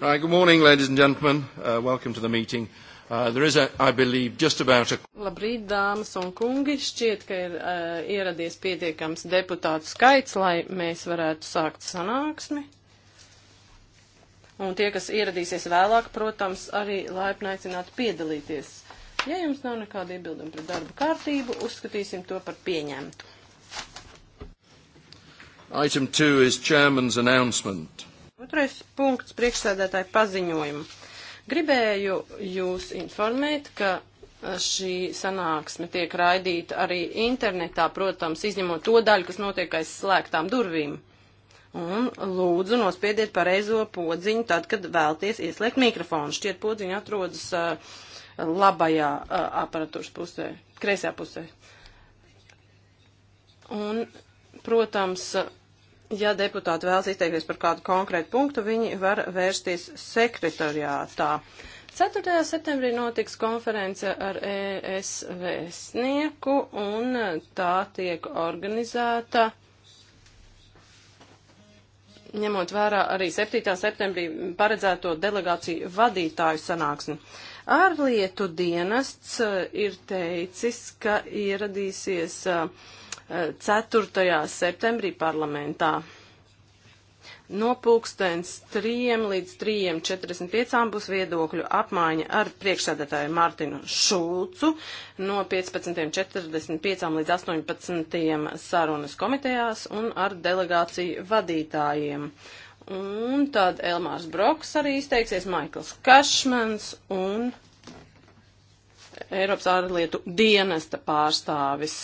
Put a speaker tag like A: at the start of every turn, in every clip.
A: Right, good morning, ladies and gentlemen. Uh, welcome to the meeting. Uh,
B: there is, a, I believe, just about a...
A: Labrīt, dāmas un kungi. Šķiet, ka ir uh, ieradies pietiekams deputātu skaits, lai mēs varētu sākt sanāksmi. Un tie, kas ieradīsies vēlāk, protams, arī laipni aicinātu piedalīties. Ja jums nav nekāda iebilduma pret darba kārtību, uzskatīsim to par pieņemtu.
C: Item 2 is chairman's announcement.
A: Otrais punkts priekšsēdētāja paziņojumu. Gribēju jūs informēt, ka šī sanāksme tiek raidīta arī internetā, protams, izņemot to daļu, kas notiek aiz slēgtām durvīm. Un lūdzu nospiediet pareizo podziņu tad, kad vēlties ieslēgt mikrofonu. Šķiet podziņa atrodas uh, labajā uh, aparatūras pusē, kreisajā pusē. Un, protams, uh, Ja deputāti vēlas izteikties par kādu konkrētu punktu, viņi var vērsties sekretariātā. 4. septembrī notiks konference ar ES vēstnieku, un tā tiek organizēta ņemot vērā arī 7. septembrī paredzēto delegāciju vadītāju sanāksmi. Ārlietu dienests ir teicis, ka ieradīsies uh, 4. septembrī parlamentā. No pulkstens 3 līdz 3.45 būs viedokļu apmaiņa ar priekšsēdētāju Mārtinu Šulcu. No 15.45 līdz 18.00 sarunas komitejās un ar delegāciju vadītājiem. Un tad Elmārs Broks arī izteiksies, Maikls Kašmans un Eiropas ārlietu dienesta pārstāvis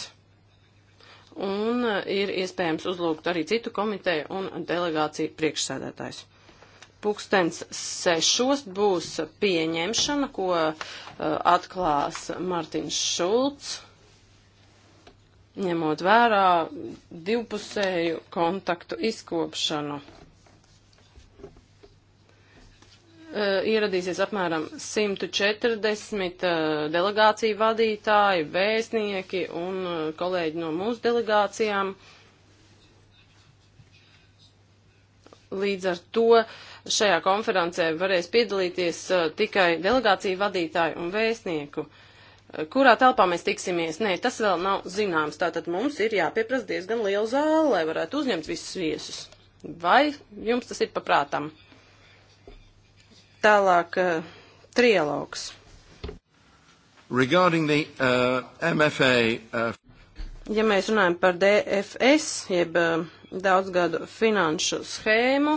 A: un e, ir iespējams uzlūgt arī citu komiteju un delegāciju priekšsēdētājs. Pūkstens sešos būs pieņemšana, ko e, atklās Martins Šulcs, ņemot vērā divpusēju kontaktu izkopšanu. Eh, ieradīsies apmēram 140 eh, delegāciju vadītāji, vēstnieki un eh, kolēģi no mūsu delegācijām. Līdz ar to šajā konferencē varēs piedalīties tikai delegāciju vadītāji un vēstnieku. Kurā telpā mēs tiksimies? Nē, tas vēl nav zināms. Tātad mums ir jāpieprasa diezgan liela zāle, lai varētu uzņemt visus viesus. Vai jums tas ir paprātam? Tālāk uh, trialogs. Regarding the uh, eh, MFA. Uh... Eh, ja mēs runājam par DFS, jeb uh, daudzgadu finanšu schēmu,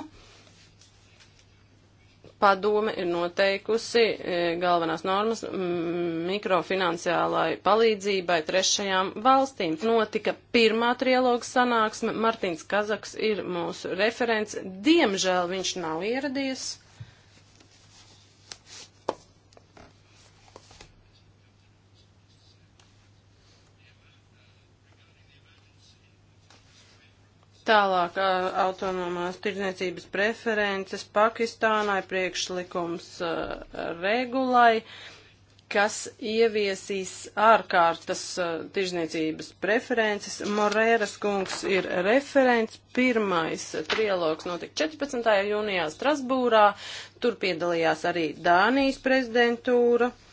A: padome ir noteikusi uh, galvenās normas mm, mikrofinanciālai palīdzībai trešajām valstīm. Notika pirmā trialoga sanāksme. Martins Kazaks ir mūsu referents. Diemžēl viņš nav ieradies Tālāk autonomās tirdzniecības preferences Pakistānai priekšlikums regulai, kas ieviesīs ārkārtas tirdzniecības preferences. Morēras kungs ir referents. Pirmais trialogs notika 14. jūnijā Strasbūrā. Tur piedalījās arī Dānijas prezidentūra. Uh,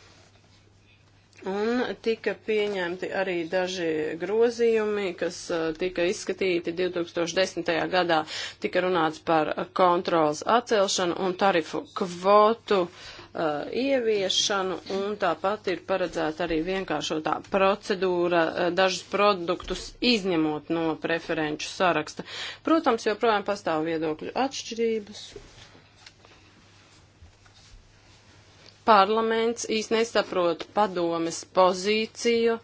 A: Un tika pieņemti arī daži grozījumi, kas tika izskatīti 2010. gadā. Tika runāts par kontrolas atcelšanu un tarifu kvotu uh, ieviešanu, un tāpat ir paredzēta arī vienkāršotā procedūra uh, dažus produktus izņemot no preferenču saraksta. Protams, joprojām pastāv viedokļu atšķirības, parlaments īsti nesaprot padomes pozīciju,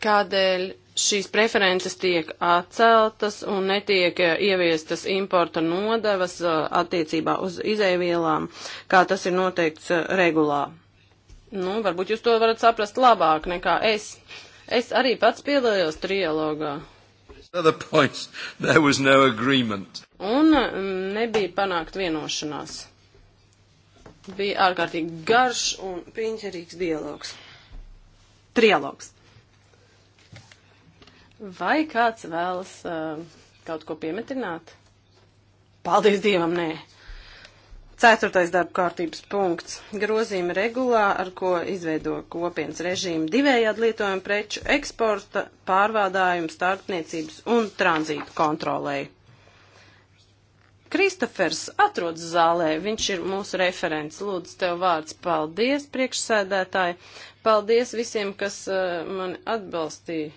A: kādēļ šīs preferences tiek atceltas un netiek eh, ieviestas importa nodevas eh, attiecībā uz izēvielām, kā tas ir noteikts eh, regulā. Nu, varbūt jūs to varat saprast labāk nekā es. Es arī pats piedalījos trialogā.
B: No
A: Un mm, nebija panākt vienošanās bija ārkārtīgi garš un piņķerīgs dialogs. Trialogs. Vai kāds vēlas uh, kaut ko piemetināt? Paldies Dievam, nē. Ceturtais darba kārtības punkts - grozījuma regulā, ar ko izveido kopienas režīmu divējādi lietojumu preču eksporta, pārvādājumu, starpniecības un tranzītu kontrolēju. Kristofers atrodas zālē, viņš ir mūsu referents. Lūdzu, tev vārds. Paldies, priekšsēdētāji. Paldies visiem, kas uh, mani atbalstīja.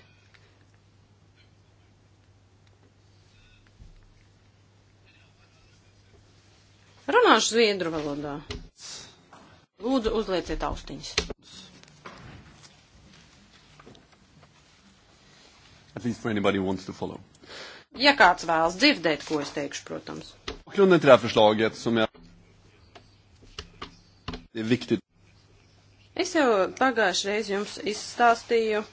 A: Runāšu zviedru valodā. Lūdzu, uzlieciet austiņas.
C: At least for anybody who wants to follow
A: ja kāds vēlas dzirdēt, ko es teikšu, protams.
C: Grunden till det här förslaget som jag... Det är er viktigt.
A: Es jau pagājušajā reizē jums izstāstīju,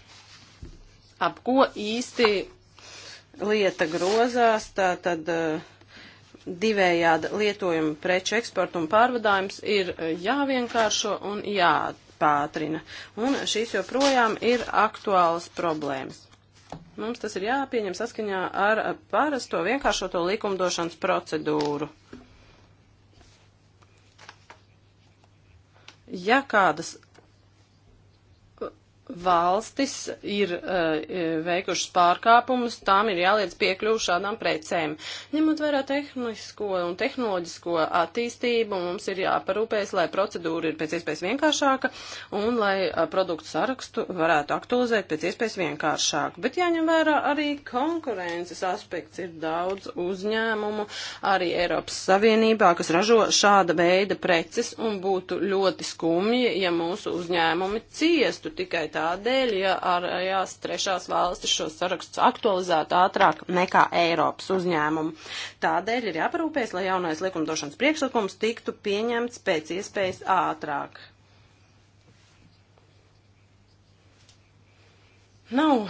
A: ap ko īsti lieta grozās, tā tad eh, divējāda lietojuma preču eksporta un pārvadājums ir eh, jāvienkāršo un jāpātrina. Un šīs joprojām ir aktuālas problēmas. Mums tas ir jāpieņem saskaņā ar parasto vienkāršoto likumdošanas procedūru. Ja kādas valstis ir uh, veikušas pārkāpumus, tām ir jāliedz piekļuvu šādām precēm. Ņemot vērā tehnisko un tehnoloģisko attīstību, mums ir jāparūpējas, lai procedūra ir pēc iespējas vienkāršāka un lai uh, produktu sarakstu varētu aktualizēt pēc iespējas vienkāršāk. Bet jāņem vērā arī konkurences aspekts. Ir daudz uzņēmumu arī Eiropas Savienībā, kas ražo šāda veida preces un būtu ļoti skumji, ja mūsu uzņēmumi ciestu tikai tā tādēļ, ja ar jās trešās valstis šos sarakstus aktualizētu ātrāk nekā Eiropas uzņēmumu. Tādēļ ir jāparūpēs, lai jaunais likumdošanas priekšlikums tiktu pieņemts pēc iespējas ātrāk. Nav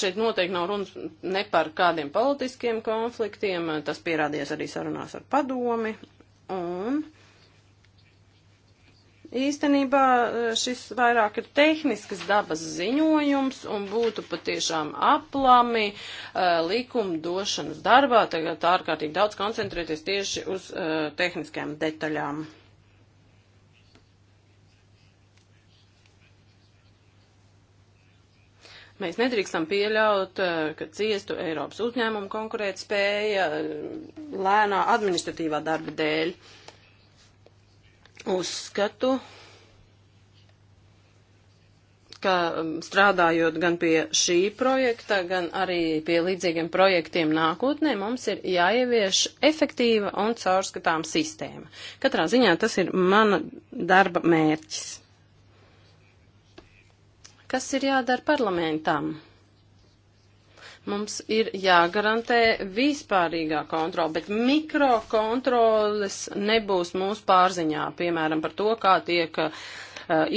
A: šeit noteikti nav runas ne par kādiem politiskiem konfliktiem, tas pierādījies arī sarunās ar padomi. Un Īstenībā e, šis vairāk ir tehniskas dabas ziņojums un būtu patiešām aplami uh, likumdošanas darbā tagad ārkārtīgi daudz koncentrēties tieši uz uh, tehniskajām detaļām. Mēs nedrīkstam pieļaut, ka ciestu Eiropas uzņēmumu konkurēt spēja lēnā administratīvā darba dēļ. Uh, uzskatu, ka um, strādājot gan pie šī projekta, gan arī pie līdzīgiem projektiem nākotnē, mums ir jāievieš efektīva un caurskatām sistēma. Katrā ziņā tas ir mana darba mērķis. Kas ir jādara parlamentam? Mums ir jāgarantē vispārīgā kontrola, bet mikrokontroles nebūs mūsu pārziņā, piemēram, par to, kā tiek uh,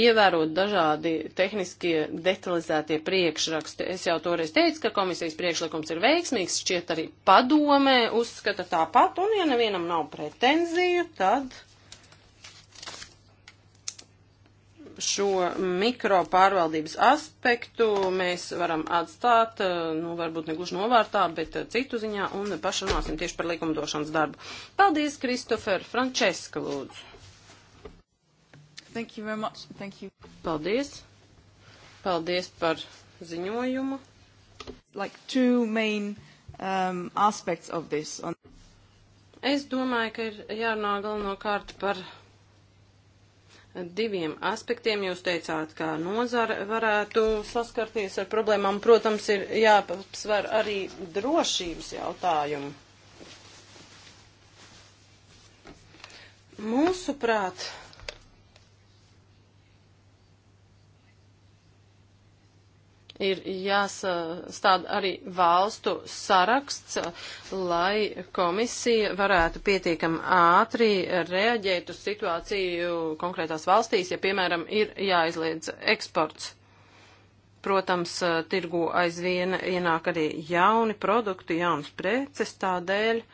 A: ievērot dažādi tehniskie detalizētie priekšraksti. Es jau toreiz teicu, ka komisijas priekšlikums ir veiksmīgs, šķiet arī padomē, uzskata tāpat, un ja nevienam nav pretenziju, tad šo mikro pārvaldības aspektu mēs varam atstāt, eh, nu, varbūt negluži novārtā, bet eh, citu ziņā un pašrunāsim tieši par likumdošanas darbu. Paldies, Kristofer. Frančeska, lūdzu.
C: Thank you very much. Thank you.
A: Paldies. Paldies par ziņojumu. Like two main um, aspects of this. On... Es domāju, ka ir jārunā galvenokārt par diviem aspektiem. Jūs teicāt, ka nozara varētu saskarties ar problēmām. Protams, ir jāapsver arī drošības jautājumu. Mūsuprāt, ir jāsastād arī valstu saraksts, lai komisija varētu pietiekam ātri reaģēt uz situāciju konkrētās valstīs, ja, piemēram, ir jāizliedz eksports. Protams, tirgu aizvien ienāk arī jauni produkti, jaunas preces tādēļ.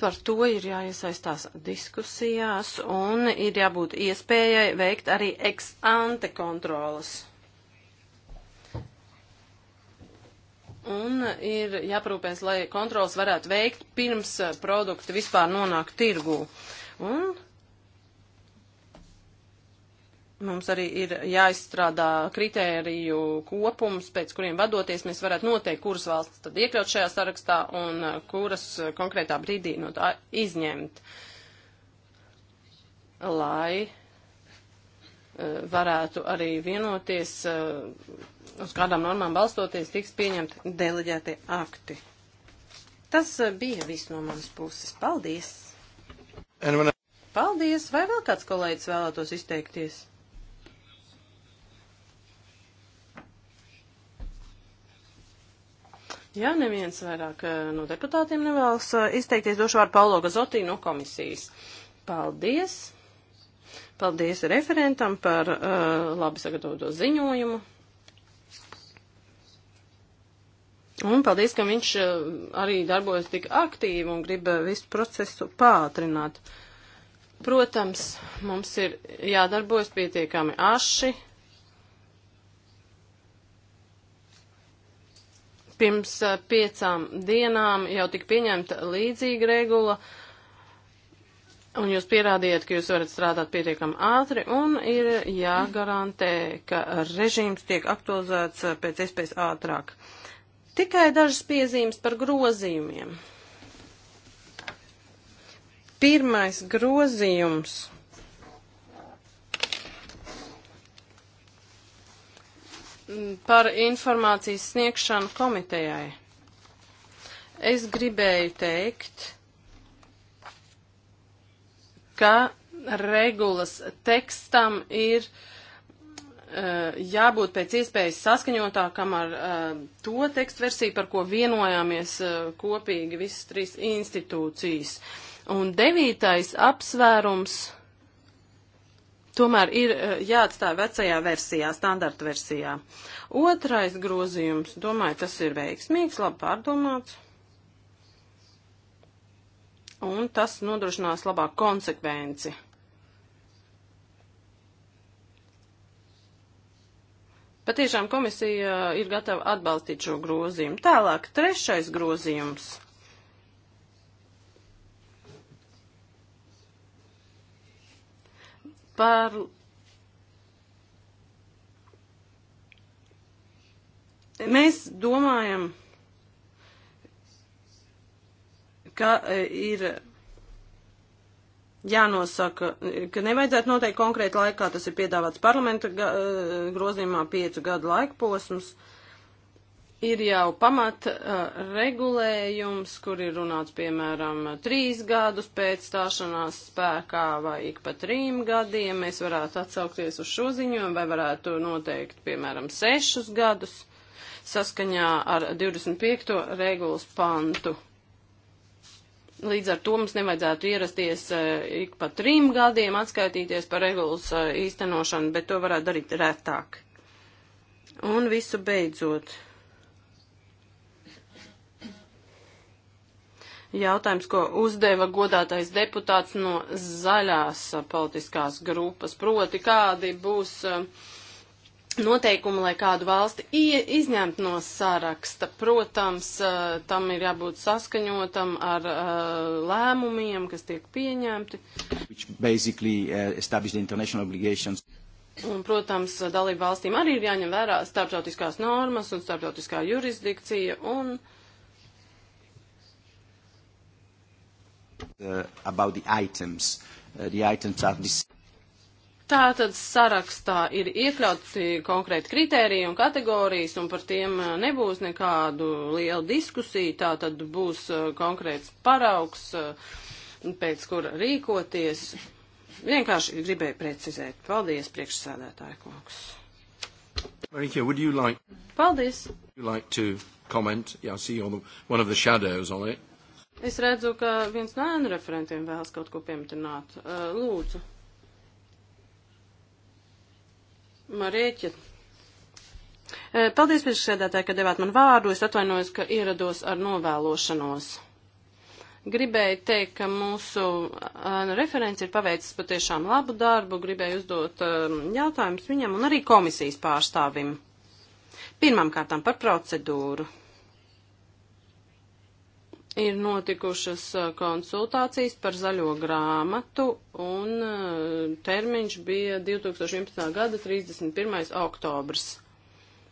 A: Par to ir jāiesaistās diskusijās un ir jābūt iespējai veikt arī ex ante kontrolas. un ir jāparūpēs, lai kontrols varētu veikt pirms eh, produkti vispār nonāk tirgū. Un mums arī ir jāizstrādā kritēriju kopums, pēc kuriem vadoties mēs varētu noteikt, kuras valsts tad iekļaut šajā sarakstā un eh, kuras eh, konkrētā brīdī no tā izņemt, lai Eh, varētu arī vienoties, eh, uz kādām normām balstoties tiks pieņemti deleģētie akti. Tas eh, bija viss no manas puses. Paldies! Paldies! Vai vēl kāds kolēģis vēlētos izteikties? Ja neviens vairāk no deputātiem nevēlas izteikties, došu vārdu Paulo Gazotī no komisijas. Paldies! Paldies referentam par uh, labi sagatavoto ziņojumu. Un paldies, ka viņš uh, arī darbojas tik aktīvi un grib uh, visu procesu pātrināt. Protams, mums ir jādarbojas pietiekami aši, pirms uh, piecām dienām jau tika pieņemta līdzīga regula, Un jūs pierādījat, ka jūs varat strādāt pietiekami ātri un ir jāgarantē, ka režīms tiek aktualizēts eh, pēc iespējas ātrāk. Tikai dažas piezīmes par grozījumiem. Pirmais grozījums. Par informācijas sniegšanu komitejai. Es gribēju teikt, ka regulas tekstam ir uh, jābūt pēc iespējas saskaņotākam ar uh, to tekstu versiju, par ko vienojāmies uh, kopīgi visas trīs institūcijas. Un devītais apsvērums tomēr ir jāatstāja vecajā versijā, standarta versijā. Otrais grozījums, domāju, tas ir veiksmīgs, labi pārdomāts un tas nodrošinās labāku konsekvenci. Patiešām komisija ir gatava atbalstīt šo grozījumu. Tālāk, trešais grozījums. Par Mēs domājam, ka e, ir jānosaka, ka nevajadzētu noteikt konkrēti laikā, tas ir piedāvāts parlamenta e, grozījumā piecu gadu laikposms. Ir jau pamat e, regulējums, kur ir runāts, piemēram, trīs gadus pēc stāšanās spēkā vai ik pa trim gadiem. Mēs varētu atsaukties uz šo ziņojumu vai varētu noteikt, piemēram, sešus gadus saskaņā ar 25. regulas pantu. Līdz ar to mums nevajadzētu ierasties eh, ik pa trim gadiem atskaitīties par regulas eh, īstenošanu, bet to varētu darīt retāk. Un visu beidzot. Jautājums, ko uzdeva godātais deputāts no zaļās eh, politiskās grupas, proti kādi būs uh, noteikumi, lai kādu valsti izņemt no saraksta. Protams, tam ir jābūt saskaņotam ar lēmumiem, kas tiek pieņemti. Un, protams, dalību valstīm arī ir jāņem vērā starptautiskās normas un starptautiskā jurisdikcija un.
C: Uh, about the items. Uh, the items are this.
A: Tātad sarakstā ir iekļauti konkrēti kritēriji un kategorijas, un par tiem eh, nebūs nekādu lielu diskusiju, tātad būs eh, konkrēts paraugs, eh, pēc kura rīkoties. Vienkārši gribēju precizēt. Paldies, priekšsēdētāja kungs. Marika, would you like... Paldies. Would you like to comment? Yeah, I see you're the, one of the shadows on it. Es redzu, ka viens no ēnu referentiem vēlas kaut ko pieminēt. Uh, lūdzu. Marieķa. Eh, paldies, priekšsēdētāji, ka devāt man vārdu. Es atvainojos, ka ierados ar novēlošanos. Gribēju teikt, ka mūsu uh, referents ir paveicis patiešām labu darbu, gribēju uzdot uh, jautājumus viņam un arī komisijas pārstāvim. Pirmām kārtām par procedūru ir notikušas konsultācijas par zaļo grāmatu, un termiņš bija 2011. gada 31. oktobrs.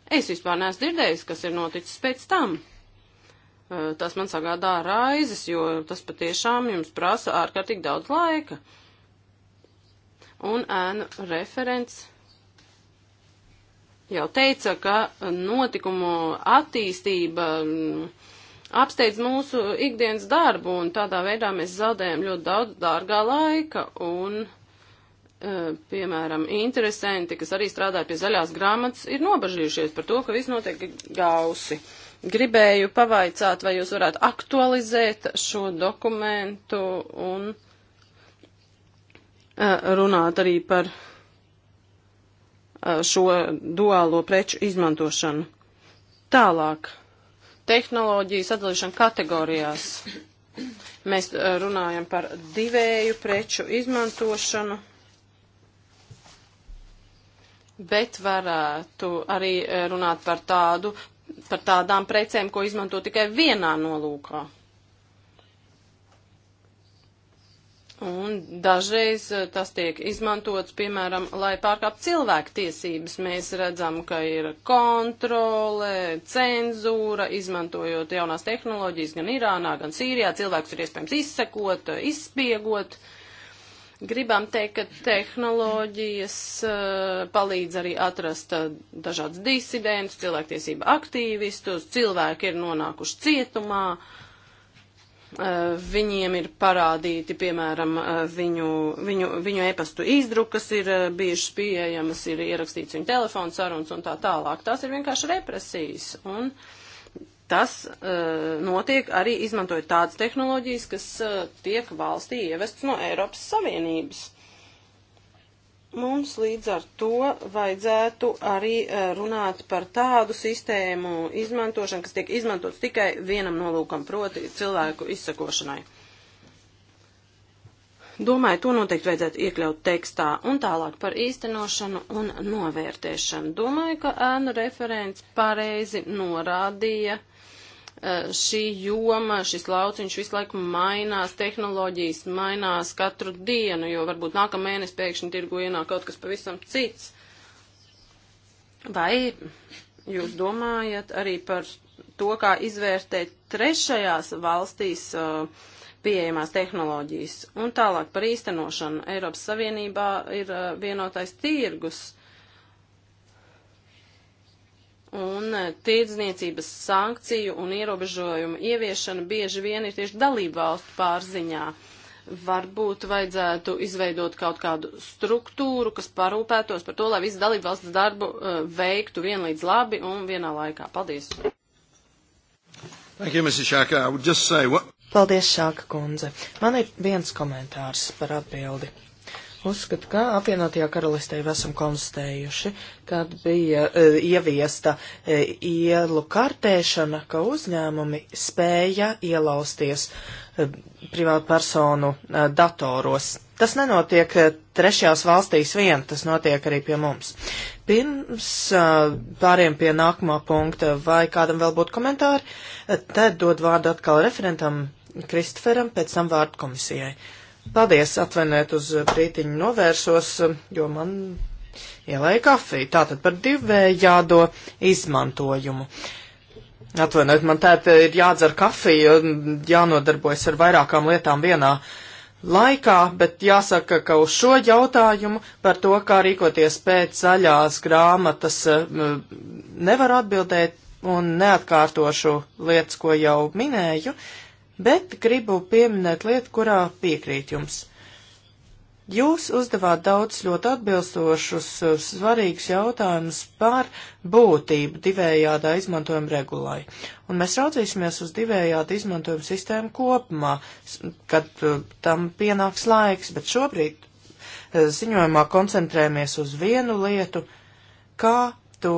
A: Es vispār neesmu dzirdējis, kas ir noticis pēc tam. Tas man sagādā raizes, jo tas patiešām jums prasa ārkārtīgi daudz laika. Un ēnu referents jau teica, ka notikumu attīstība mm, apsteidz mūsu ikdienas darbu, un tādā veidā mēs zaudējam ļoti daudz dārgā laika, un, e, piemēram, interesanti, kas arī strādāja pie zaļās grāmatas, ir nobažījušies par to, ka viss notiek gausi. Gribēju pavaicāt, vai jūs varētu aktualizēt šo dokumentu un e, runāt arī par e, šo duālo preču izmantošanu. Tālāk tehnoloģijas atdalīšanu kategorijās. Mēs eh, runājam par divēju preču izmantošanu, bet varētu arī eh, runāt par tādu, par tādām precēm, ko izmanto tikai vienā nolūkā. Un dažreiz eh, tas tiek izmantots, piemēram, lai pārkāptu cilvēku tiesības. Mēs redzam, ka ir kontrole, cenzūra, izmantojot jaunās tehnoloģijas gan Irānā, gan Sīrijā. Cilvēks ir iespējams izsekot, eh, izspiegot. Gribam teikt, ka tehnoloģijas eh, palīdz arī atrast dažādas disidentus, cilvēktiesība aktīvistus, cilvēki ir nonākuši cietumā. Uh, Eh, viņiem ir parādīti, piemēram, eh, viņu, viņu, viņu e-pastu izdrukas ir eh, bijušas pieejamas, ir ierakstīts viņu telefonu sarunas un tā tālāk. Tās ir vienkārši represijas. Un tas uh, notiek arī izmantojot tādas tehnoloģijas, kas uh, tiek valstī ievestas no Eiropas Savienības. Mums līdz ar to vajadzētu arī eh, runāt par tādu sistēmu izmantošanu, kas tiek izmantots tikai vienam nolūkam, proti cilvēku izsakošanai. Domāju, to noteikti vajadzētu iekļaut tekstā un tālāk par īstenošanu un novērtēšanu. Domāju, ka ēnu referents pareizi norādīja, uh, Eh, šī joma, šis lauciņš visu laiku mainās, tehnoloģijas mainās katru dienu, jo varbūt nākamā mēnesis pēkšņi tirgu ienāk kaut kas pavisam cits. Vai jūs domājat arī par to, kā izvērtēt trešajās valstīs uh, pieejamās tehnoloģijas. Un tālāk par īstenošanu. Eiropas Savienībā ir uh, vienotais tirgus. Un e, tirdzniecības sankciju un ierobežojumu ieviešana bieži vien ir tieši dalību valstu pārziņā. Varbūt vajadzētu izveidot kaut kādu struktūru, kas parūpētos par to, lai visi dalību valsts darbu uh, veiktu vienlīdz labi un vienā laikā. Paldies! Thank you, Mrs. Shaka. I would just say what...
C: Paldies, Šāka kundze. Man ir viens komentārs par atbildi. Uzskatu, ka apvienotajā karalistē jau esam konstatējuši, kad bija e, ieviesta e, ielu kartēšana, ka uzņēmumi spēja ielausties e, privātu personu e, datoros. Tas nenotiek e, trešajās valstīs vien, tas notiek arī pie mums. Pirms e, pāriem pie nākamā punkta, vai kādam vēl būtu komentāri, e, tad dod vārdu atkal referentam Kristoferam, pēc tam vārdu komisijai. E, Paldies, atvainojiet uz brītiņu novērsos, jo man ielēja kafiju. Tātad par divējādo izmantojumu. Atvainojiet, man tēt ir jādzer kafija, jānodarbojas ar vairākām lietām vienā laikā, bet jāsaka, ka uz šo jautājumu par to, kā rīkoties pēc zaļās grāmatas, nevar atbildēt un neatkārtošu lietas, ko jau minēju, bet gribu pieminēt lietu, kurā piekrīt jums. Jūs uzdevāt daudz ļoti atbilstošus eh, svarīgus jautājumus par būtību divējādā izmantojuma regulai. Un mēs raudzīsimies uz divējādu izmantojuma sistēmu kopumā, kad eh, tam pienāks laiks, bet šobrīd eh, ziņojumā koncentrējamies uz vienu lietu, kā to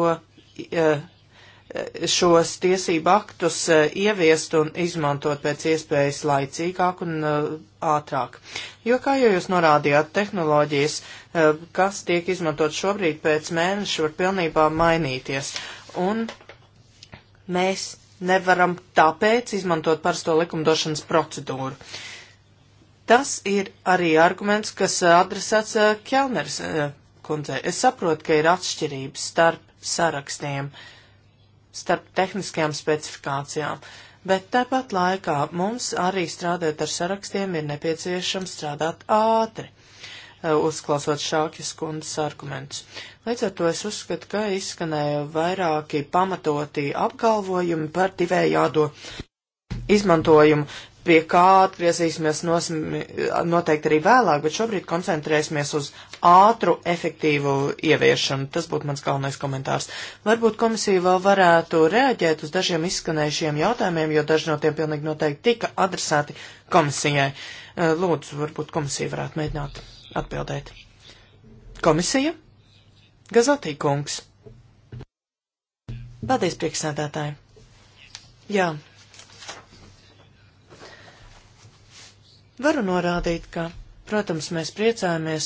C: šos tiesību aktus e, ieviest un izmantot pēc iespējas laicīgāk un e, ātrāk. Jo, kā jau jūs norādījāt, tehnoloģijas, e, kas tiek izmantot šobrīd pēc mēneša, var pilnībā mainīties. Un mēs nevaram tāpēc izmantot parasto likumdošanas procedūru. Tas ir arī arguments, kas adresēts Kjellneris kundzei. Es saprotu, ka ir atšķirības starp sarakstiem. Uh, starp tehniskajām specifikācijām, bet tāpat laikā mums arī strādāt ar sarakstiem ir nepieciešams strādāt ātri, eh, uzklausot šākļas kundas argumentus. Līdz ar to es uzskatu, ka izskanēja vairāki pamatotī apgalvojumi par divējādo izmantojumu pie kā atgriezīsimies noteikti arī vēlāk, bet šobrīd koncentrēsimies uz ātru, efektīvu ieviešanu. Tas būtu mans galvenais komentārs. Varbūt komisija vēl varētu reaģēt uz dažiem izskanējušiem jautājumiem, jo daži no tiem pilnīgi noteikti tika adresēti komisijai. Eh, lūdzu, varbūt komisija varētu mēģināt atbildēt. Komisija? Gazatī kungs. Paldies, priekšsēdētāji. Jā, Varu norādīt, ka, protams, mēs priecājamies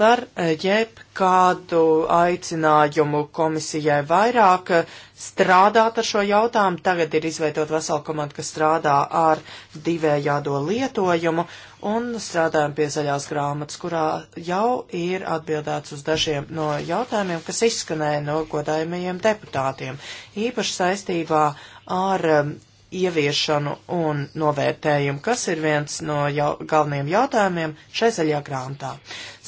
C: par e, jebkādu aicinājumu komisijai vairāk e, strādāt ar šo jautājumu. Tagad ir izveidot veselu komandu, kas strādā ar divējādo lietojumu un strādājam pie zaļās grāmatas, kurā jau ir atbildēts uz dažiem no jautājumiem, kas izskanēja no godājumajiem deputātiem. Īpaši saistībā ar um, ieviešanu un novērtējumu, kas ir viens no jau, galvenajiem jautājumiem šai zaļajā grāmatā.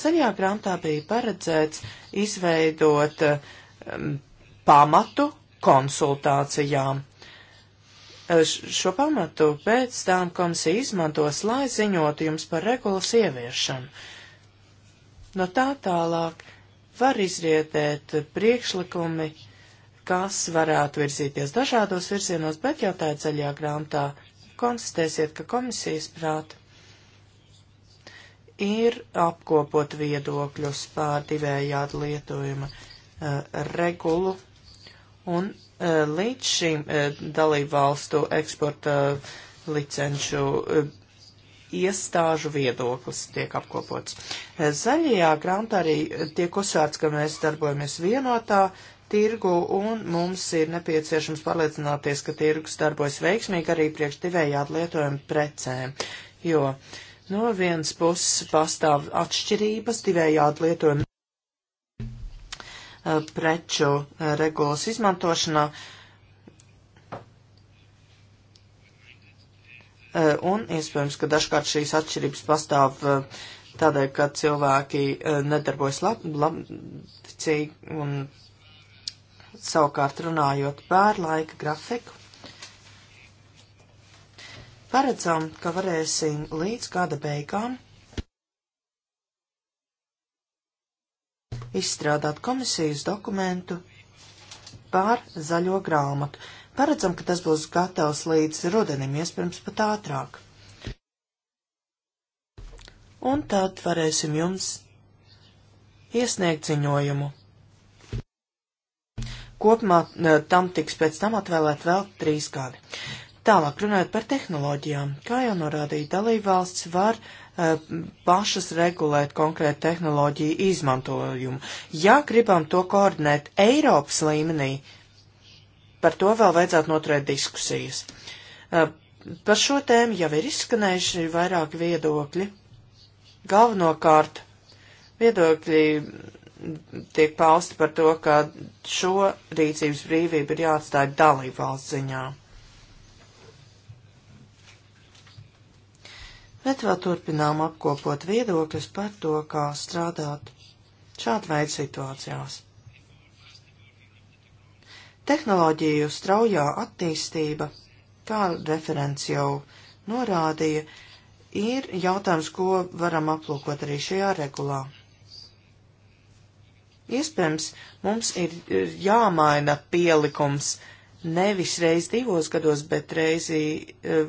C: Zaļajā grāmatā bija paredzēts izveidot um, pamatu konsultācijām. Šo pamatu pēc tām komisija izmantos, lai ziņotu jums par regulas ieviešanu. No tā tālāk var izrietēt priekšlikumi kas varētu virzīties dažādos virzienos, bet jau tā ceļā grāmatā konstatēsiet, ka komisijas prāt ir apkopot viedokļus pār divējādu lietojuma uh, regulu un uh, līdz šim uh, dalību valstu eksporta licenšu iestāžu viedoklis tiek apkopots. Zaļajā grāmatā arī tiek uzsvērts, ka mēs darbojamies vienotā uh, tirgu, un mums ir nepieciešams pārliecināties, ka tirgus darbojas veiksmīgi arī priekš divējādi lietojumu precēm, jo no vienas puses pastāv atšķirības divējādi lietojumu eh, preču eh, regulas izmantošanā, eh, un iespējams, ka dažkārt šīs atšķirības pastāv tādēļ, ka cilvēki nedarbojas labticīgi lab, un savukārt runājot par laika grafiku, paredzam, ka varēsim līdz gada beigām izstrādāt komisijas dokumentu pār zaļo grāmatu. Paredzam, ka tas būs gatavs līdz rudenim, iespējams pat ātrāk. Un tad varēsim jums iesniegt ziņojumu Kopumā e, tam tiks pēc tam atvēlēt vēl trīs gadi. Tālāk runājot par tehnoloģijām, kā jau norādīja dalībvalsts, var uh, pašas regulēt konkrētu tehnoloģiju izmantojumu. Ja gribam to koordinēt Eiropas līmenī, par to vēl vajadzētu noturēt diskusijas. Uh, par šo tēmu jau ir izskanējuši vairāki viedokļi. Galvenokārt viedokļi tiek pausti par to, ka šo rīcības brīvību ir jāatstāj dalību valsts ziņā. Bet vēl turpinām apkopot viedokļus par to, kā strādāt šāda veida situācijās. Tehnoloģiju straujā attīstība, kā referents jau norādīja, ir jautājums, ko varam aplūkot arī šajā regulā. Iespējams, mums ir jāmaina pielikums nevis reiz divos gados, bet reizi, e,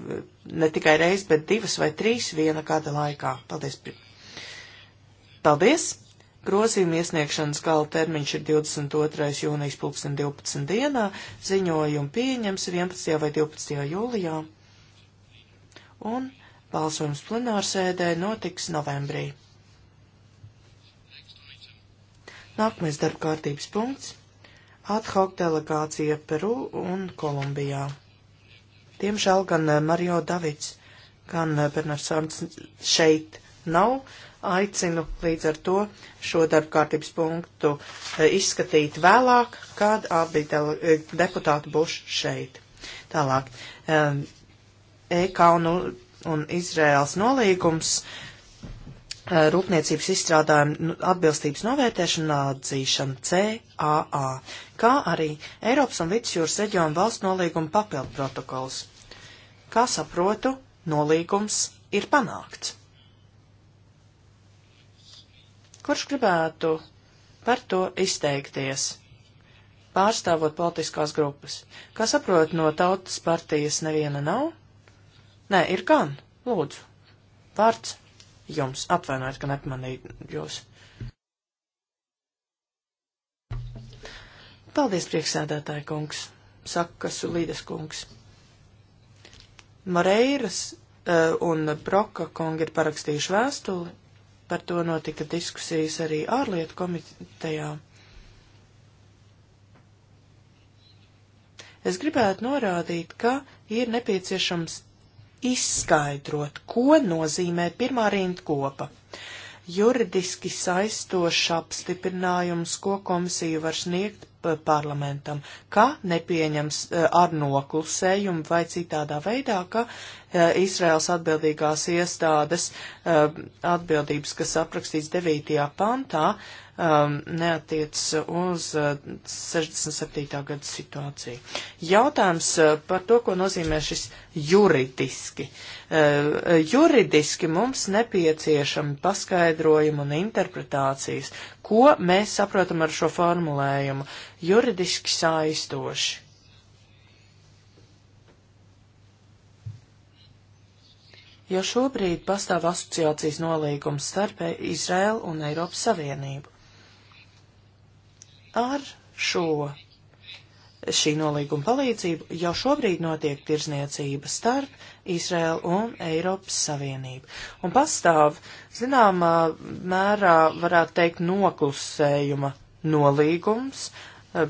C: ne tikai reiz, bet divas vai trīs viena gada laikā. Paldies! Paldies! Grozījuma iesniegšanas gala termiņš ir 22. jūnijas 2012. dienā, ziņojumu pieņems 11. vai 12. jūlijā, un balsojums plenārsēdē notiks novembrī. Nākamais darba kārtības punkts - ad hoc delegācija Peru un Kolumbijā. Diemžēl gan eh, Mario Davids, gan eh, Bernars Sārns šeit nav. Aicinu līdz ar to šo darba kārtības punktu eh, izskatīt vēlāk, kad abi deputāti būs šeit. Tālāk. EK e un, un Izraels nolīgums Eh, rūpniecības izstrādājumu nu, atbilstības novērtēšanu un atzīšanu CAA, kā arī Eiropas un Vidusjūras reģionu valsts nolīguma papildu protokols. Kā saprotu, nolīgums ir panākts. Kurš gribētu par to izteikties? Pārstāvot politiskās grupas. Kā saprot, no tautas partijas neviena nav? Nē, ir gan. Lūdzu. Vārds jums. Atvainojiet, ka nepamanīju jūs. Paldies, prieksēdētāji kungs, saka Sulīdes kungs. Mareiras uh, eh, un Broka kungi ir parakstījuši vēstuli, par to notika diskusijas arī ārlietu komitejā. Es gribētu norādīt, ka ir nepieciešams izskaidrot, ko nozīmē pirmā rindkopa. Juridiski saistošs apstiprinājums, ko komisija var sniegt parlamentam, ka nepieņems e, ar noklusējumu vai citādā veidā, ka e, Izraels atbildīgās iestādes e, atbildības, kas aprakstīts 9. pantā, um, neatiec uz uh, 67. gada situāciju. Jautājums uh, par to, ko nozīmē šis juridiski. Uh, juridiski mums nepieciešami paskaidrojumi un interpretācijas, ko mēs saprotam ar šo formulējumu. Juridiski saistoši. Jo šobrīd pastāv asociācijas nolīgums starp Izraēlu un Eiropas Savienību. Ar šo šī nolīguma palīdzību jau šobrīd notiek tirzniecība starp Izraēlu un Eiropas Savienību. Un pastāv, zināmā mērā, varētu teikt, noklusējuma nolīgums, eh,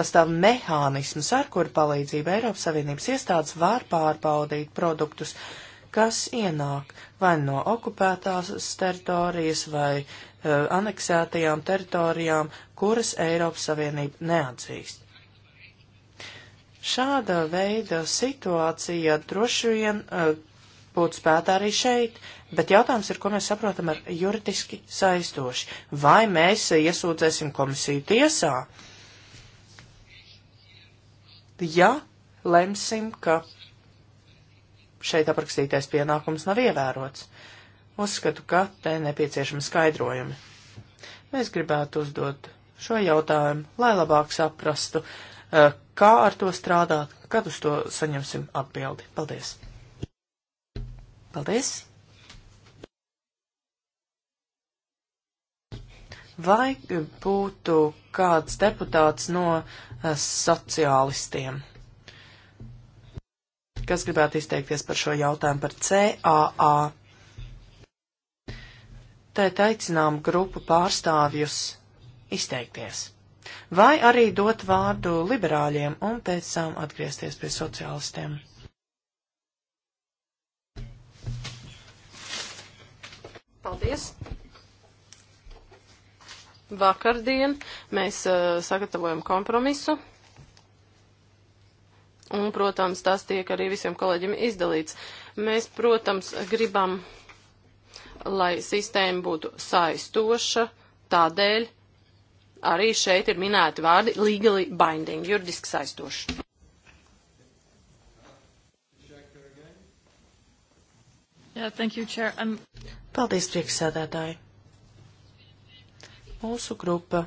C: pastāv mehānisms, ar kuru palīdzību Eiropas Savienības iestādes var pārbaudīt produktus, uh, kas ienāk vai no okupētās teritorijas vai uh, aneksētajām teritorijām, kuras Eiropas Savienība neatzīst. Šāda veida situācija droši vien uh, būtu spētā arī šeit, bet jautājums ir, ko mēs saprotam ar juridiski saistoši. Vai mēs iesūdzēsim komisiju tiesā? Ja lemsim, ka šeit aprakstītais pienākums nav ievērots. Uzskatu, ka te nepieciešami skaidrojumi. Mēs gribētu uzdot šo jautājumu, lai labāk saprastu, eh, kā ar to strādāt, kad uz to saņemsim atbildi. Paldies! Paldies! Vai būtu kāds deputāts no eh, sociālistiem? Kas gribētu izteikties par šo jautājumu par CAA? Tēt aicinām grupu pārstāvjus izteikties. Vai arī dot vārdu liberāļiem un pēc tam atgriezties pie sociālistiem.
A: Paldies! Vakardien mēs uh, sagatavojam kompromisu un, protams, tas tiek arī visiem kolēģiem izdalīts. Mēs, protams, gribam, lai sistēma būtu saistoša, tādēļ arī šeit ir minēti vārdi legally binding, juridiski saistoši. Yeah, thank you, Chair. I'm... Paldies, priekšsēdētāji.
C: Mūsu grupa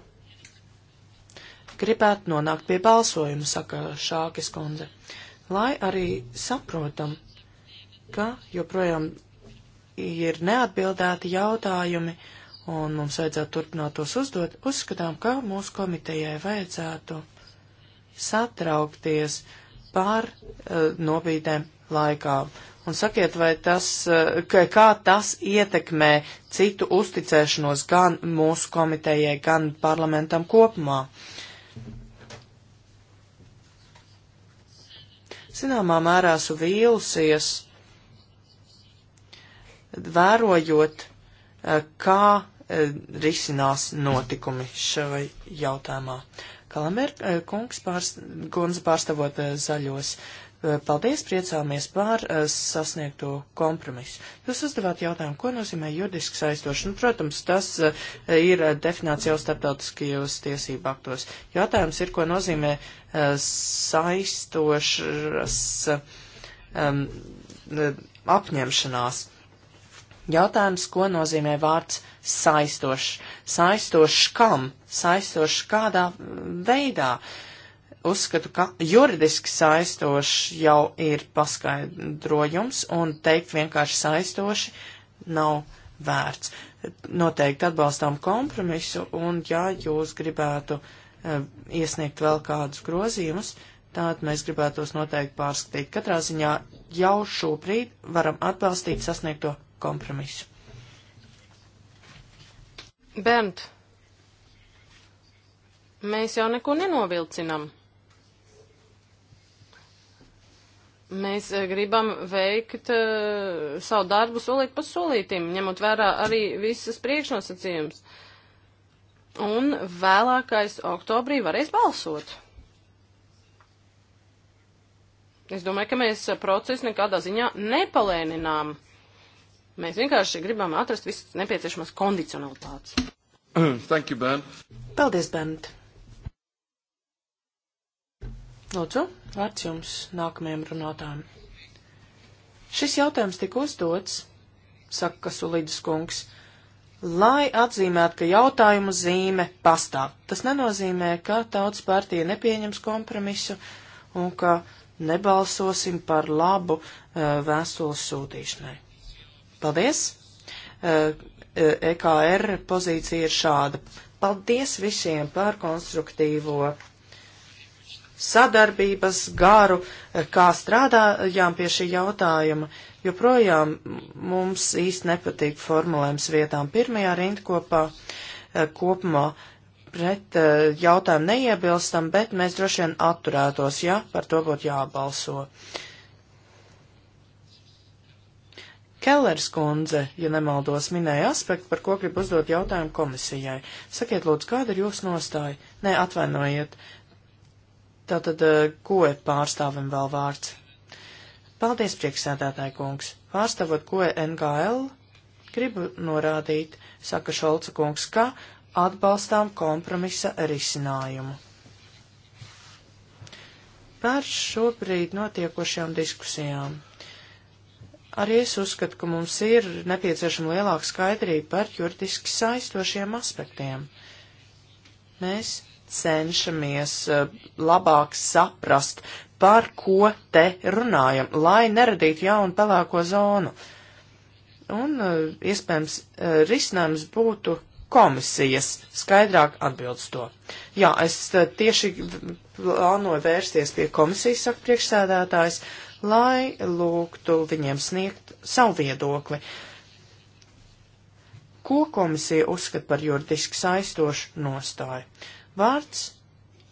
C: gribētu nonākt pie balsojuma, saka Šākis kundze, lai arī saprotam, ka joprojām ir neatbildēti jautājumi, un mums vajadzētu turpināt tos uzdot, uzskatām, ka mūsu komitejai vajadzētu satraukties par uh, nobīdēm laikā. Un sakiet, vai tas, uh, ka, kā tas ietekmē citu uzticēšanos gan mūsu komitejai, gan parlamentam kopumā. Uh, zināmā mērā esmu vīlusies, vērojot, eh, kā eh, risinās notikumi šai jautājumā. Kalamēr eh, kungs pārst, Gonza pārstāvot zaļos. Uh, Eh, paldies, priecāmies pār eh, sasniegto kompromisu. Jūs uzdevāt jautājumu, ko nozīmē juridiski saistoši. Nu, protams, tas eh, ir definīcija jau starptautiskajos tiesību aktos. Jautājums ir, ko nozīmē saistošas um, apņemšanās. Jautājums, ko nozīmē vārds saistošs? Saistošs kam? Saistošs kādā mm, veidā? Uh, uzskatu, ka juridiski saistoši jau ir paskaidrojums un teikt vienkārši saistoši nav vērts. Noteikti atbalstām kompromisu un ja jūs gribētu e, iesniegt vēl kādus grozījumus, tad mēs gribētu tos noteikti pārskatīt. Katrā ziņā jau šobrīd varam atbalstīt sasniegto kompromisu.
A: Bernt, mēs jau neko nenovilcinam. mēs eh, gribam veikt uh, savu darbu solīt pa solītim, ņemot vērā arī visas priekšnosacījumus. Un vēlākais oktobrī varēs balsot. Es domāju, ka mēs procesu nekādā ziņā nepalēninām. Mēs vienkārši gribam atrast visas nepieciešamās kondicionalitātes. Thank you, Ben. Paldies, Bent.
C: Lūdzu, vārds jums nākamajam runātājam. Šis jautājums tika uzdots, saka Sulīdis kungs, lai atzīmētu, ka jautājumu zīme pastāv. Tas nenozīmē, ka tautas partija nepieņems kompromisu un ka nebalsosim par labu uh, vēstules sūtīšanai. Paldies! Uh, eh, EKR eh, e pozīcija ir šāda. Paldies visiem par konstruktīvo sadarbības garu, eh, kā strādājām pie šī jautājuma, jo projām mums īsti nepatīk formulējums vietām pirmajā rindkopā eh, kopumā. Pret eh, jautājumu neiebilstam, bet mēs droši vien atturētos, ja par to būtu jābalso. Kellers kundze, ja nemaldos, minēja aspektu, par ko grib uzdot jautājumu komisijai. Sakiet, lūdzu, kāda ir jūsu nostāja? Nē, atvainojiet, Tātad, eh, ko pārstāvim vēl vārds? Paldies, prieksēdētāji kungs. Pārstāvot, ko NKL, gribu norādīt, saka Šolca kungs, ka atbalstām kompromisa risinājumu. Par šobrīd notiekošajām diskusijām. Arī es uzskatu, ka mums ir nepieciešama lielāka skaidrība par juridiski saistošiem aspektiem. Mēs cenšamies eh, labāk saprast, par ko te runājam, lai neradītu jaunu pelēko zonu. Un eh, iespējams eh, risinājums būtu komisijas skaidrāk atbildes to. Jā, es tieši plānoju vērsties pie komisijas, saka priekšsēdētājs, lai lūgtu viņiem sniegt savu viedokli. Ko komisija uzskata par juridiski saistošu nostāju? Vārds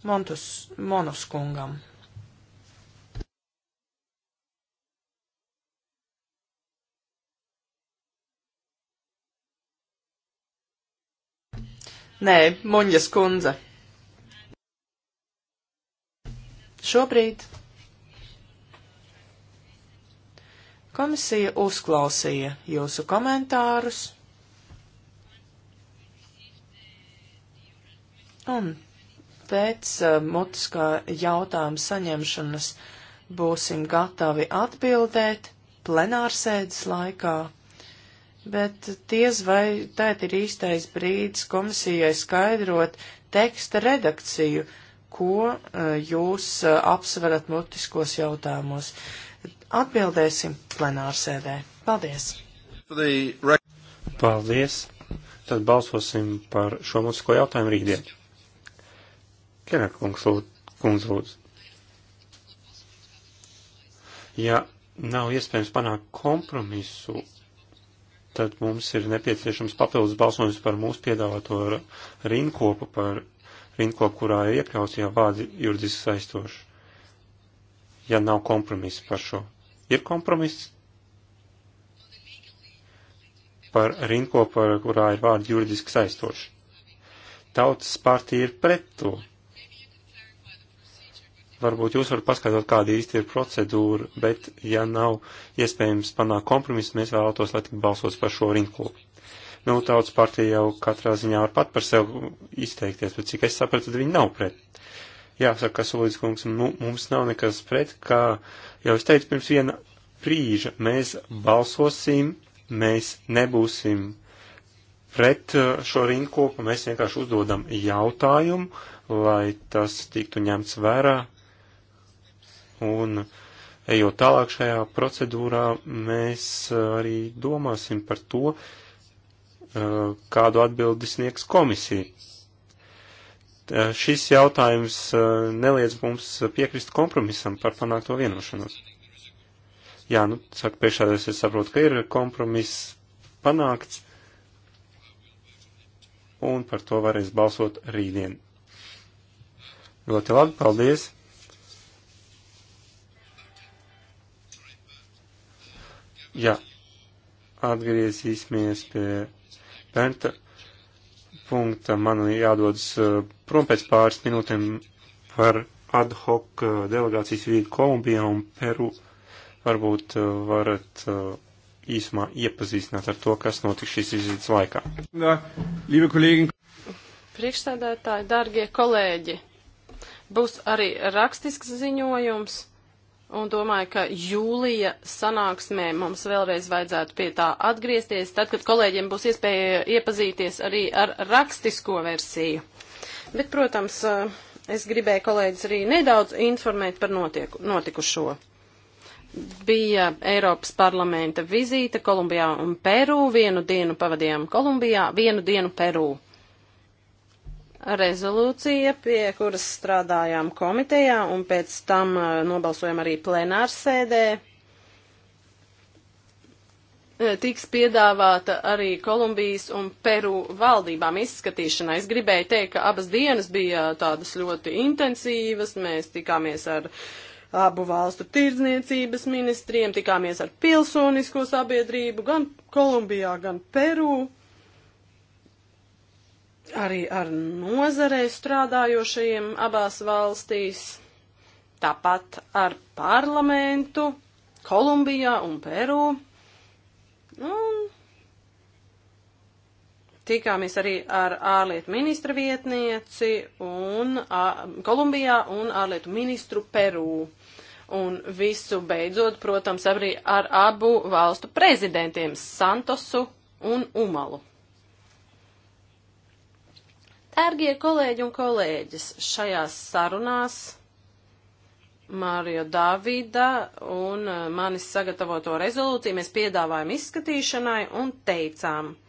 C: Montus Monus kungam. Nē, Muņas kundze. Šobrīd komisija uzklausīja jūsu komentārus Un pēc uh, mutiskā jautājuma saņemšanas būsim gatavi atbildēt plenārsēdes laikā. Bet tiez vai tēt ir īstais brīdis komisijai skaidrot teksta redakciju, ko uh, jūs uh, apsverat mutiskos jautājumos. Atbildēsim plenārsēdē. Paldies!
B: Paldies! Tad balsosim par šo mutisko jautājumu rītdien. Kenaka kungs lūdzu. Ja nav iespējams panākt kompromisu, tad mums ir nepieciešams papildus balsojums par mūsu piedāvāto rinkopu, par rinkopu, kurā ir iekļauts, ja vārdi juridiski saistoši. Ja nav kompromisa par šo. Ir kompromiss par rinkopu, kurā ir vārdi juridiski saistoši. Tautas partija ir pret to varbūt jūs varat paskaidrot, kāda īsti ir procedūra, bet ja nav iespējams panākt kompromisu, mēs vēlētos, lai tik balsots par šo rinklopu. Nu, tautas partija jau katrā ziņā var pat par sevi izteikties, bet cik es sapratu, tad viņi nav pret. Jāsaka, Solīdz kungs, nu, mums nav nekas pret, kā jau es teicu, pirms viena brīža mēs balsosim, mēs nebūsim pret uh, šo rinkopu, mēs vienkārši uzdodam jautājumu, lai tas tiktu ņemts vērā un ejot tālāk šajā procedūrā, mēs eh, arī domāsim par to, eh, kādu atbildi sniegs komisija. Eh, šis jautājums neliedz mums piekrist kompromisam par panākto vienošanos. Jā, nu, saka, priekšādājos es saprotu, ka ir kompromiss panākts, un par to varēs balsot rītdien. Ļoti labi, paldies! ja atgriezīsimies pie penta punkta, man jādodas uh, prom pēc pāris minūtēm par ad hoc uh, delegācijas vīdu Kolumbijā un Peru. Varbūt uh, varat īsumā iepazīstināt ar to, kas notika šīs vizītes laikā.
A: Priekšsēdētāji, dārgie kolēģi, būs arī rakstisks ziņojums. Un domāju, ka jūlija sanāksmē mums vēlreiz vajadzētu pie tā atgriezties, tad, kad kolēģiem būs iespēja iepazīties arī ar rakstisko versiju. Bet, protams, eh, es gribēju kolēģis arī nedaudz informēt par notieku, notikušo. Bija Eiropas parlamenta vizīte Kolumbijā un Peru. Vienu dienu pavadījām Kolumbijā, vienu dienu Peru rezolūcija, pie kuras strādājām komitejā un pēc tam uh, nobalsojam arī plenārsēdē. Uh, tiks piedāvāta arī Kolumbijas un Peru valdībām izskatīšanā. Es gribēju teikt, ka abas dienas bija tādas ļoti intensīvas. Mēs tikāmies ar abu valstu tirdzniecības ministriem, tikāmies ar pilsonisko sabiedrību gan Kolumbijā, gan Peru arī ar nozarei strādājošajiem abās valstīs, tāpat ar parlamentu Kolumbijā un Peru. Un tikāmies arī ar ārlietu ministra vietnieci un a, Kolumbijā un ārlietu ministru Peru. Un visu beidzot, protams, arī ar abu valstu prezidentiem Santosu un Umalu. Dārgie kolēģi un kolēģis, šajās sarunās Mārio Davida un eh, manis sagatavoto rezolūciju mēs piedāvājam izskatīšanai un teicām –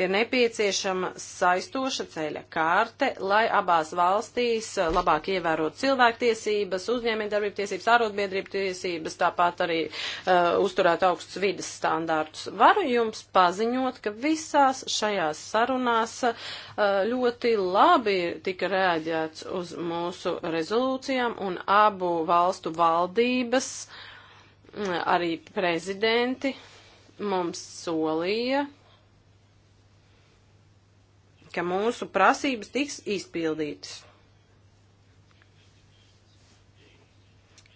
A: ka ir nepieciešama saistoša ceļa kārte, lai abās valstīs labāk ievērot cilvēktiesības, uzņēmējdarbību tiesības, ārotbiedrību tiesības, tāpat arī uh, uzturēt augstus vidas standārtus. Varu jums paziņot, ka visās šajās sarunās uh, ļoti labi tika rēģēts uz mūsu rezolūcijām un abu valstu valdības, uh, arī prezidenti mums solīja ka mūsu prasības tiks izpildītas.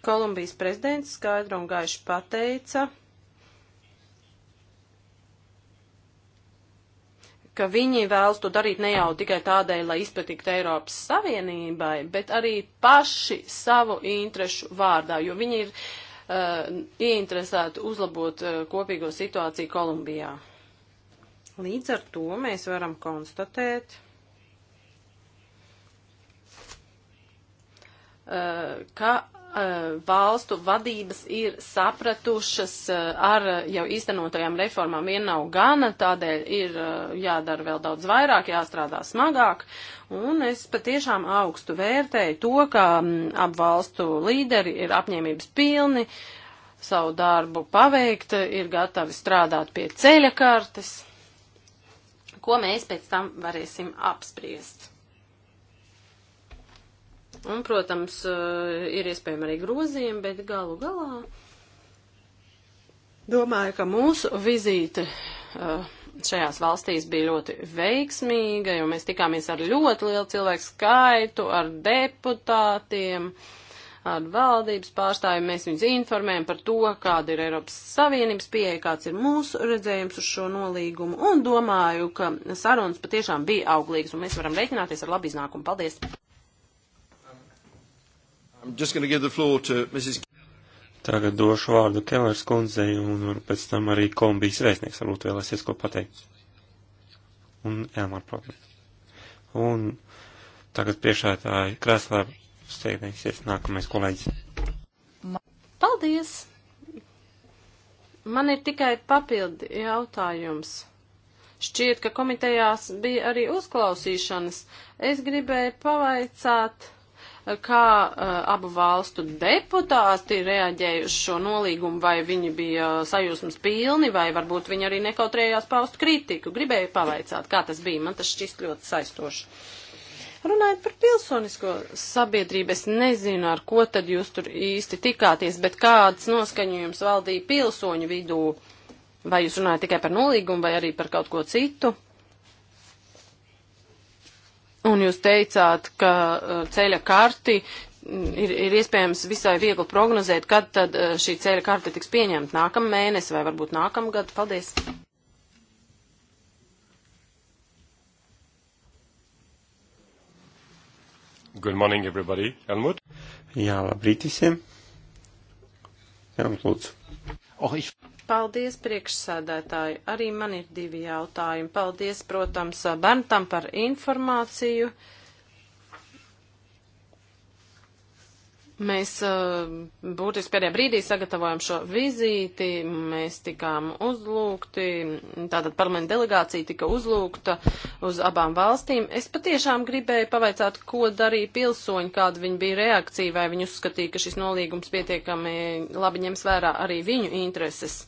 A: Kolumbijas prezidents skaidri un gaiši pateica, ka viņi vēlas to darīt ne jau tikai tādēļ, lai izpatiktu Eiropas Savienībai, bet arī paši savu interešu vārdā, jo viņi ir uh, ieinteresēti uzlabot uh, kopīgo situāciju Kolumbijā. Līdz ar to mēs varam konstatēt, eh, ka eh, valstu vadības ir sapratušas eh, ar jau īstenotajām reformām vien nav gana, tādēļ ir jādara vēl daudz vairāk, jāstrādā smagāk. Un es patiešām augstu vērtēju to, ka mm, ap valstu līderi ir apņēmības pilni, savu darbu paveikt, ir gatavi strādāt pie ceļa kartes ko mēs pēc tam varēsim apspriest. Un, protams, eh, ir iespējami arī grozījumi, bet galu galā domāju, ka mūsu vizīte eh, šajās valstīs bija ļoti veiksmīga, jo mēs tikāmies ar ļoti lielu cilvēku skaitu, ar deputātiem. Uh, ar valdības pārstāvjiem, mēs viņus informējam par to, kāda ir Eiropas Savienības pieeja, kāds ir mūsu redzējums uz šo nolīgumu, un domāju, ka sarunas patiešām bija auglīgas, un mēs varam reiķināties ar labu iznākumu. Paldies! Um,
B: tagad došu vārdu Kellers kundzei, un pēc tam arī kombijas vēstnieks varbūt vēlēsies ko pateikt. Un Elmar, protams. Un tagad priekšētāji krēslā steigsies nākamais kolēģis.
A: Paldies! Man ir tikai papildi jautājums. Šķiet, ka komitejās bija arī uzklausīšanas. Es gribēju pavaicāt, kā uh, abu valstu deputāti reaģējuši šo nolīgumu, vai viņi bija eh, sajūsmas pilni, vai varbūt viņi arī nekautrējās paust kritiku. Gribēju pavaicāt, kā tas bija. Man tas šķist ļoti saistoši. Uh, Runājot par pilsonisko sabiedrību, es nezinu, ar ko tad jūs tur īsti tikāties, bet kāds noskaņojums valdīja pilsoņu vidū? Vai jūs runājat tikai par nolīgumu vai arī par kaut ko citu? Un jūs teicāt, ka uh, ceļa karti mm, ir, ir iespējams visai viegli prognozēt, kad tad uh, šī ceļa karte tiks pieņemta nākamā mēnesi vai varbūt nākamgad. Paldies!
B: Good morning, everybody. Helmut? Jā, labrīt visiem. Helmut, lūdzu. Oh, ich...
A: Paldies, priekšsēdētāji. Arī man ir divi jautājumi. Paldies, protams, Bentam par informāciju. Uh, Mēs uh, būtiski pēdējā brīdī sagatavojam šo vizīti, mēs tikām uzlūgti, tātad parlamenta delegācija tika uzlūgta uz abām valstīm. Es patiešām gribēju pavaicāt, ko darīja pilsoņi, kāda viņa bija reakcija, vai viņi uzskatīja, ka šis nolīgums pietiekami labi ņems vērā arī viņu intereses.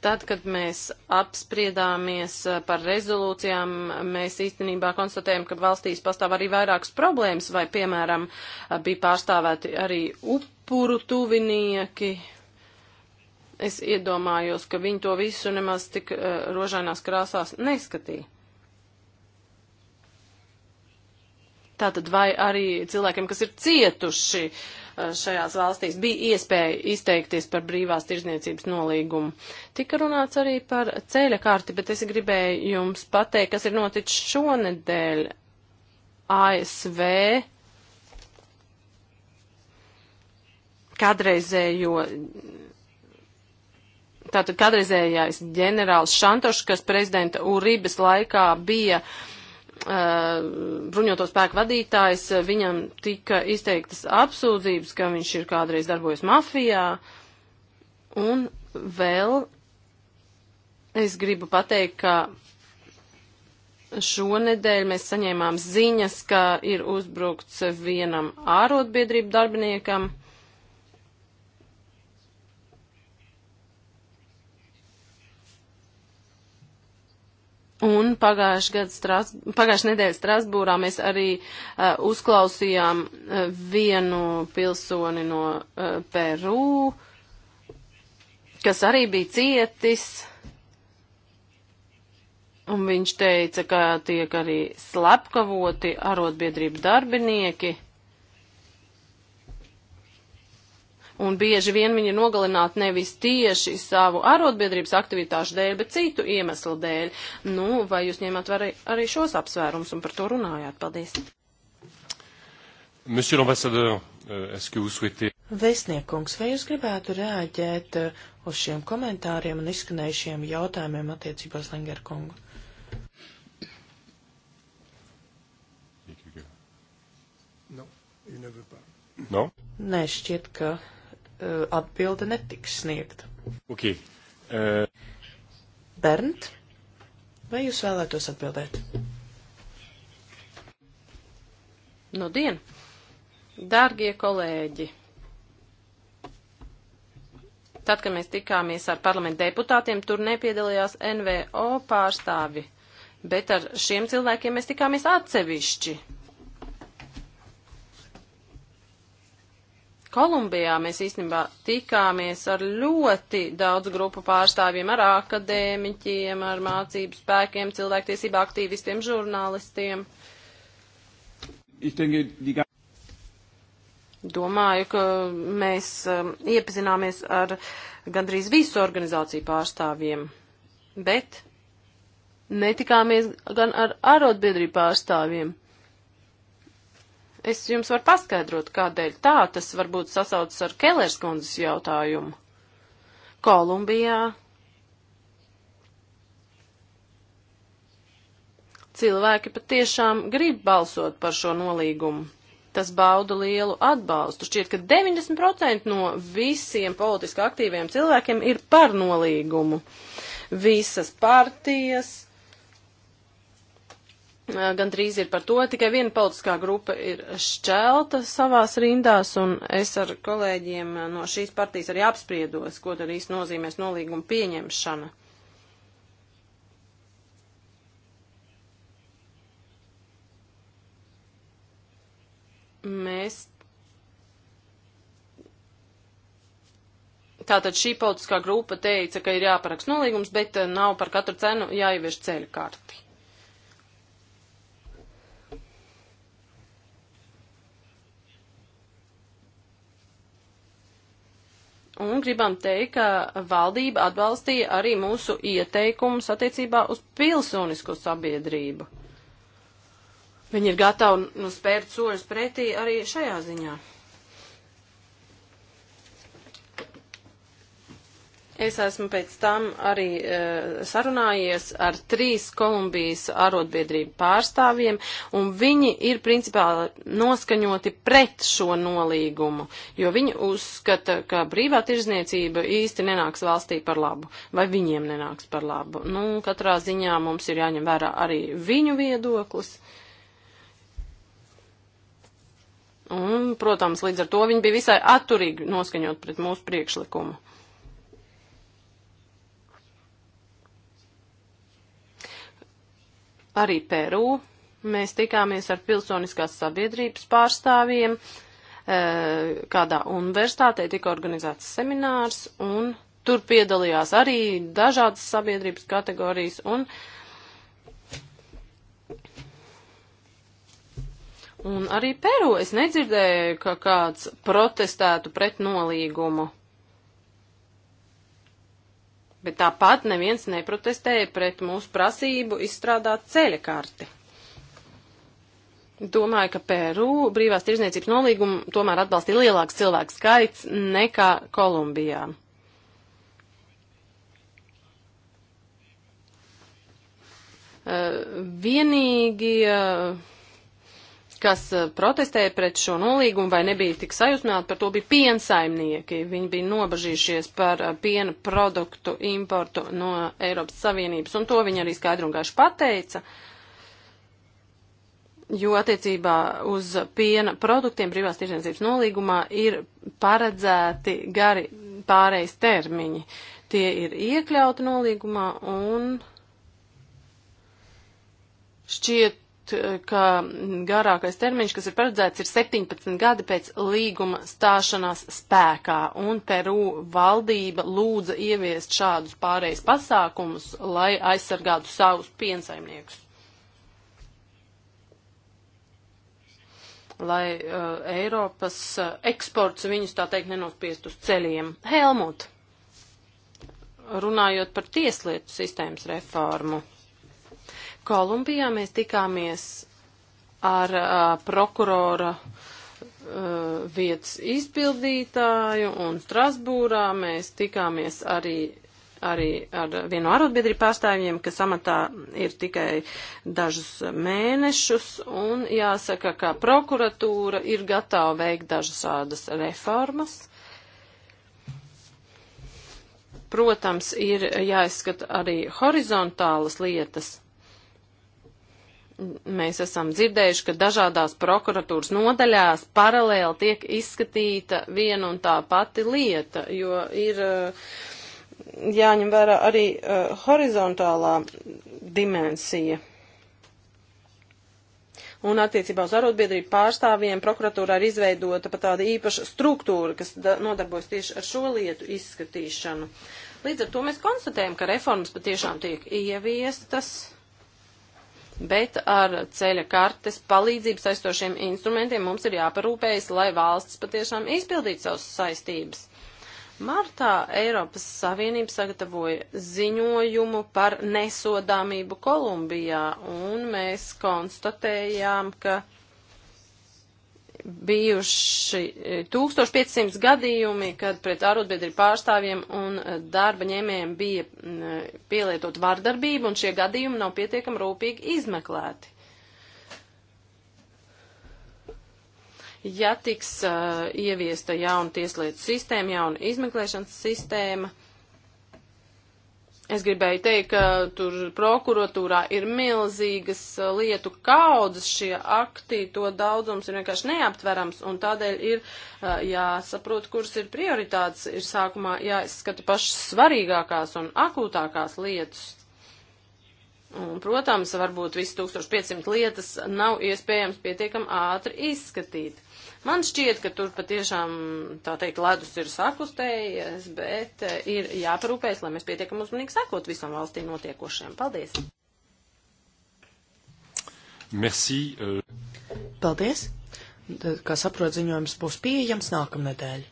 A: Tad, kad mēs apspriedāmies eh, par rezolūcijām, mēs īstenībā konstatējam, ka valstīs pastāv arī vairākas problēmas, vai, piemēram, eh, bija pārstāvēti arī upuru tuvinieki. Es iedomājos, ka viņi to visu nemaz tik uh, rožainās krāsās neskatīja. Tātad vai arī cilvēkiem, kas ir cietuši, uh, Eh, šajās valstīs bija iespēja izteikties par brīvās tirzniecības nolīgumu. Tika runāts arī par ceļa karti, bet es gribēju jums pateikt, kas ir noticis šonedēļ ASV kādreizējo tātad kādreizējais ģenerālis Šantošs, kas prezidenta Uribes laikā bija uh, Eh, bruņoto spēku vadītājs, eh, viņam tika izteiktas apsūdzības, ka viņš ir kādreiz darbojies mafijā. Un vēl es gribu pateikt, ka šonedēļ mēs saņēmām ziņas, ka ir uzbrukts vienam ārotbiedrību darbiniekam. Un pagājušajā Stras... nedēļā Strasbūrā mēs arī uh, uzklausījām uh, vienu pilsoni no uh, Peru, kas arī bija cietis. Un viņš teica, ka tiek arī slepkavoti arotbiedrību darbinieki. un bieži vien viņi ir nogalināti nevis tieši savu arotbiedrības aktivitāšu dēļ, bet citu iemeslu dēļ. Nu, vai jūs ņēmāt arī, arī šos apsvērums un par to runājāt? Paldies.
B: Monsieur l'ambassadeur, euh, est-ce que vous souhaitez?
C: Vēstniekungs, vai jūs gribētu reaģēt euh, uz šiem komentāriem un izskanējušiem jautājumiem attiecībās Lengerkungu?
B: No, il ne veut pas. No?
C: Nē, šķiet, ka Eh, atbilde netiks sniegta.
B: Okay. Uh... Eh. Bernt,
C: vai jūs vēlētos atbildēt?
A: Nu, dien! Dārgie kolēģi! Tad, kad mēs tikāmies ar parlamentu deputātiem, tur nepiedalījās NVO pārstāvi, bet ar šiem cilvēkiem mēs tikāmies atsevišķi. Kolumbijā mēs īstenībā tikāmies ar ļoti daudz grupu pārstāvjiem, ar akadēmiķiem, ar mācību spēkiem, cilvēktiesību aktīvistiem, žurnālistiem.
B: Denke,
A: Domāju, ka mēs um, iepazināmies ar gandrīz visu organizāciju pārstāvjiem, bet netikāmies gan ar arotbiedrību pārstāvjiem. Es jums varu paskaidrot, kādēļ tā tas varbūt sasaucas ar Kellers kundzes jautājumu. Kolumbijā cilvēki patiešām grib balsot par šo nolīgumu. Tas bauda lielu atbalstu. Šķiet, ka 90% no visiem politiski aktīviem cilvēkiem ir par nolīgumu. Visas partijas, gandrīz ir par to. Tikai viena politiskā grupa ir šķelta savās rindās, un es ar kolēģiem no šīs partijas arī apspriedos, ko tad īsti nozīmēs nolīguma pieņemšana. Mēs. Tātad šī politiskā grupa teica, ka ir jāparaksta nolīgums, bet nav par katru cenu jāievieš ceļu karti. un gribam teikt, ka valdība atbalstīja arī mūsu ieteikumus attiecībā uz pilsonisko sabiedrību. Viņi ir gatavi nu, spērt soļus pretī arī šajā ziņā. Es esmu pēc tam arī e, sarunājies ar trīs Kolumbijas arotbiedrību pārstāvjiem, un viņi ir principā noskaņoti pret šo nolīgumu, jo viņi uzskata, ka brīvā tirzniecība īsti nenāks valstī par labu, vai viņiem nenāks par labu. Nu, katrā ziņā mums ir jāņem vērā arī viņu viedoklis. Un, protams, līdz ar to viņi bija visai atturīgi noskaņot pret mūsu priekšlikumu. arī Peru. Mēs tikāmies ar pilsoniskās sabiedrības pārstāvjiem, eh, kādā universitātē tika organizēts seminārs, un tur piedalījās arī dažādas sabiedrības kategorijas, un, un arī Peru es nedzirdēju, ka kāds protestētu pret nolīgumu. Bet tāpat neviens neprotestēja pret mūsu prasību izstrādāt ceļa karti. Domāju, ka Peru brīvās tirzniecības nolīgumu tomēr atbalstīja lielāks cilvēku skaits nekā Kolumbijā. Uh, Vienīgi uh, kas eh, protestēja pret šo nolīgumu vai nebija tik sajūsmināti par to, bija piensaimnieki. Viņi bija nobažījušies par eh, piena produktu importu no Eiropas Savienības, un to viņi arī skaidru un gaišu pateica. Jo attiecībā uz piena produktiem privās tirsniecības nolīgumā ir paredzēti gari pārejas termiņi. Tie ir iekļauti nolīgumā un šķiet teikt, eh, ka garākais termiņš, kas ir paredzēts, ir 17 gadi pēc līguma stāšanās spēkā, un Peru valdība lūdza ieviest šādus pārējais pasākumus, lai aizsargātu savus piensaimniekus. Lai uh, Eiropas uh, eksports viņus, tā teikt, nenospiest uz ceļiem. Helmut, runājot par tieslietu sistēmas reformu. Kolumbijā mēs tikāmies ar uh, prokurora uh, vietas izpildītāju un Strasbūrā mēs tikāmies arī arī ar vienu arotbiedrību pārstāvjiem, kas amatā ir tikai dažus mēnešus, un jāsaka, ka prokuratūra ir gatava veikt dažas tādas reformas. Protams, ir jāizskata arī horizontālas lietas mēs esam dzirdējuši, ka dažādās prokuratūras nodaļās paralēli tiek izskatīta viena un tā pati lieta, jo ir eh, jāņem vērā arī eh, horizontālā dimensija. Un attiecībā uz arotbiedrību pārstāvjiem prokuratūrā ir izveidota pat tāda īpaša struktūra, kas nodarbojas tieši ar šo lietu izskatīšanu. Līdz ar to mēs konstatējam, ka reformas patiešām tiek ieviestas bet ar ceļa kartes palīdzības aizstošiem instrumentiem mums ir jāparūpējas, lai valsts patiešām izpildītu savus saistības. Martā Eiropas Savienība sagatavoja ziņojumu par nesodāmību Kolumbijā, un mēs konstatējām, ka bijuši 1500 gadījumi, kad pret arotbiedrību pārstāvjiem un eh, darba ņēmējiem bija eh, pielietot vardarbību, un šie gadījumi nav pietiekami rūpīgi izmeklēti. Ja tiks uh, ieviesta jauna tieslietu sistēma, jauna izmeklēšanas sistēma, Es gribēju teikt, ka tur prokuratūrā ir milzīgas uh, lietu kaudzes, šie akti, to daudzums ir vienkārši neaptverams, un tādēļ ir uh, jāsaprot, kuras ir prioritātes, ir sākumā jāizskata pašas svarīgākās un akūtākās lietas. Un, protams, varbūt visi 1500 lietas nav iespējams pietiekam ātri izskatīt. Man šķiet, ka tur patiešām, tā teikt, ledus ir sakustējies, bet eh, ir jāparūpējas, lai mēs pietiekam uzmanīgi sekot visam valstī notiekošiem. Paldies!
B: Merci. Euh.
C: Paldies! Kā saprot, ziņojums būs pieejams nākamnedēļ,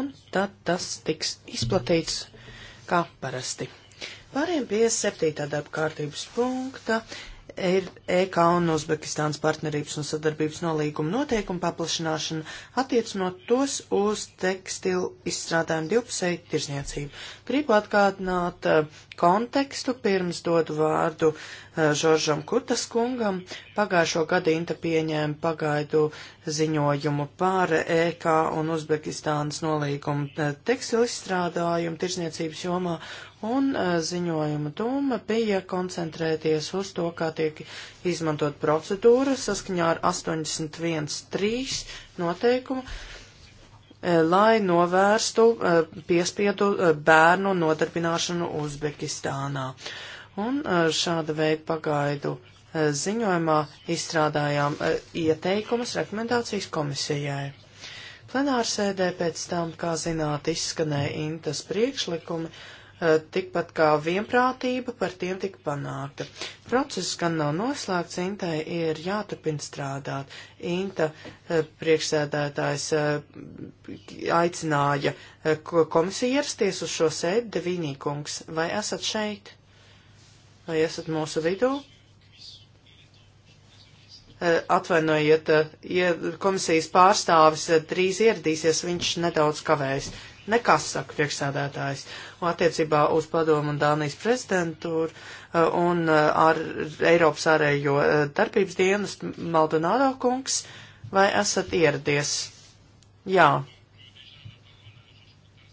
C: un tad tas tiks izplatīts kā parasti. Pāriem pie septītā darba kārtības punkta EK un Uzbekistānas partnerības un sadarbības nolīguma noteikuma paplašināšana, attiecinot tos uz tekstilu izstrādājumu divpusēju tirzniecību. Gribu atgādināt uh, kontekstu, pirms dodu vārdu eh, Žoržam Kutas kungam. Pagājušo gadu Inta pieņēma pagaidu ziņojumu par EK un Uzbekistānas nolīgumu eh, tekstilu izstrādājumu tirsniecības jomā, un eh, ziņojuma doma bija koncentrēties uz to, kā tiek izmantot procedūra saskaņā ar 81.3 noteikumu Eh, lai novērstu eh, piespiedu eh, bērnu nodarbināšanu Uzbekistānā. Un šāda veida pagaidu ziņojumā izstrādājām ieteikumus, rekomendācijas komisijai. Plenārsēdē pēc tam, kā zināt, izskanēja intas priekšlikumi Eh, tikpat kā vienprātība par tiem tika panākta. Process gan nav noslēgts, Intai ir jāturpina strādāt. Inta eh, priekšsēdētājs eh, aicināja komisiju ierasties uz šo sēdi, Devīnīkungs. Vai esat šeit? Vai esat mūsu vidū? Atvainojiet, ja komisijas pārstāvis drīz ieradīsies, viņš nedaudz kavējas. Nekas, saka priekšsēdētājs. Un attiecībā uz padomu un Dānijas prezidentūru uh, un uh, ar Eiropas ārējo uh, darbības dienas Maldonado kungs, vai esat ieradies? Jā.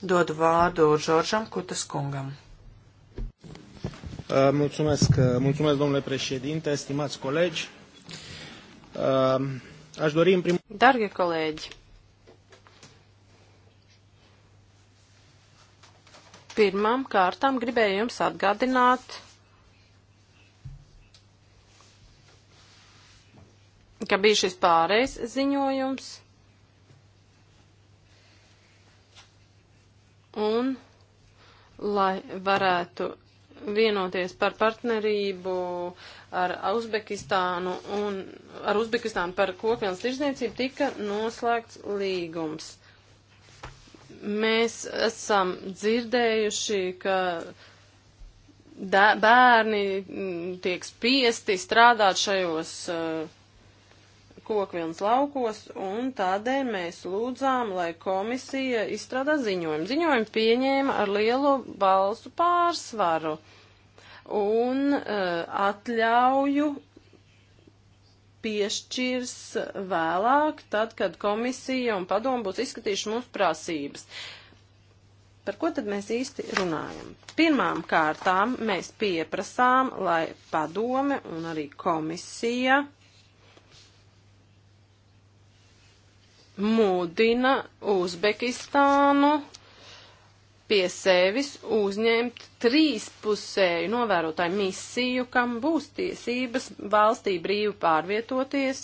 C: Dod vārdu Žoržam Kutas kungam.
B: Mulțumesc, mulțumesc, domnule
A: președinte, stimați colegi. Aș dori în primul Dargi colegi, Pirmām kārtām gribēju jums atgādināt, ka bija šis pārejas ziņojums. Un, lai varētu vienoties par partnerību ar Uzbekistānu un ar Uzbekistānu par kokvilnas tirzniecību, tika noslēgts līgums. Mēs esam dzirdējuši, ka bērni tiek spiesti strādāt šajos uh, kokvilnas laukos, un tādēļ mēs lūdzām, lai komisija izstrādā ziņojumu. Ziņojumu pieņēma ar lielu balsu pārsvaru un uh, atļauju piešķirs vēlāk, tad, kad komisija un padomu būs izskatījuši mūsu prasības. Par ko tad mēs īsti runājam? Pirmām kārtām mēs pieprasām, lai padome un arī komisija mudina Uzbekistānu pie sevis uzņemt trīspusēju novērotāju misiju, kam būs tiesības valstī brīvi pārvietoties,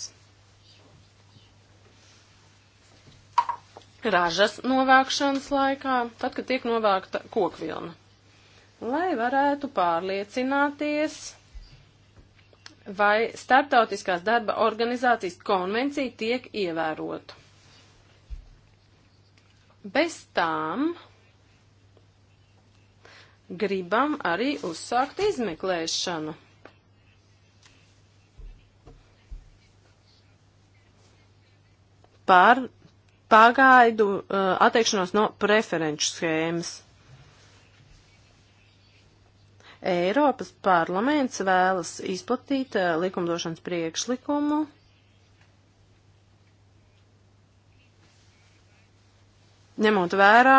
A: ražas novākšanas laikā, tad, kad tiek novākta kokvilna, lai varētu pārliecināties, vai starptautiskās darba organizācijas konvencija tiek ievērota. Bez tām gribam arī uzsākt izmeklēšanu. Par pagaidu uh, atteikšanos no preferenču schēmas. Eiropas parlaments vēlas izplatīt uh, likumdošanas priekšlikumu. Ņemot vērā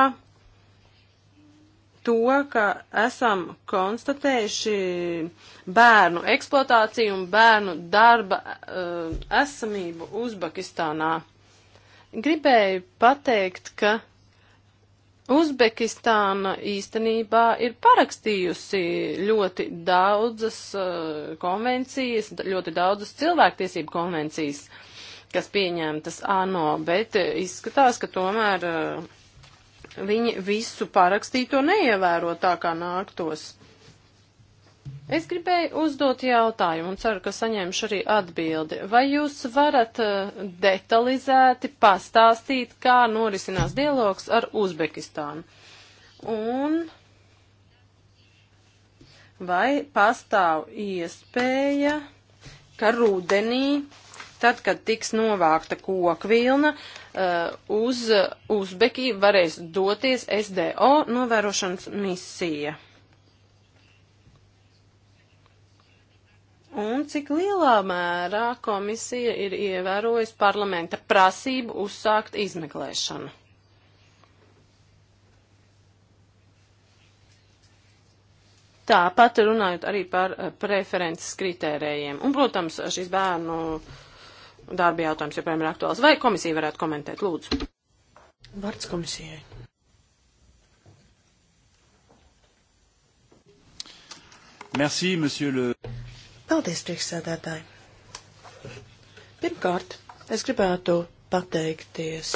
A: to, ka esam konstatējuši bērnu eksploatāciju un bērnu darba uh, esamību Uzbekistānā. Gribēju pateikt, ka Uzbekistāna īstenībā ir parakstījusi ļoti daudzas uh, konvencijas, ļoti daudzas cilvēktiesību konvencijas, kas pieņemtas ANO, bet eh, izskatās, ka tomēr uh, viņi visu parakstīto neievēro tā, kā nāktos. Es gribēju uzdot jautājumu un ceru, ka saņemšu arī atbildi. Vai jūs varat eh, detalizēti pastāstīt, kā norisinās dialogs ar Uzbekistānu? Un vai pastāv iespēja, ka rudenī Tad, kad tiks novākta kokvilna, eh, uz Uzbekiju varēs doties SDO novērošanas misija. Un cik lielā mērā komisija ir ievērojusi parlamenta prasību uzsākt izmeklēšanu? Tāpat runājot arī par eh, preferences kritērējiem. Un, protams, šis bērnu darba jautājums joprojām ir aktuāls. Vai komisija varētu komentēt, lūdzu? Vārds komisijai.
B: Merci, monsieur le.
A: Paldies,
C: priekšsēdētāji. Pirmkārt, es gribētu pateikties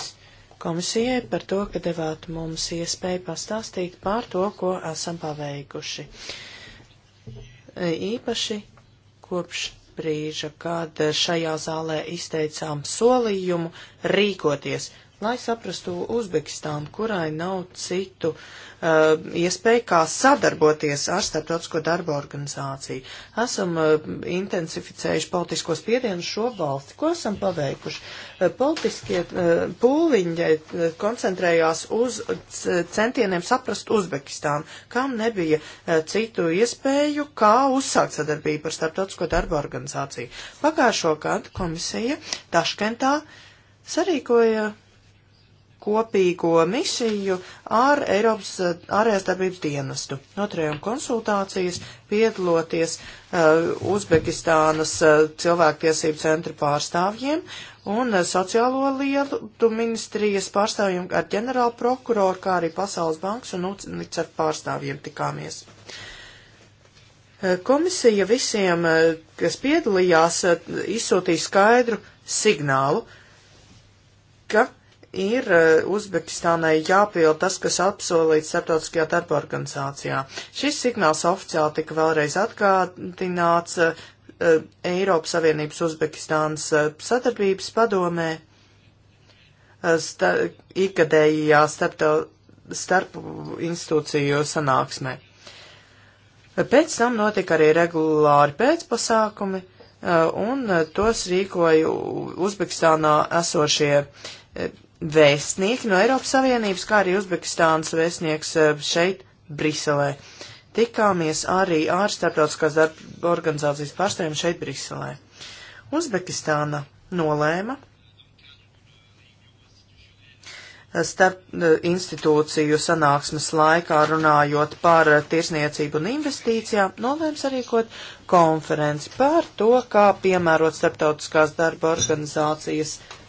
C: komisijai par to, ka devāt mums iespēju pastāstīt par to, ko esam paveikuši. Īpaši kopš brīža, kad šajā zālē izteicām solījumu rīkoties lai saprastu Uzbekistānu, kurai nav citu uh, iespēju kā sadarboties ar starptautisko darba organizāciju. Esam uh, intensificējuši politisko spiedienu šo valsti. Ko esam paveikuši? Uh, politiskie uh, pūliņi uh, koncentrējās uz centieniem saprast Uzbekistānu, kam nebija uh, citu iespēju, kā uzsākt sadarbību ar starptautisko darba organizāciju. Pagājušo gadu komisija Taškentā sarīkoja kopīgo misiju ar Eiropas eh, ārējās darbības dienestu. Noturējām konsultācijas, piedaloties uh, Uzbekistānas uh, cilvēktiesību centra pārstāvjiem un uh, sociālo lietu ministrijas pārstāvjiem ar ģenerālu prokuroru, kā arī Pasaules bankas un UNICEF pārstāvjiem tikāmies. Komisija visiem, kas piedalījās, izsūtīja skaidru signālu, ka ir e, Uzbekistānai jāpild tas, kas apsolīts starptautiskajā darba organizācijā. Šis signāls oficiāli tika vēlreiz atgādināts e, e, Eiropas Savienības Uzbekistānas sadarbības padomē sta, ikgadējā starp, starp institūciju sanāksmē. Pēc tam notika arī regulāri pēcpasākumi, un tos rīkoja Uzbekistānā esošie vēstnieki no Eiropas Savienības, kā arī Uzbekistānas vēstnieks eh, šeit, Briselē. Tikāmies arī ar starptautiskās darba organizācijas pārstāvjiem šeit, Briselē. Uzbekistāna nolēma eh, starp eh, institūciju sanāksmes laikā runājot par tirsniecību un investīcijām, nolēma sarīkot konferenci par to, kā piemērot starptautiskās darba organizācijas uh,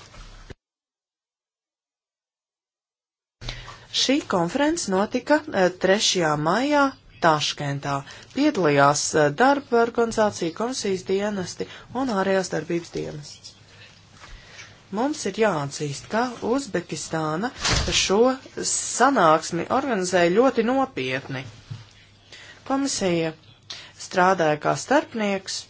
C: Šī konferences notika 3. E, maijā Taškentā. Piedalījās e, darba organizācija, komisijas dienesti un ārējās darbības dienests. Mums ir jāatzīst, ka Uzbekistāna šo sanāksmi organizēja ļoti nopietni. Komisija strādāja kā starpnieks, e,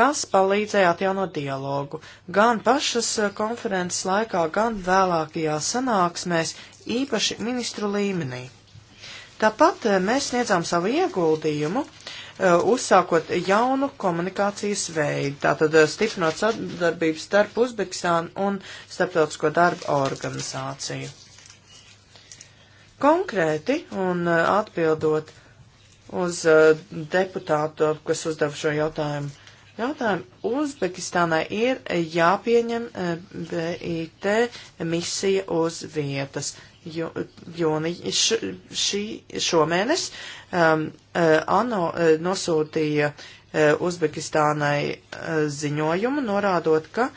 C: kas palīdzēja atjaunot dialogu. Gan pašas konferences laikā, gan vēlākajās sanāksmēs īpaši ministru līmenī. Tāpat eh, mēs sniedzām savu ieguldījumu, eh, uzsākot jaunu komunikācijas veidu, tātad eh, stiprinot sadarbību starp Uzbekistānu un Starptautisko darba organizāciju. Konkrēti un atbildot uz deputātu, kas uzdeva šo jautājumu, jautājumu. Uzbekistānai ir jāpieņem BIT eh, misija uz vietas. Jūni šī šomēnes um, eh, ANO eh, nosūtīja uh, E, Uzbekistānai e, ziņojumu, norādot, ka e,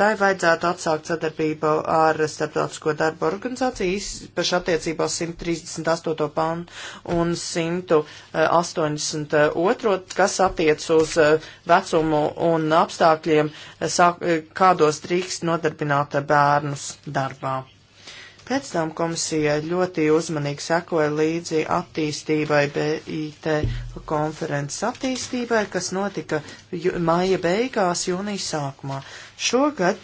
C: tai vajadzētu atsākt sadarbību ar Starptautisko darbu organizāciju, īpaši attiecībā 138. pantu un 182, kas attiec uz vecumu un apstākļiem, kādos drīkst nodarbināt bērnus darbā. Pēc tam komisija ļoti uzmanīgi sekoja līdzi attīstībai BIT konferences attīstībai, kas notika māja beigās, jūnijas sākumā. Šogad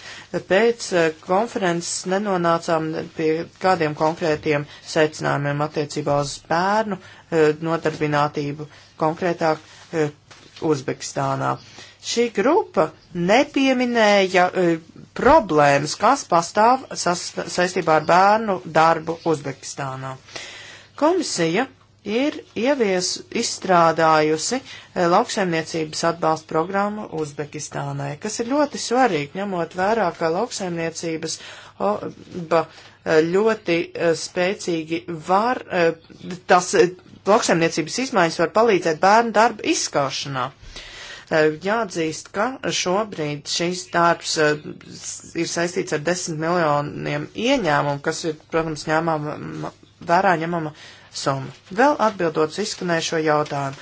C: pēc eh, konferences nenonācām pie kādiem konkrētiem secinājumiem attiecībā uz bērnu eh, nodarbinātību konkrētāk eh, Uzbekistānā. Šī grupa nepieminēja problēmas, kas pastāv sas, saistībā ar bērnu darbu Uzbekistānā. Komisija ir ievies izstrādājusi eh, lauksaimniecības atbalsta programmu Uzbekistānai, kas ir ļoti svarīgi, ņemot vērā, ka lauksaimniecības eh, ļoti eh, spēcīgi var, tas lauksaimniecības izmaiņas var palīdzēt bērnu darbu izskaušanā. Eh, jāatzīst, ka šobrīd šīs darbs eh, ir saistīts ar desmit miljoniem ieņēmumu, kas ir, protams, ņēmama, vērā ņemama summa. Vēl atbildot uz izskanējušo jautājumu.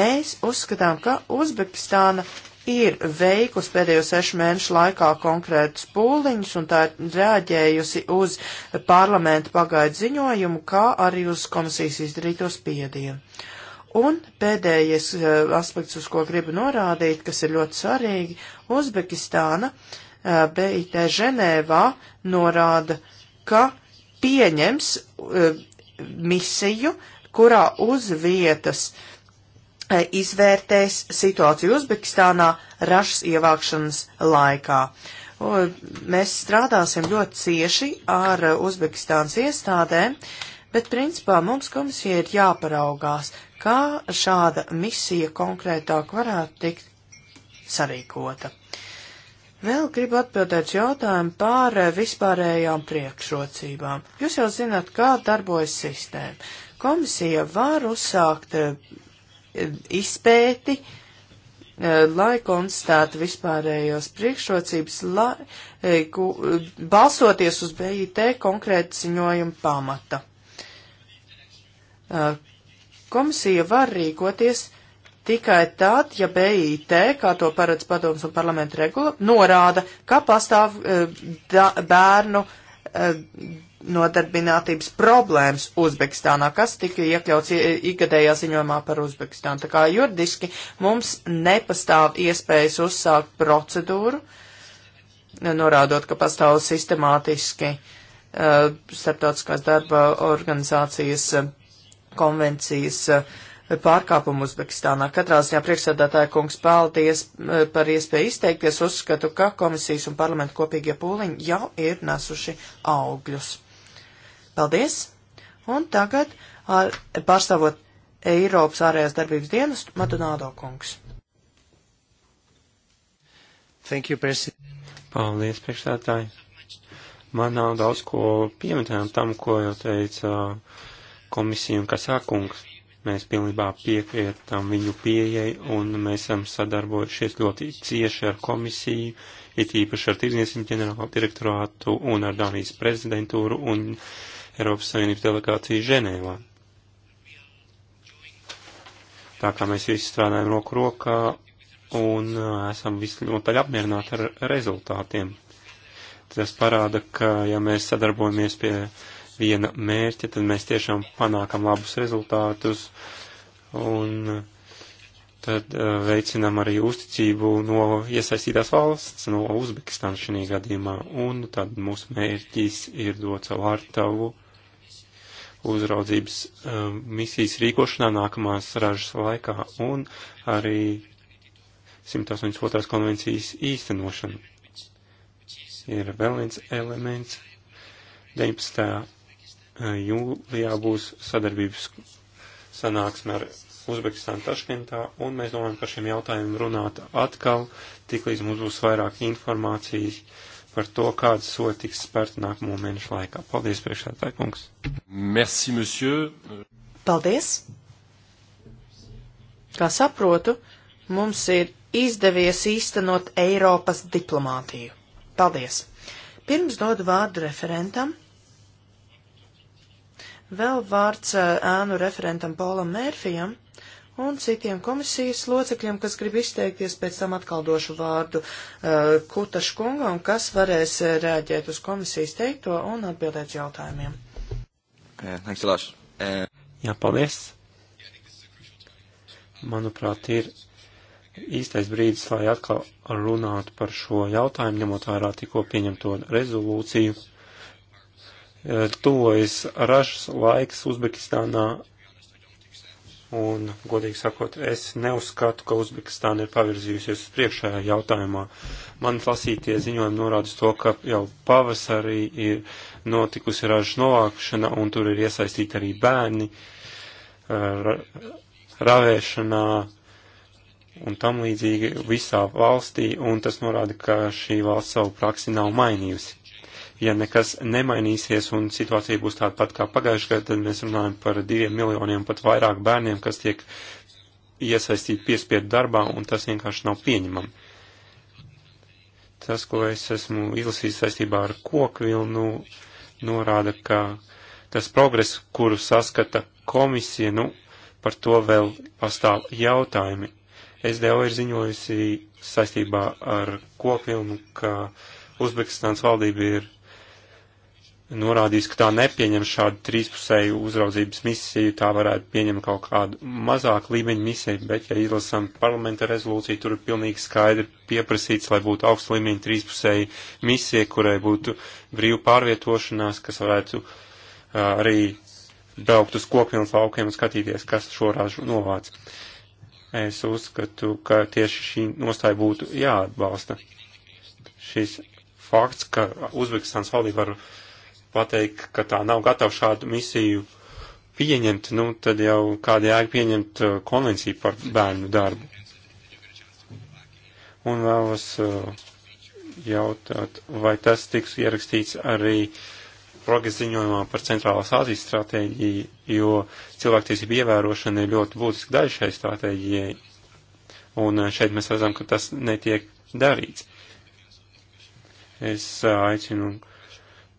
C: Mēs uzskatām, ka Uzbekistāna ir veikusi pēdējo sešu mēnešu laikā konkrētus pūliņus un tā ir reaģējusi uz parlamenta pagaidu ziņojumu, kā arī uz komisijas izdarīto spiedienu. Un pēdējais eh, aspekts, uz ko gribu norādīt, kas ir ļoti svarīgi, Uzbekistāna eh, BIT Ženēvā norāda, ka pieņems eh, misiju, kurā uz vietas izvērtēs situāciju Uzbekistānā rašas ievākšanas laikā. Mēs strādāsim ļoti cieši ar Uzbekistānas iestādēm, bet principā mums komisija ir jāparaugās, Kā šāda misija konkrētāk varētu tikt sarīkota? Vēl gribu atbildēt jautājumu par eh, vispārējām priekšrocībām. Jūs jau zināt, kā darbojas sistēma. Komisija var uzsākt eh, izpēti, eh, lai konstatētu vispārējos priekšrocības, lai, ku, balsoties uz BIT konkrēta ziņojuma pamata. Komisija var rīkoties tikai tad, ja BIT, kā to paredz padoms un parlamenta regula, norāda, ka pastāv e, da, bērnu e, nodarbinātības problēmas Uzbekistānā, kas tika iekļauts e, ikgadējā ziņojumā par Uzbekistānu. Tā kā juridiski mums nepastāv iespējas uzsākt procedūru, norādot, ka pastāv sistemātiski uh, starptautiskās darba organizācijas uh, konvencijas eh, pārkāpumu Uzbekistānā. Katrā ziņā priekšsēdētāja kungs paldies eh, par iespēju izteikties. Uzskatu, ka komisijas un parlamenta kopīgie pūliņi jau ir nesuši augļus. Paldies! Un tagad ar, pārstāvot Eiropas ārējās darbības dienas Madonādo kungs.
B: Thank you, President. Paldies, priekšstādātāji. Man nav daudz ko pieminēt tam, ko jau teica uh, komisiju un Kasākungs. Mēs pilnībā piekrietam viņu pieejai un mēs esam sadarbojušies ļoti cieši ar komisiju, it īpaši ar Tirdzniecību ģenerālo direktorātu un ar Dānijas prezidentūru un Eiropas Savienības delegāciju Ženēvā. Tā kā mēs visi strādājam roku rokā un uh, esam visi ļoti apmierināti ar rezultātiem. Tas parāda, ka ja mēs sadarbojamies pie uh, viena mērķa, tad mēs tiešām panākam labus rezultātus un tad uh, veicinam arī uzticību no iesaistītās valsts, no Uzbekistānas šī gadījumā, un tad mūsu mērķis ir dot savu ārtavu uzraudzības uh, misijas rīkošanā nākamās ražas laikā un arī 182. konvencijas īstenošana. Ir vēl viens elements 19. Jūlijā būs sadarbības sanāksme ar Uzbekistānu Taškentā, un mēs domājam par šiem jautājumiem runāt atkal, tiklīdz mums būs vairāk informācijas par to, kādas soļi tiks spērti nākamo mēnešu laikā. Paldies, priekšsēdētāji kungs. Merci, monsieur.
C: Paldies. Kā saprotu, mums ir izdevies īstenot Eiropas diplomātiju. Paldies. Pirms dodu vārdu referentam. Vēl vārds eh, ēnu referentam Polam Mērfijam un citiem komisijas locekļiem, kas grib izteikties, pēc tam atkal došu vārdu uh, Kutaš kungam, kas varēs eh, rēģēt uz komisijas teikto un atbildēt jautājumiem.
B: Jā, paldies. Manuprāt, ir īstais brīdis, lai atkal runātu par šo jautājumu, ņemot vērā tikko pieņemto rezolūciju tuvojas ražas laiks Uzbekistānā, un, godīgi sakot, es neuzskatu, ka Uzbekistāna ir pavirzījusies uz priekšējā jautājumā. Man lasītie ziņojumi norāda to, ka jau pavasarī ir notikusi ražas novākšana, un tur ir iesaistīti arī bērni ra ravēšanā un tam līdzīgi visā valstī, un tas norāda, ka šī valsts savu praksi nav mainījusi. Ja nekas nemainīsies un situācija būs tāda pat kā pagājušajā gadā, tad mēs runājam par diviem miljoniem pat vairāk bērniem, kas tiek iesaistīti piespiedu darbā, un tas vienkārši nav pieņemami. Tas, ko es esmu izlasījis saistībā ar kokvilnu, norāda, ka tas progress, kuru saskata komisija, nu, par to vēl pastāv jautājumi. SDO ir ziņojusi saistībā ar kokvilnu, ka Uzbekistāns valdība ir norādījis, ka tā nepieņem šādu trīspusēju uzraudzības misiju, tā varētu pieņemt kaut kādu mazāku līmeņu misiju, bet, ja izlasām parlamenta rezolūciju, tur ir pilnīgi skaidri pieprasīts, lai būtu augsta līmeņa trīspusēja misija, kurai būtu brīva pārvietošanās, kas varētu uh, arī braukt uz kopiem un laukiem un skatīties, kas šo ražu novāc. Es uzskatu, ka tieši šī nostāja būtu jāatbalsta. Šis fakts, ka Uzbekistāns valdība var uh, pateikt, ka tā nav gatava šādu misiju pieņemt, nu tad jau kāda jēga pieņemt uh, konvenciju par bērnu darbu. Un vēlos uh, jautāt, vai tas tiks ierakstīts arī progresa ziņojumā par Centrālās Āzijas stratēģiju, jo cilvēktiesība ievērošana ir ļoti būtiska daļa šai stratēģijai. Un uh, šeit mēs redzam, ka tas netiek darīts. Es aicinu uh,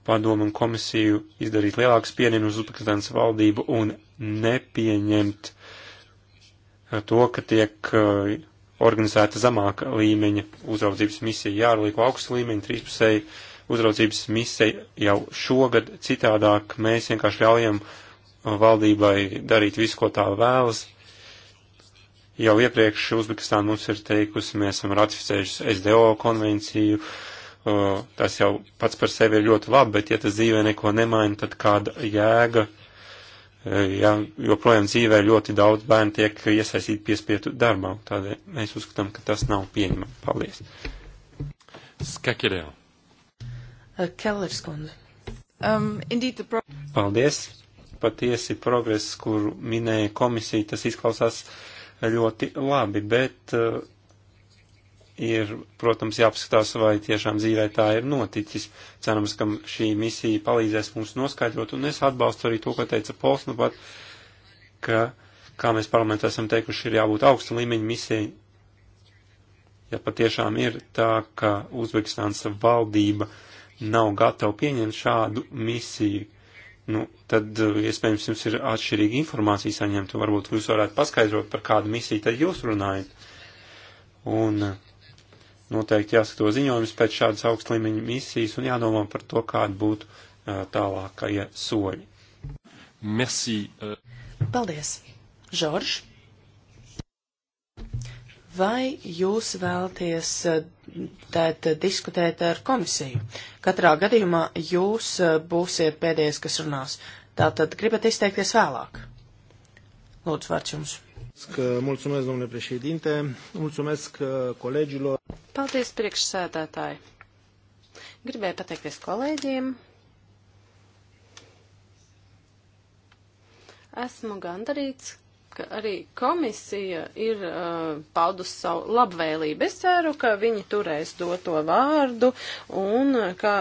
B: padomu un komisiju izdarīt lielāku spiedienu uz Uzbekistānas valdību un nepieņemt eh, to, ka tiek eh, organizēta zamāka līmeņa uzraudzības misija. Jārliek augsts līmeņa, trīspusēji uzraudzības misija jau šogad, citādāk mēs vienkārši ļaujam eh, valdībai darīt visu, ko tā vēlas. Jau iepriekš Uzbekistāna mums ir teikusi, mēs esam ratificējuši SDO konvenciju, uh, tas jau pats par sevi ir ļoti labi, bet ja tas dzīvē neko nemaina, tad kāda jēga, e, ja joprojām dzīvē ļoti daudz bērnu tiek iesaistīti piespietu darbā. Tādēļ mēs uzskatām, ka tas nav pieņemami. Paldies. Skakirēl.
C: E, Kellers kundze.
A: Um, indeed, the
B: Paldies. Patiesi progress, kur minēja komisija, tas izklausās ļoti labi, bet uh, ir, protams, jāpaskatās, vai tiešām dzīvē tā ir noticis. Cerams, ka šī misija palīdzēs mums noskaidrot, un es atbalstu arī to, ko teica Pols, nu pat, ka, kā mēs parlamentā esam teikuši, ir jābūt augsta līmeņa misijai. Ja patiešām ir tā, ka Uzbekistāns valdība nav gatava pieņemt šādu misiju, nu, tad uh, iespējams jums ir atšķirīga informācija saņemta, varbūt jūs varētu paskaidrot, par kādu misiju tad jūs runājat. Un uh, noteikti jāskato ziņojums pēc šādas augstlīmeņa misijas un jādomā par to, kāda būtu tālākie soļi. Merci.
C: Paldies. Žorž, vai jūs vēlties tēt diskutēt ar komisiju? Katrā gadījumā jūs būsiet pēdējais, kas runās. Tātad gribat izteikties vēlāk. Lūdzu, vārds jums. Mulțumesc, domnule președinte. Mulțumesc uh,
A: colegilor. Paldies, priekšsēdētāji. Gribēju pateikties kolēģiem. Esmu gandarīts, ka arī komisija ir uh, paudusi savu labvēlību. Es ceru, ka viņi turēs doto vārdu un uh, ka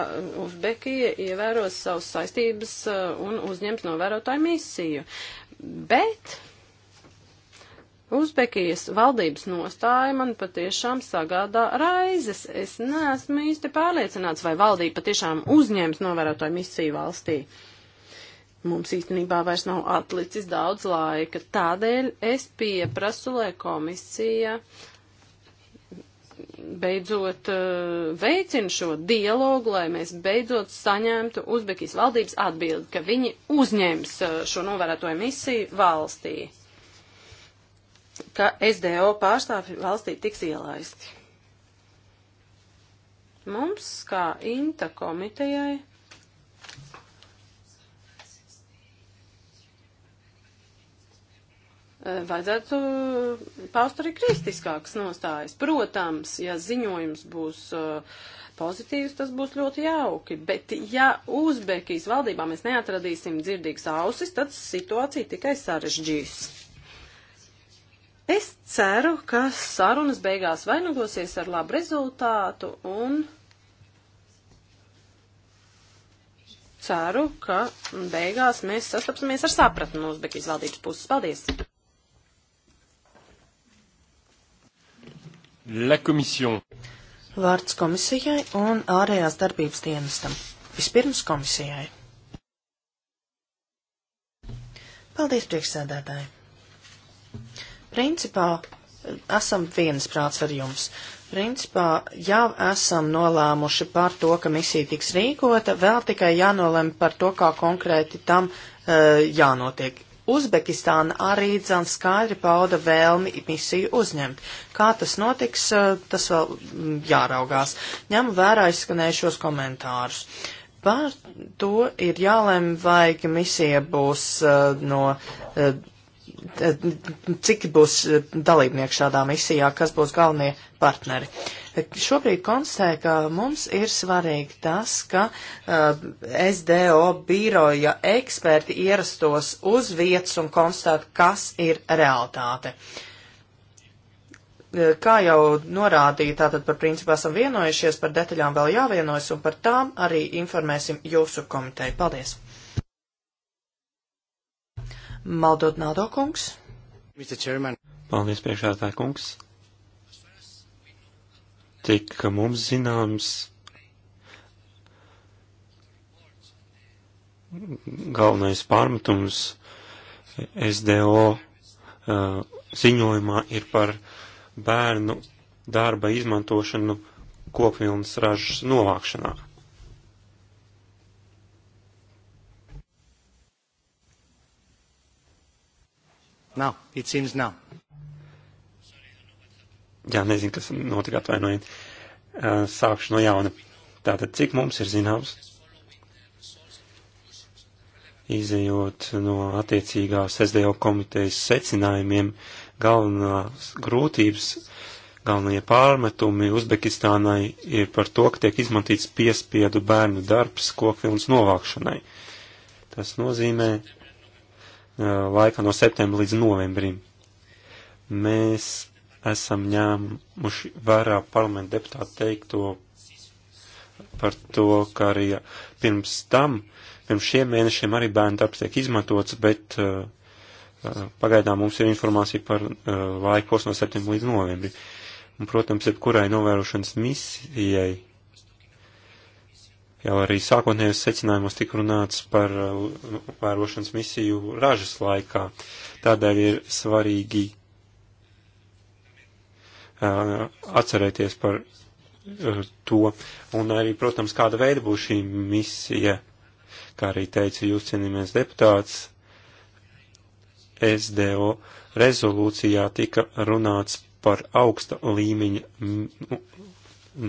A: Uzbekija ievēros savus saistības uh, un uzņems novērotāju misiju. Bet Uzbekijas valdības nostāja man patiešām sagādā raizes. Es neesmu īsti pārliecināts, vai valdība patiešām uzņēmas novērotāju misiju valstī. Mums īstenībā vairs nav atlicis daudz laika, tādēļ es pieprasu, lai komisija beidzot eh, veicina šo dialogu, lai mēs beidzot saņemtu Uzbekijas valdības atbildi, ka viņi uzņems eh, šo novērotoju misiju valstī ka SDO pārstāvi valstī tiks ielaisti. Mums, kā INTA komitejai, eh, vajadzētu paust arī kristiskākas nostājas. Protams, ja ziņojums būs eh, pozitīvs, tas būs ļoti jauki, bet ja Uzbekijas valdībā mēs neatradīsim dzirdīgas ausis, tad situācija tikai sarežģīs. Es ceru, ka sarunas beigās vainagosies ar labu rezultātu un ceru, ka beigās mēs sastapsimies ar sapratni no Uzbekijas valdības puses. Paldies!
B: La Commission.
C: Vārds komisijai un ārējās darbības dienestam. Vispirms komisijai. Paldies, priekšsēdētāji. Principā eh, esam viensprāts ar jums. Principā jau esam nolēmuši par to, ka misija tiks rīkota, vēl tikai jānolem par to, kā konkrēti tam uh, jānotiek. Uzbekistāna arī dzan skaidri pauda vēlmi misiju uzņemt. Kā tas notiks, uh, tas vēl mm, jāraugās. Ņem vērā izskanējušos komentārus. Par to ir jālem, vai misija būs uh, no uh, cik būs eh, dalībnieki šādā misijā, kas būs galvenie partneri. Šobrīd konstatē, ka mums ir svarīgi tas, ka uh, eh, SDO biroja eksperti ierastos uz vietas un konstatētu, kas ir realitāte. Eh, kā jau norādīja, tātad par principu esam vienojušies, par detaļām vēl jāvienojas un par tām arī informēsim jūsu komiteju. Paldies! Maldot Nādo
A: kungs.
B: Paldies, priekšādātāja kungs. Tik mums zināms, galvenais pārmetums SDO uh, ziņojumā ir par bērnu darba izmantošanu kopvilnas ražas novākšanā. Nav, it seems nav. Jā, nezinu, kas notika atvainojiet. Sākšu no jauna. Tātad, cik mums ir zināms, izējot no attiecīgās SDO komitejas secinājumiem, galvenās grūtības, galvenie pārmetumi Uzbekistānai ir par to, ka tiek izmantīts piespiedu bērnu darbs kokvilnas novākšanai. Tas nozīmē, laikā no septembra līdz novembrim. Mēs esam ņēmuši vērā parlamenta deputātu teikto par to, ka arī pirms tam, pirms šiem mēnešiem arī bērnu darbs tiek izmantots, bet uh, pagaidām mums ir informācija par uh, laikos no septembra līdz novembrim. Un, protams, jebkurai novērošanas misijai Jau arī sākotnējos secinājumos tika runāts par uh, vērošanas misiju ražas laikā. Tādēļ ir svarīgi uh, atcerēties par uh, to. Un arī, protams, kāda veida būs šī misija. Kā arī teica jūs cienījamies deputāts, SDO rezolūcijā tika runāts par augsta līmeņa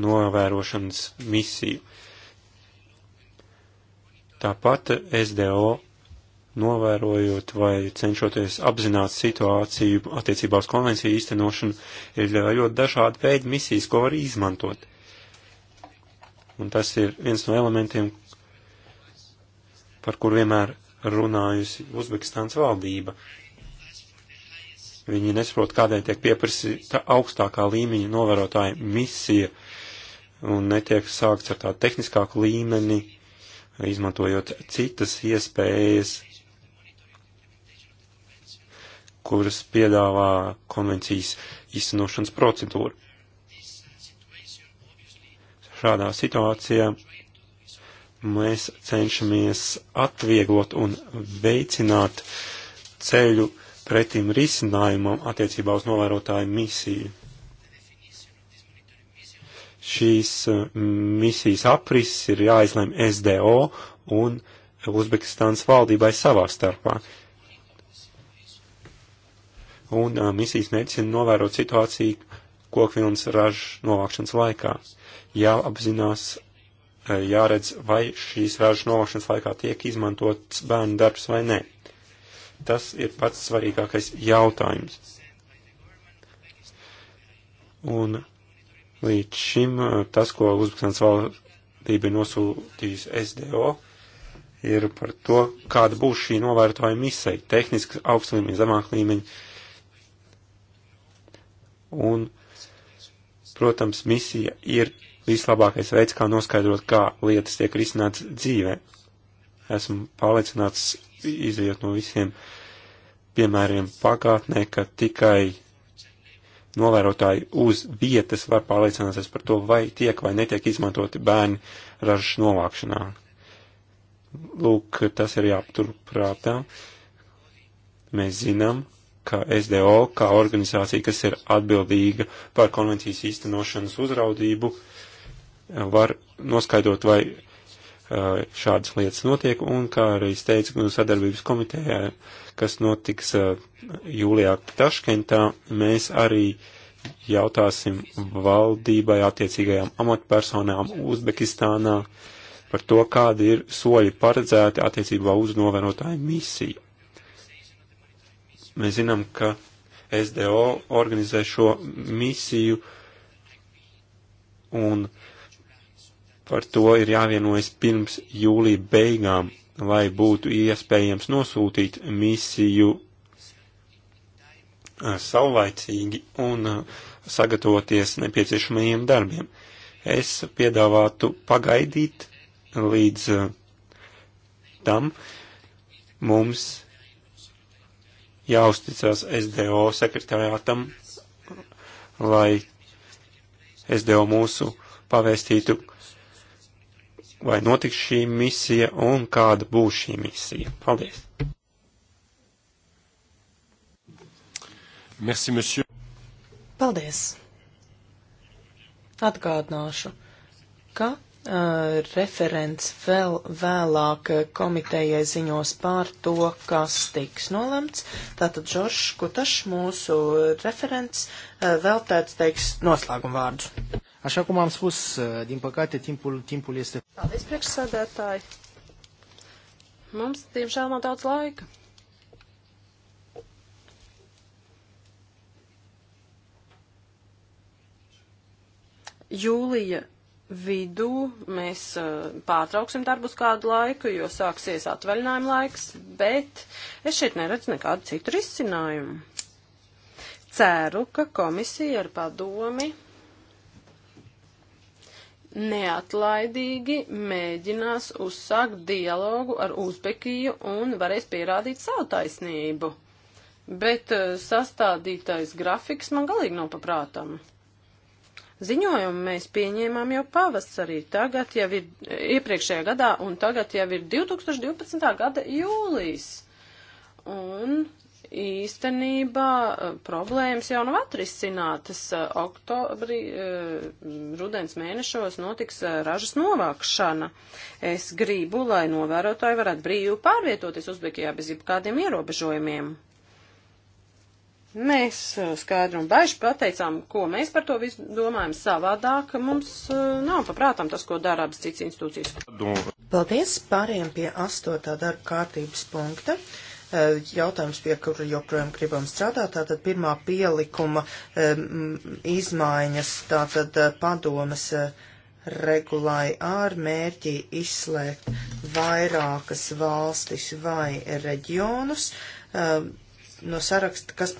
B: novērošanas misiju. Uh, Tāpat SDO novērojot vai cenšoties apzināt situāciju attiecībā uz konvenciju īstenošanu, ir ļoti dažādi veidi misijas, ko var izmantot. Un tas ir viens no elementiem, par kur vienmēr runājusi Uzbekistāns valdība. Viņi nesaprot, kādēļ tiek pieprasīta augstākā līmeņa novērotāja misija un netiek sākts ar tādu tehniskāku līmeni izmantojot citas iespējas, kuras piedāvā konvencijas izcinošanas procedūra. Šādā situācijā mēs cenšamies atvieglot un veicināt ceļu pretim risinājumam attiecībā uz novērotāju misiju šīs uh, misijas apris ir jāizlem SDO un Uzbekistānas valdībai savā starpā. Un uh, misijas mērķis ir novērot situāciju kokvilnas ražu novākšanas laikā. Jāapzinās, uh, jāredz, vai šīs ražu novākšanas laikā tiek izmantots bērnu darbs vai nē. Tas ir pats svarīgākais jautājums. Un Līdz šim eh, tas, ko Uzbekistāns valdība ir nosūtījusi SDO, ir par to, kāda būs šī novērotāja misija - tehniski augsta līmeņa, zemāk līmeņa. Un, protams, misija ir vislabākais veids, kā noskaidrot, kā lietas tiek risināts dzīvē. Esmu pārliecināts, izējot no visiem piemēriem pagātnē, ka tikai novērotāji uz vietas var pārliecināties par to, vai tiek vai netiek izmantoti bērni ražas novākšanā. Lūk, tas ir jāaptur prātā. Mēs zinām, ka SDO, kā organizācija, kas ir atbildīga par konvencijas īstenošanas uzraudību, var noskaidrot, vai Eh, šādas lietas notiek, un kā arī es teicu, nu, sadarbības komitejā, kas notiks eh, jūlijā Taškentā, mēs arī jautāsim valdībai attiecīgajām amatpersonām Uzbekistānā par to, kādi ir soļi paredzēti attiecībā uz novērotāju misiju. Mēs zinām, ka SDO organizē šo misiju un uh, Par to ir jāvienojas pirms jūlija beigām, lai būtu iespējams nosūtīt misiju saulaicīgi un sagatavoties nepieciešamajiem darbiem. Es piedāvātu pagaidīt līdz tam mums jāuzticas SDO sekretariātam, lai SDO mūsu pavēstītu, vai notiks šī misija un kāda būs šī misija. Paldies! Merci, monsieur.
C: Paldies! Atgādināšu, ka Uh, referents vēl vēlāk komitejai ziņos pār to, kas tiks nolemts. Tātad Žoržs Kutašs, mūsu referents, uh, vēl tāds teiks noslēgumu vārdus. Așa cum am spus, din păcate, timpul, timpul este...
A: Paldies, priekšsēdētāji. Mums, diemžēl, nav daudz laika. Jūlija vidū mēs uh, pārtrauksim darbus kādu laiku, jo sāksies atvaļinājuma laiks, bet es šeit neredzu nekādu citu risinājumu. Ceru, ka komisija ar padomi neatlaidīgi mēģinās uzsākt dialogu ar Uzbekiju un varēs pierādīt savu taisnību. Bet eh, sastādītais grafiks man galīgi nav paprātam. Ziņojumu mēs pieņēmām jau pavasarī, tagad jau ir eh, iepriekšējā gadā un tagad jau ir 2012. gada jūlijas. Un īstenībā eh, problēmas jau nav atrisinātas. Eh, oktobrī, eh, rudens mēnešos notiks ražas novākšana. Es gribu, lai novērotāji varētu brīvi pārvietoties Uzbekijā bez jebkādiem ierobežojumiem. Mēs skaidri un baiši pateicām, ko mēs par to visu domājam savādāk. Mums nav paprātām tas, ko dara abas citas institūcijas.
C: Paldies, pārējiem pie astotā darba kārtības punkta. Uh, Eh, jautājums, pie kura joprojām gribam strādāt. Tātad pirmā pielikuma izmaiņas, tātad eh, padomas eh, regulai ar mērķi izslēgt vairākas valstis vai reģionus no saraksta, kas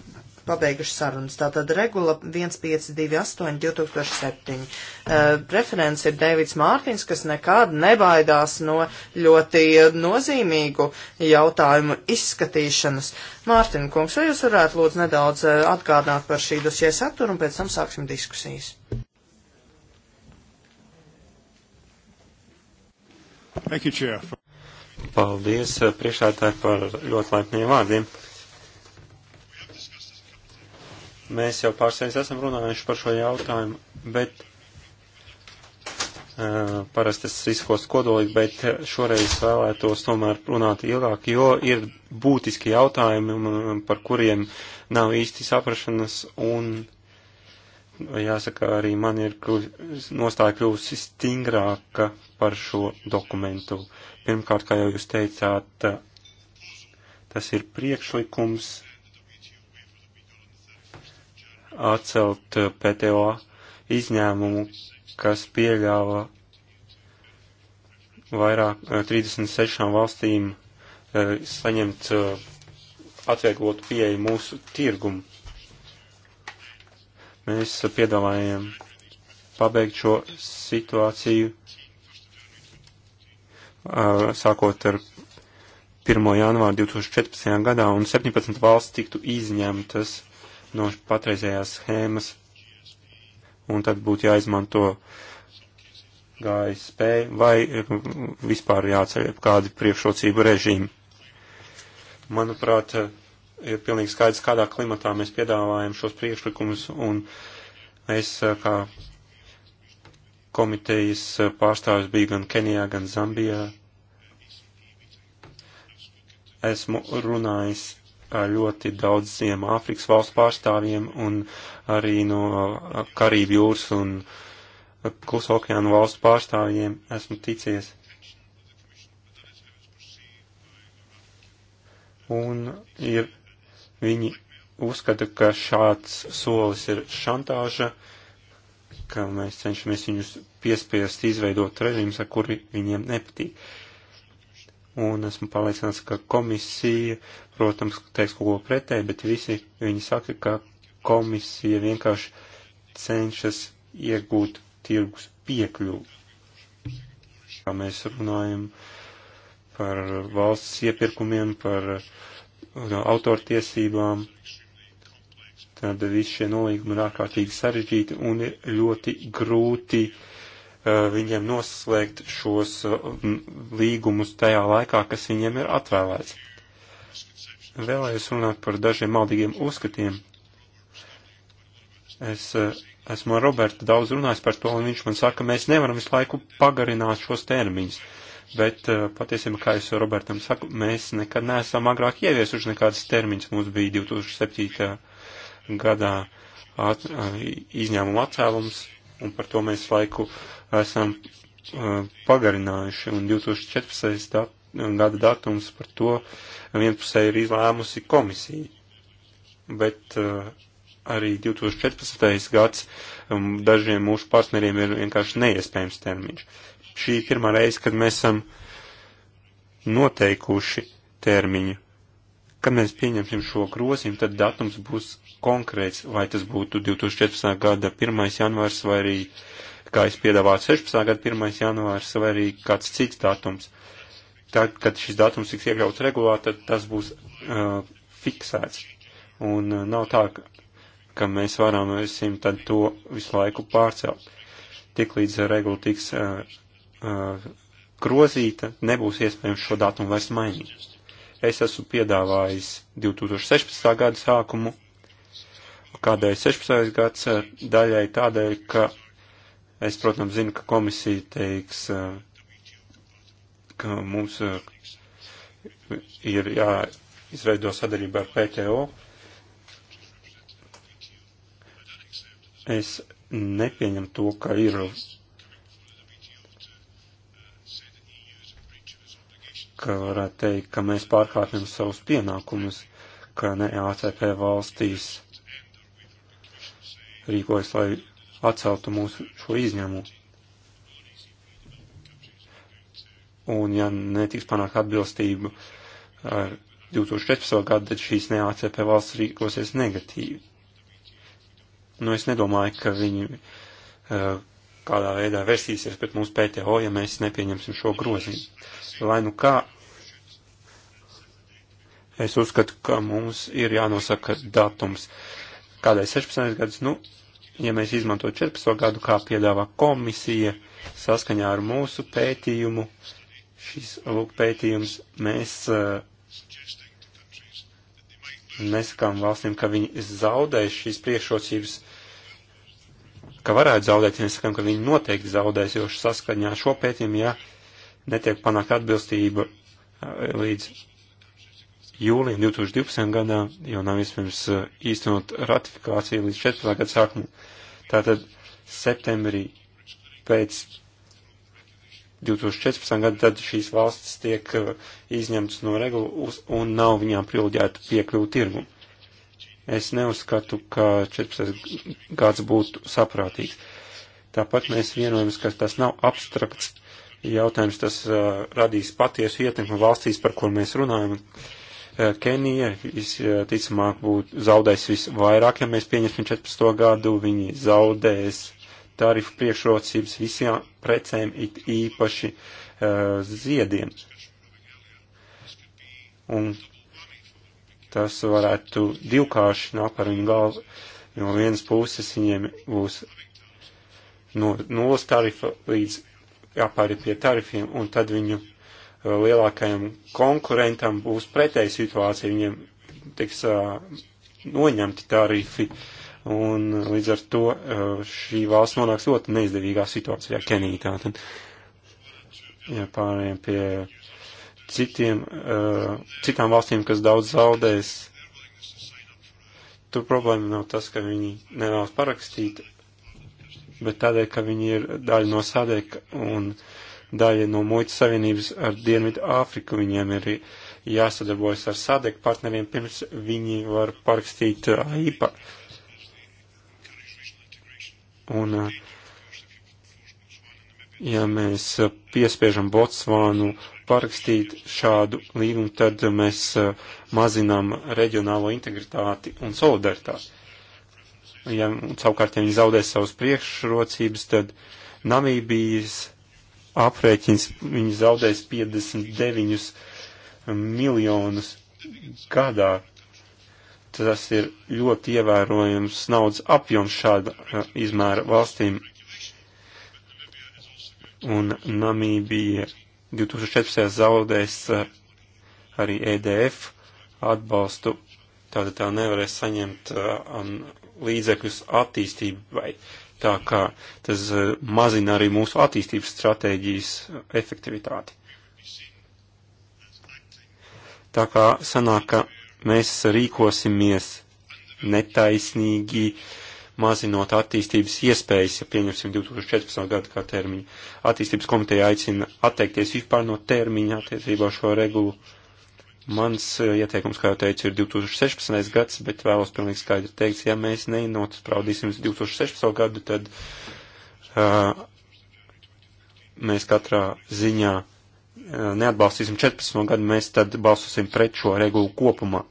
C: pabeiguši sarunas. Tātad regula 1528 2007. Uh, referents ir Dēvids Mārtiņš, kas nekad nebaidās no ļoti nozīmīgu jautājumu izskatīšanas. Mārtiņa kungs, vai jūs varētu lūdzu nedaudz uh, atgādināt par šī dosie saturu un pēc tam sāksim diskusijas? Thank you, Chair.
B: Paldies eh, priekšētāji par ļoti laipniem vārdiem. Uh, Mēs jau pārsēs esam runājuši par šo jautājumu, bet uh, parasti es izkos kodolīgi, bet šoreiz vēlētos tomēr runāt ilgāk, jo ir būtiski jautājumi, par kuriem nav īsti saprašanas un jāsaka, arī man ir kļūs, nostāja kļūsi stingrāka par šo dokumentu. Pirmkārt, kā jau jūs teicāt, tas ir priekšlikums, atcelt eh, PTO izņēmumu, kas pieļāva vairāk 36 eh, valstīm eh, saņemt atvieglotu pieeju mūsu tirgumu. Mēs piedāvājam pabeigt šo situāciju sākot ar 1. janvāru 2014. gadā un 17 valsts tiktu izņemtas no patreizējās schēmas, un tad būtu jāizmanto GSP vai eh, vispār jāceļ kādu priekšrocību režīmu. Manuprāt, eh, ir pilnīgi skaidrs, kādā klimatā mēs piedāvājam šos priekšlikumus, un es eh, kā komitejas pārstāvis biju gan Kenijā, gan Zambijā. Esmu runājis ļoti daudziem Āfrikas valstu pārstāvjiem un arī no Karību jūras un Klusa okeāna valstu pārstāvjiem esmu ticies. Un ir, viņi uzskata, ka šāds solis ir šantāža, ka mēs cenšamies viņus piespiest izveidot režīmus, ar kuri viņiem nepatīk. Uh, un esmu pārliecināts, ka komisija, protams, teiks kaut ko pretēji, bet visi viņi saka, ka komisija vienkārši cenšas iegūt tirgus piekļuvu. Kā mēs runājam par valsts iepirkumiem, par no, autortiesībām, tad visi šie nolīgumi ir ārkārtīgi sarežģīti un ir ļoti grūti uh, Uh, viņiem noslēgt šos uh, līgumus tajā laikā, kas viņiem ir atvēlēts. Vēlējos runāt par dažiem maldīgiem uzskatiem. Es uh, esmu ar Robertu daudz runājis par to, un viņš man saka, mēs nevaram visu laiku pagarināt šos termiņus. Bet patiesībā, kā es Robertam saku, mēs nekad neesam agrāk ieviesuši nekādas termiņas. Mums bija 2007. gadā at, izņēmuma atcēlums, un par to mēs laiku esam uh, pagarinājuši, un 2014. Dat, gada datums par to vienpusē ir izlēmusi komisija. Bet uh, arī 2014. gads um, dažiem mūsu partneriem ir vienkārši neiespējams termiņš. Šī pirmā reize, kad mēs esam noteikuši termiņu, kad mēs pieņemsim šo grozījumu, tad datums būs konkrēts, vai tas būtu 2014. gada 1. janvārs vai arī, kā es piedāvātu, 16. gada 1. janvārs vai arī kāds cits datums. Tad, kad šis datums tiks iekļauts regulā, tad tas būs uh, fiksēts. Un uh, nav tā, ka mēs varam esim tad to visu laiku pārcelt. Tik līdz regula tiks uh, uh, grozīta, nebūs iespējams šo datumu vairs mainīt. Es esmu piedāvājis 2016. gada sākumu Kādēļ 16. gads? Eh, daļai tādēļ, ka es, protams, zinu, ka komisija teiks, eh, ka mums eh, ir jāizveido sadarība ar PTO. Es nepieņemu to, ka ir ka varētu teikt, ka mēs pārkārtnam savus pienākumus, ka ne ACP valstīs rīkojas, lai atceltu mūsu šo izņēmumu. Un ja netiks panākt atbilstību ar 2014. gadu, tad šīs ne ACP valsts rīkosies negatīvi. Nu, es nedomāju, ka viņi uh, kādā veidā versīsies pret mūsu PTO, ja mēs nepieņemsim šo grozīmu. Lai nu kā, es uzskatu, ka mums ir jānosaka datums. Uh, kādai 16. gads, nu, ja mēs izmantotu 14. gadu, kā piedāvā komisija, saskaņā ar mūsu pētījumu, šis lūk pētījums, mēs uh, nesakām valstīm, ka viņi zaudēs šīs priekšrocības, ka varētu zaudēt, ja nesakām, ka viņi noteikti zaudēs, jo saskaņā ar šo pētījumu, ja netiek panākt atbilstība uh, līdz jūlijā 2012. gadā, jo nav iespējams uh, īstenot ratifikāciju līdz 14. gada sākumam. Tātad septembrī pēc 2014. gada tad šīs valstis tiek uh, izņemtas no regulu un nav viņām privileģēta piekļuvu tirgu. Es neuzskatu, ka 14. gads būtu saprātīgs. Tāpat mēs vienojamies, ka tas nav abstrakts jautājums, tas uh, radīs patiesu ietekmi valstīs, par kur mēs runājam. Uh, Eh, Kenija visticamāk eh, būtu zaudējis visvairāk, ja mēs pieņemsim 14. gadu, viņi zaudēs tarifu priekšrocības visām precēm, it īpaši uh, ziediem. Un tas varētu divkārši nāk par viņu galvu. No vienas puses viņiem būs no nulles tarifa līdz jāpāri pie tarifiem, un tad viņu Uh, lielākajam konkurentam būs pretēja situācija, viņiem tiks uh, noņemti tarifi, un uh, līdz ar to šī valsts nonāks ļoti neizdevīgā situācijā Kenijā. Tad, ja pārējiem pie citiem, citām valstīm, kas daudz zaudēs, tur problēma nav tas, ka viņi nevēlas parakstīt, bet tādēļ, ka viņi ir daļa no sadēka un uh, daļa no muitas savienības ar Dienvidu Āfriku. Viņiem ir jāsadarbojas ar SADEK partneriem, pirms viņi var parakstīt AIPA. Uh, un, uh, ja mēs uh, piespiežam Botsvānu parakstīt šādu līgumu, tad mēs mazinām reģionālo integritāti un solidaritāti. Ja, un savukārt, ja viņi zaudēs savas priekšrocības, tad Namībijas aprēķins viņi zaudēs 59 miljonus gadā. Tas ir ļoti ievērojams naudas apjoms šāda uh, izmēra valstīm. Un Namībija 2014. zaudēs uh, arī EDF atbalstu, tātad tā nevarēs saņemt um, līdzekļus attīstībai tā kā tas eh, mazina arī mūsu attīstības stratēģijas efektivitāti. Tā kā sanāk, ka mēs rīkosimies netaisnīgi, mazinot attīstības iespējas, ja pieņemsim 2014. gadu kā termiņu. Attīstības komiteja aicina atteikties vispār no termiņa attiecībā šo regulu. Uh, Mans eh, ieteikums, kā jau teicu, ir 2016. gads, bet vēlos pilnīgi skaidri teikt, ja mēs neinospraudīsim 2016. gadu, tad uh, mēs katrā ziņā uh, neatbalstīsim 14. gadu, mēs tad balsosim pret šo regulu kopumā.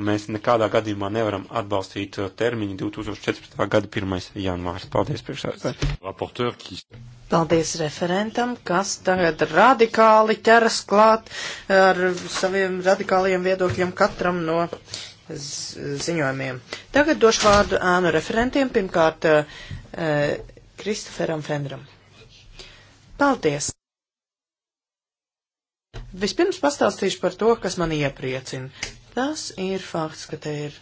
B: Mēs nekādā gadījumā nevaram atbalstīt uh, termiņu 2014. gada 1. janvārs. Paldies, priekšsēdētāji.
C: Paldies referentam, kas tagad radikāli ķeras klāt uh, ar saviem radikāliem viedokļiem katram no ziņojumiem. Tagad došu vārdu ēnu referentiem, pirmkārt eh, Kristoferam Fendram. Paldies! Vispirms pastāstīšu par to, kas mani iepriecina. Tas ir fakts, ka te ir.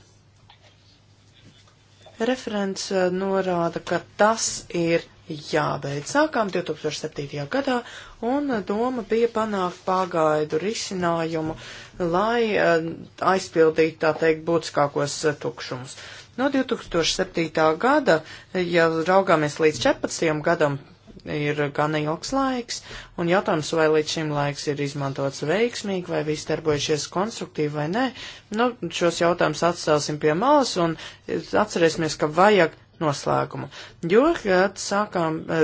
C: Referents eh, norāda, ka tas ir jābeidz. Sākām 2007. gadā, un eh, doma bija panākt pagaidu risinājumu, lai eh, aizpildītu, tā teikt, būtiskākos tukšumus. No 2007. gada, ja raugāmies līdz 14. gadam, ir gana ilgs laiks, un jautājums, vai līdz šim laiks ir izmantots veiksmīgi, vai viss darbojušies konstruktīvi vai nē, nu, šos jautājumus atstāsim pie malas un atcerēsimies, ka vajag noslēgumu. Jo, kad sākām eh,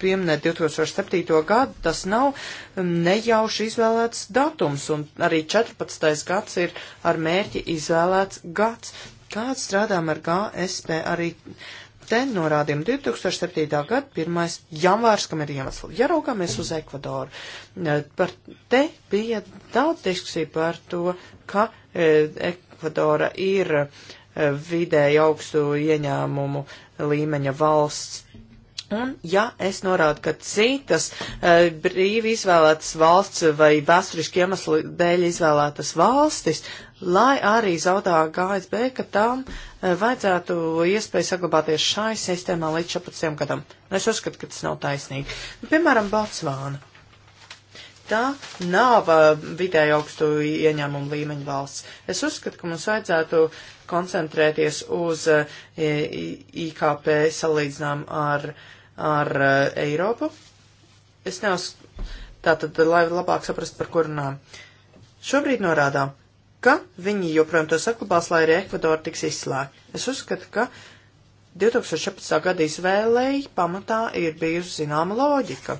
C: pieminēt 2007. gadu, tas nav nejauši izvēlēts datums, un arī 14. gads ir ar mērķi izvēlēts gads. Kāds strādām ar GSP arī te norādījām 2007. gada 1. janvārs, kam ir iemesli. Ja raugāmies uz Ekvadoru, e, par te bija daudz diskusiju par to, ka e, Ekvadora ir e, vidēji augstu ieņēmumu līmeņa valsts, Un, ja es norādu, ka citas e, brīvi izvēlētas valsts vai vēsturiski iemeslu dēļ izvēlētas valstis, lai arī zaudā GSB, ka tam e, vajadzētu iespēju saglabāties šai sistēmā līdz 14 gadam. Es uzskatu, ka tas nav taisnīgi. Piemēram, Botsvāna. Tā nav e, vidēja augstu ieņēmumu līmeņa valsts. Es uzskatu, ka mums vajadzētu koncentrēties uz e, IKP salīdzinām ar uh, ar uh, Eiropu. Es neuz, tātad, lai labāk saprast, par ko runājam. Šobrīd norādā, ka viņi joprojām to saklabās, lai arī Ekvadora tiks izslēgta. Es uzskatu, ka 2017. gada izvēlēji pamatā ir bijusi zināma loģika.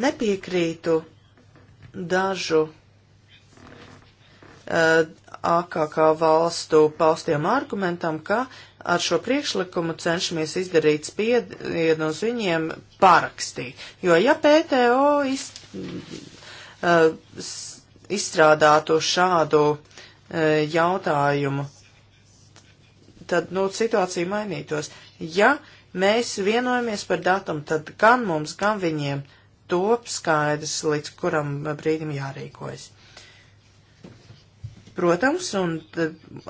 C: Nepiekrītu dažu uh, AKK valstu paustiem argumentam, ka ar šo priekšlikumu cenšamies izdarīt spiedienu uz viņiem parakstīt. Jo ja PTO iz, uh, izstrādātu šādu uh, jautājumu, tad nu, situācija mainītos. Ja mēs vienojamies par datumu, tad gan mums, gan viņiem top skaidrs, līdz kuram brīdim jārīkojas. Protams, un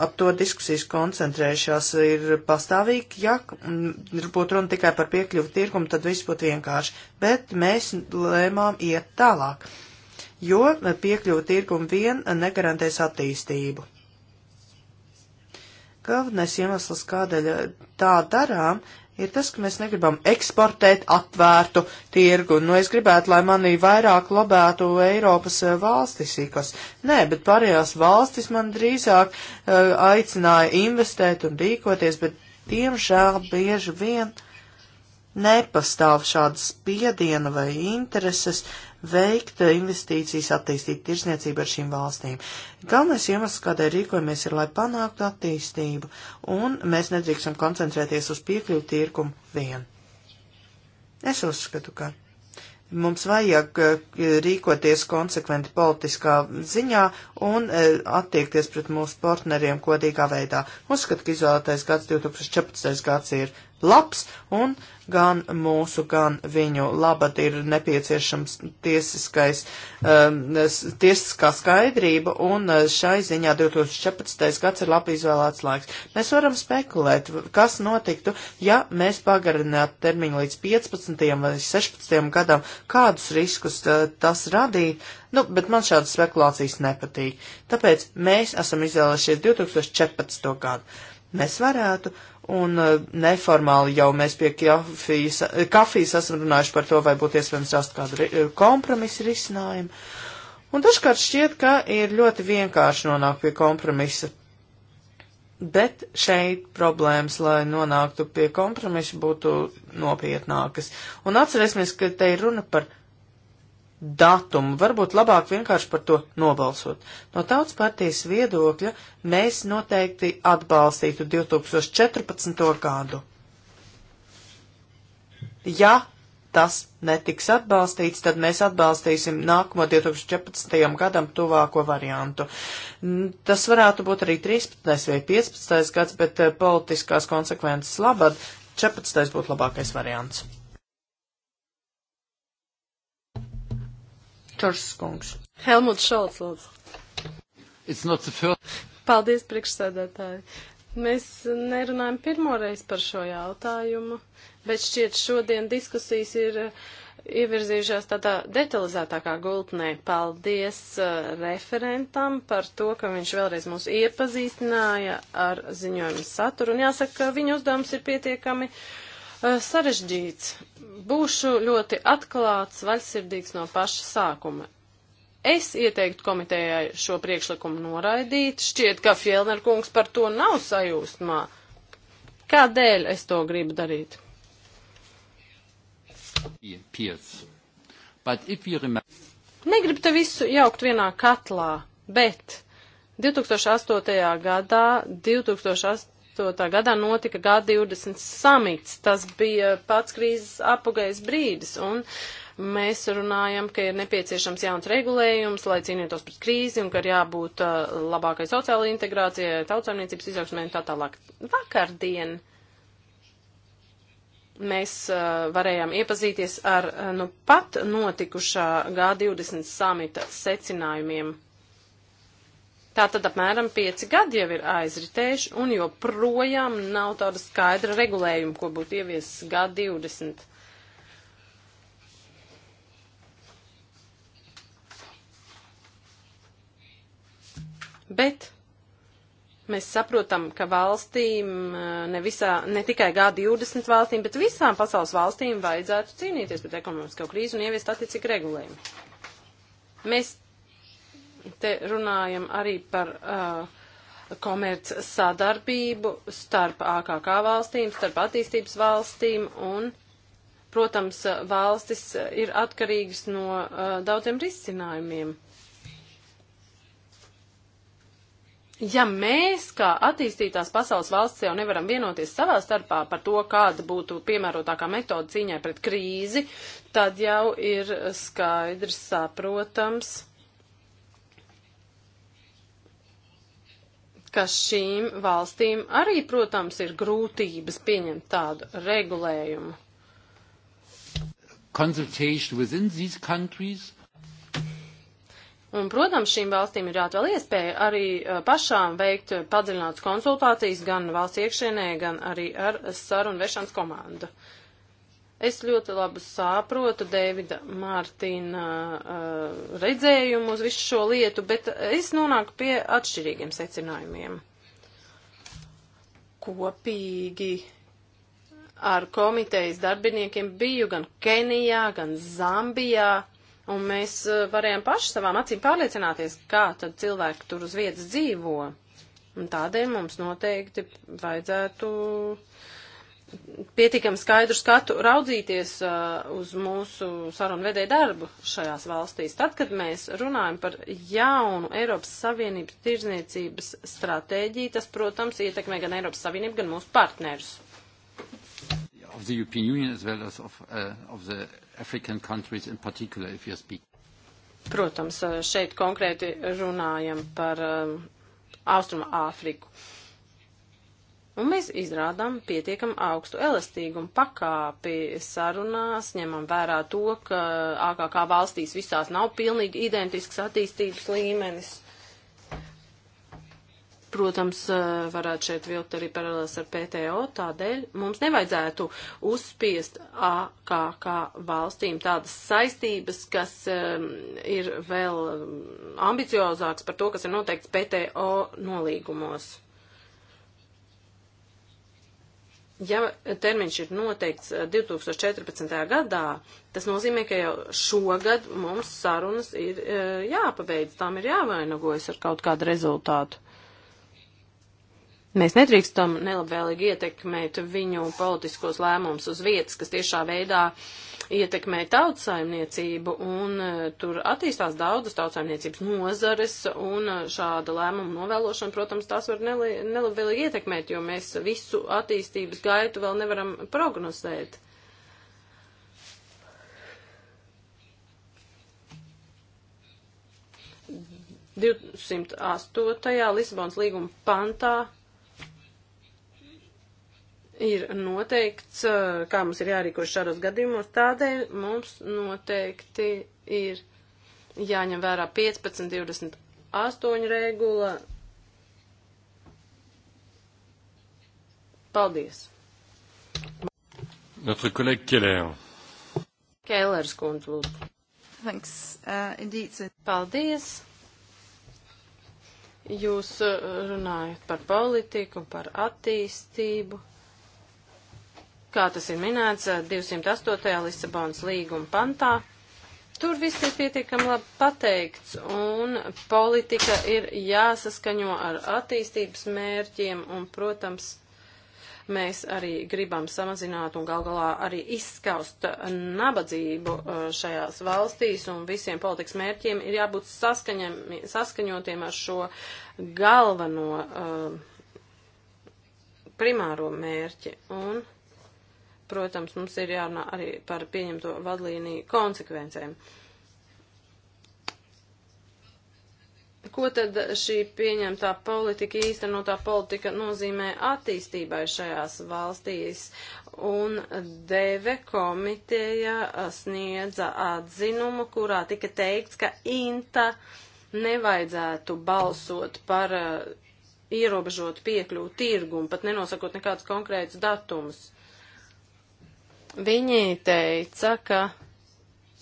C: ap to diskusijas koncentrējušās ir pastāvīgi, ja būtu runa tikai par piekļuvu tirkumu, tad viss būtu vienkārši, bet mēs lēmām iet tālāk, jo piekļuvu tirkumu vien negarantēs attīstību. Galvenais iemesls, kādēļ tā darām, ir tas, ka mēs negribam eksportēt atvērtu tirgu. Nu, es gribētu, lai manī vairāk lobētu Eiropas eh, valstis ikas. Nē, bet pārējās valstis man drīzāk uh, aicināja investēt un rīkoties, bet diemžēl bieži vien nepastāv šāda spiediena vai intereses uh, veikt investīcijas, attīstīt tirsniecību ar šīm valstīm. Galvenais iemesls, kādēļ rīkojamies, ir, lai panāktu attīstību, un mēs nedrīkstam koncentrēties uz piekļuvu tirkumu vien. Es uzskatu, ka mums vajag eh, rīkoties konsekventi politiskā ziņā un eh, attiekties pret mūsu partneriem kodīgā veidā. Uzskatu, ka izvēlētais gads 2014. gads ir labs, un gan mūsu, gan viņu labad ir nepieciešams tiesiskais, um, tiesiskā skaidrība, un uh, šai ziņā 2014. gads ir labi izvēlēts laiks. Mēs varam spekulēt, kas notiktu, ja mēs pagarinātu termiņu līdz 15. vai 16. gadam, kādus riskus uh, tas radītu, nu, bet man šādas spekulācijas nepatīk. Tāpēc mēs esam izvēlējušies 2014. gadu. Mēs varētu Un eh, neformāli jau mēs pie kafijas, eh, kafijas esam runājuši par to, vai būtu iespējams rast kādu eh, kompromisu risinājumu. Un dažkārt šķiet, ka ir ļoti vienkārši nonākt pie kompromisa. Bet šeit problēmas, lai nonāktu pie kompromisa, būtu nopietnākas. Un atcerēsimies, ka te ir runa par datumu. Varbūt labāk vienkārši par to nobalsot. No tautas partijas viedokļa mēs noteikti atbalstītu 2014. gadu. Ja tas netiks atbalstīts, tad mēs atbalstīsim nākamo 2014. gadam tuvāko variantu. Tas varētu būt arī 13. vai 15. gads, bet eh, politiskās konsekvences labad 14. būtu labākais variants. Čors
B: kungs.
A: Helmuts Šolts, lūdzu. Paldies, priekšsēdētāji. Mēs nerunājam pirmoreiz par šo jautājumu, bet šķiet šodien diskusijas ir eh, ievirzījušās tādā detalizētākā gultnē. Paldies uh, referentam par to, ka viņš vēlreiz mūs iepazīstināja ar ziņojumu saturu. Un jāsaka, ka viņa uzdevums ir pietiekami uh, Eh, sarežģīts. Būšu ļoti atklāts, vaļsirdīgs no paša sākuma. Es ieteiktu komitējai šo priekšlikumu noraidīt. Šķiet, ka Fielner kungs par to nav sajūsmā. Kādēļ es to gribu darīt? Negribu te visu jaukt vienā katlā, bet 2008. gadā 2008 2008. gadā notika G20 samits. Tas bija pats krīzes apagais brīdis. Un, uh, mēs runājam, ka ir nepieciešams jauns regulējums, lai cīnītos pret krīzi un ka ir jābūt uh, labākai sociālajai integrācijai, tautsāmniecības izaugsmē un tā tālāk. Vakardien mēs uh, varējām iepazīties ar uh, nu pat notikušā G20 samita secinājumiem. Tā tad apmēram pieci gadi jau ir aizritējuši un joprojām nav tāda skaidra regulējuma, ko būtu ieviesis G20. Bet mēs saprotam, ka valstīm, eh, ne, visā, ne tikai G20 valstīm, bet visām pasaules valstīm vajadzētu cīnīties pret ekonomisko krīzi un ieviest attiecīgi regulējumu. Mēs Te runājam arī par uh, komerc sadarbību starp AKK valstīm, starp attīstības valstīm un, protams, valstis ir atkarīgas no uh, daudziem risinājumiem. ja mēs, kā attīstītās pasaules valsts, jau nevaram vienoties savā starpā par to, kāda būtu piemērotākā metode cīņai pret krīzi, tad jau ir skaidrs saprotams, ka šīm valstīm arī, protams, ir grūtības pieņemt tādu regulējumu.
B: Consultation within these countries
A: Un, protams, šīm valstīm ir jāatvēl iespēja arī uh, pašām veikt padziļinātas konsultācijas gan valsts iekšienē, gan arī ar sarunu vešanas komandu. Uh, Es ļoti labi saprotu Davida Mārtiņa uh, redzējumu uz visu šo lietu, bet es nonāku pie atšķirīgiem secinājumiem. Kopīgi ar komitejas darbiniekiem biju gan Kenijā, gan Zambijā, un mēs uh, varējām paši savām acīm pārliecināties, kā tad cilvēki tur uz vietas dzīvo. Un tādēļ mums noteikti vajadzētu uh, pietiekami skaidru skatu raudzīties uh, uz mūsu sarunvedēju darbu šajās valstīs. Tad, kad mēs runājam par jaunu Eiropas Savienības tirzniecības stratēģiju, tas, protams, ietekmē gan Eiropas Savienību, gan mūsu partnerus.
B: Of the European Union as well as of, uh, of the African countries in particular, if you speak. Protams,
A: uh, šeit konkrēti runājam par um, Austrumu Āfriku. Uh, Un mēs izrādām pietiekam augstu elastīgumu pakāpi sarunās, ņemam vērā to, ka AKK valstīs visās nav pilnīgi identisks attīstības līmenis. Protams, varētu šeit vilkt arī paralēlis ar PTO, tādēļ mums nevajadzētu uzspiest AKK valstīm tādas saistības, kas um, ir vēl ambiciozāks par to, kas ir noteikts PTO nolīgumos. ja termiņš ir noteikts 2014. Eh, gadā, tas nozīmē, ka jau šogad mums sarunas ir eh, jāpabeidz, tām ir jāvainagojas ar kaut kādu rezultātu. Mēs nedrīkstam nelabvēlīgi ietekmēt viņu politiskos lēmumus uz vietas, kas tiešā veidā uh, ietekmē tautsaimniecību, un e, tur attīstās daudzas tautsaimniecības nozares, un e, šāda lēmuma novēlošana, protams, tās var nelabvēlīgi ietekmēt, jo mēs visu attīstības gaitu vēl nevaram prognozēt. Divsimt astotajā Lisabonas līguma pantā ir noteikts, kā mums ir jārīkojas šādos gadījumos, tādēļ mums noteikti ir jāņem vērā 15, 28 regula. Paldies!
B: Notre collègue Keller.
A: Kellers kundze, lūdzu. Thanks, uh, indeed. Paldies. Jūs runājat par politiku un par attīstību kā tas ir minēts 208. Lisabonas līguma pantā. Tur viss ir pietiekami labi pateikts, un politika ir jāsaskaņo ar attīstības mērķiem, un, protams, mēs arī gribam samazināt un gal galā arī izskaust nabadzību uh, šajās valstīs, un visiem politikas mērķiem ir jābūt saskaņotiem ar šo galveno uh, primāro mērķi. Un, uh, protams, mums ir jārunā arī par pieņemto vadlīniju konsekvencēm. Ko tad šī pieņemtā politika, īstenotā politika nozīmē attīstībai šajās valstīs? Un Deve komiteja sniedza atzinumu, kurā tika teikts, ka INTA nevajadzētu balsot par uh, ierobežotu piekļuvu tirgumu, pat nenosakot nekādus konkrētus datumus. Viņi teica, ka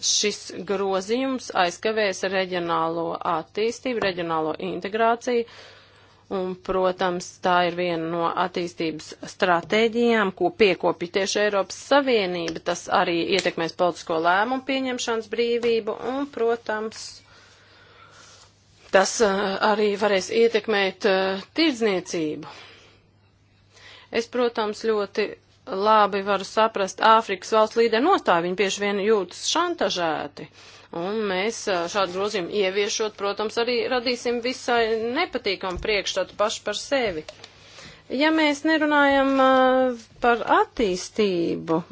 A: šis grozījums aizkavēs reģionālo attīstību, reģionālo integrāciju, un, protams, tā ir viena no attīstības stratēģijām, ko piekopja tieši Eiropas Savienība. Tas arī ietekmēs politisko lēmumu pieņemšanas brīvību, un, protams, tas uh, arī varēs ietekmēt uh, tirdzniecību. Es, protams, ļoti labi var saprast Āfrikas valsts līderu nostāju, viņi bieži vien jūtas šantažēti. Un mēs šādu grozījumu ieviešot, protams, arī radīsim visai nepatīkamu priekšstatu paši par sevi. Ja mēs nerunājam par attīstību,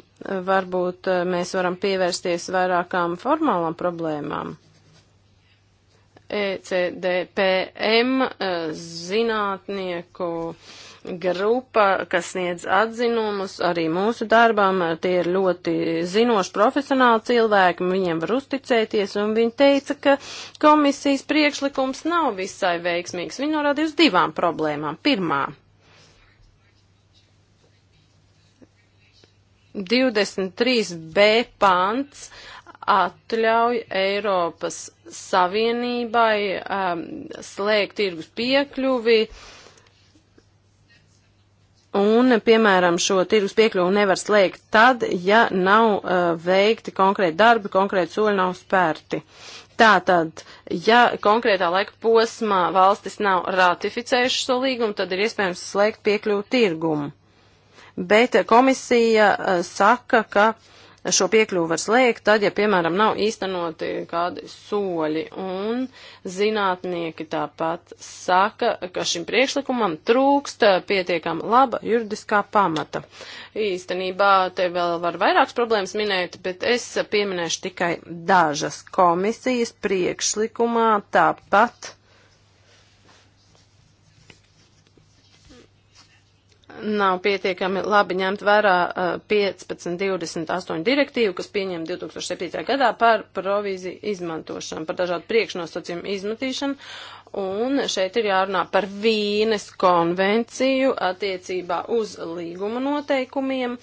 A: varbūt mēs varam pievērsties vairākām formālām problēmām. ECDPM zinātnieku uh, grupa, kas sniedz atzinumus arī mūsu darbam. Tie ir ļoti zinoši profesionāli cilvēki, viņiem var uzticēties, un viņi teica, ka komisijas priekšlikums nav visai veiksmīgs. Viņi norādīja uz divām problēmām. Pirmā. 23b pants atļauj Eiropas Savienībai um, slēgt tirgus piekļuvi uh, Un, piemēram, šo tirgus piekļuvu nevar slēgt tad, ja nav uh, veikti konkrēti darbi, konkrēti soļi nav spērti. Tātad, ja konkrētā laika posmā valstis nav ratificējušas šo līgumu, tad ir iespējams slēgt piekļuvu tirgumu. Bet komisija uh, saka, ka uh, šo piekļuvu var slēgt, tad, ja, piemēram, nav īstenoti kādi soļi. Un zinātnieki tāpat saka, ka šim priekšlikumam trūkst pietiekam laba juridiskā pamata. Īstenībā te vēl var vairākas problēmas minēt, bet es pieminēšu tikai dažas komisijas priekšlikumā tāpat nav pietiekami labi ņemt vērā 1528 direktīvu, kas pieņem 2007. gadā par provīziju izmantošanu, par dažādu priekšnosacījumu izmatīšanu. Un šeit ir jārunā par Vīnes konvenciju attiecībā uz līguma noteikumiem,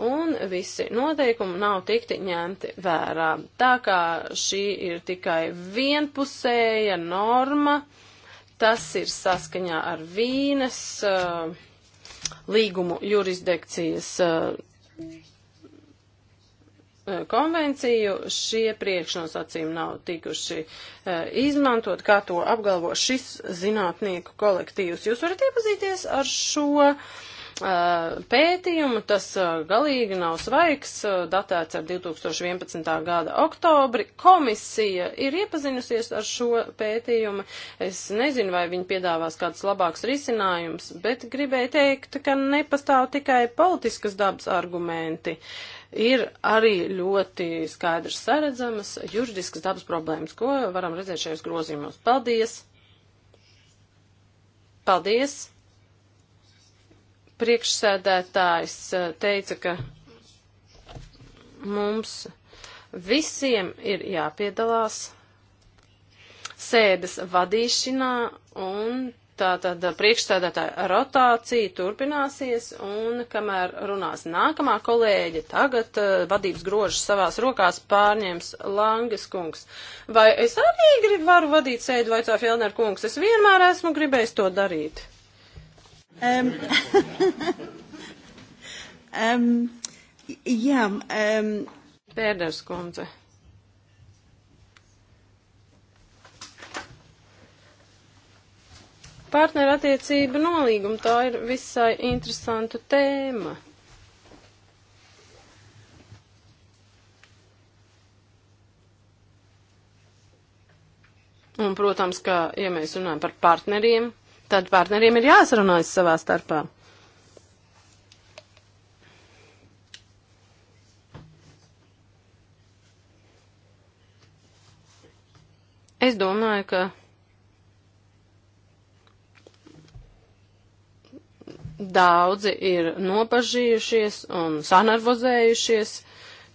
A: un visi noteikumi nav tikti ņemti vērā. Tā kā šī ir tikai vienpusēja norma, tas ir saskaņā ar Vīnes. Uh, līgumu jurisdikcijas eh, eh, konvenciju, šie priekšnosacījumi nav tikuši eh, izmantot, kā to apgalvo šis zinātnieku kolektīvs. Jūs varat iepazīties ar šo uh, Uh, pētījumu, tas uh, galīgi nav svaigs, uh, datēts ar 2011. gada oktobri. Komisija ir iepazinusies ar šo pētījumu. Es nezinu, vai viņi piedāvās kāds labāks risinājums, bet gribēju teikt, ka nepastāv tikai politiskas dabas argumenti. Ir arī ļoti skaidrs saredzamas juridiskas dabas problēmas, ko varam redzēt šajos grozījumos. Paldies! Paldies! priekšsēdētājs teica, ka mums visiem ir jāpiedalās sēdes vadīšanā un Tātad priekšstādātāja rotācija turpināsies, un kamēr runās nākamā kolēģe, tagad uh, vadības grožus savās rokās pārņems Langes kungs. Vai es arī gribu varu vadīt sēdi, vaicā Fjellner kungs? Es vienmēr esmu gribējis to darīt. Um, um, jā, um. Pēdējais kundze. Partnerattiecība nolīguma tā ir visai interesanta tēma. Un, protams, ka, ja mēs runājam par partneriem, tad partneriem ir jāsarunājas savā starpā. Es domāju, ka daudzi ir nopažījušies un sanervozējušies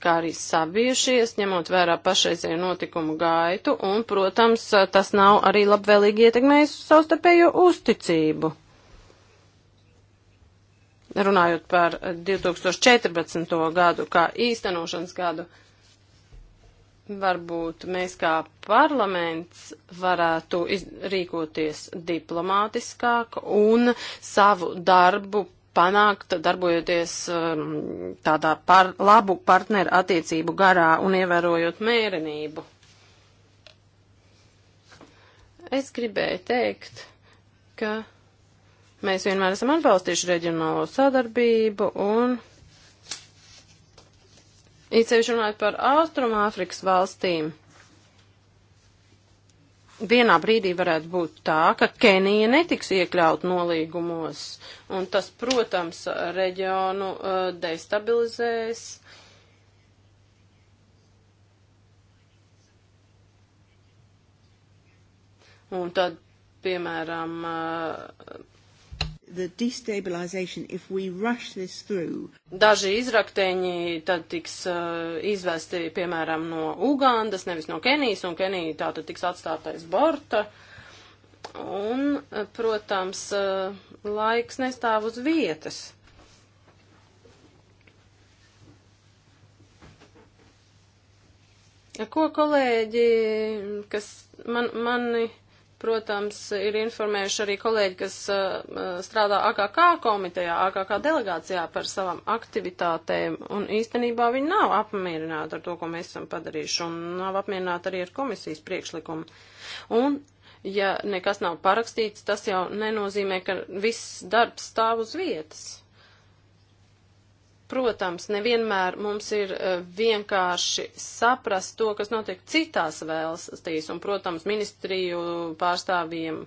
A: kā arī sabijušies, ņemot vērā pašreizēju notikumu gaitu, un, protams, tas nav arī labvēlīgi ietekmējis savstarpējo uzticību. Runājot par 2014. gadu kā īstenošanas gadu, varbūt mēs kā parlaments varētu rīkoties diplomātiskāk un savu darbu panākt, darbojoties um, tādā par, labu partneru attiecību garā un ievērojot mērenību. Es gribēju teikt, ka mēs vienmēr esam atbalstījuši reģionālo sadarbību un īcevišķi runājot par Austrumāfrikas valstīm vienā brīdī varētu būt tā, ka Kenija netiks iekļaut nolīgumos, un tas, protams, reģionu uh, destabilizēs. Un tad, piemēram, uh, Daži izrakteņi tad tiks uh, izvesti, piemēram, no Ugandas, nevis no Kenijas, un Kenija tā tad tiks atstātais borta. Un, uh, protams, uh, laiks nestāv uz vietas. Ko kolēģi, kas man, mani. Protams, ir informējuši arī kolēģi, kas uh, uh strādā AKK komitejā, AKK delegācijā par savām aktivitātēm, un īstenībā viņi nav apmierināti ar to, ko mēs esam padarījuši, un nav apmierināti arī ar komisijas priekšlikumu. Un, ja nekas nav parakstīts, tas jau nenozīmē, ka viss darbs stāv uz vietas. Protams, nevienmēr mums ir eh, vienkārši saprast to, kas notiek citās vēlstīs, un, protams, ministriju pārstāvjiem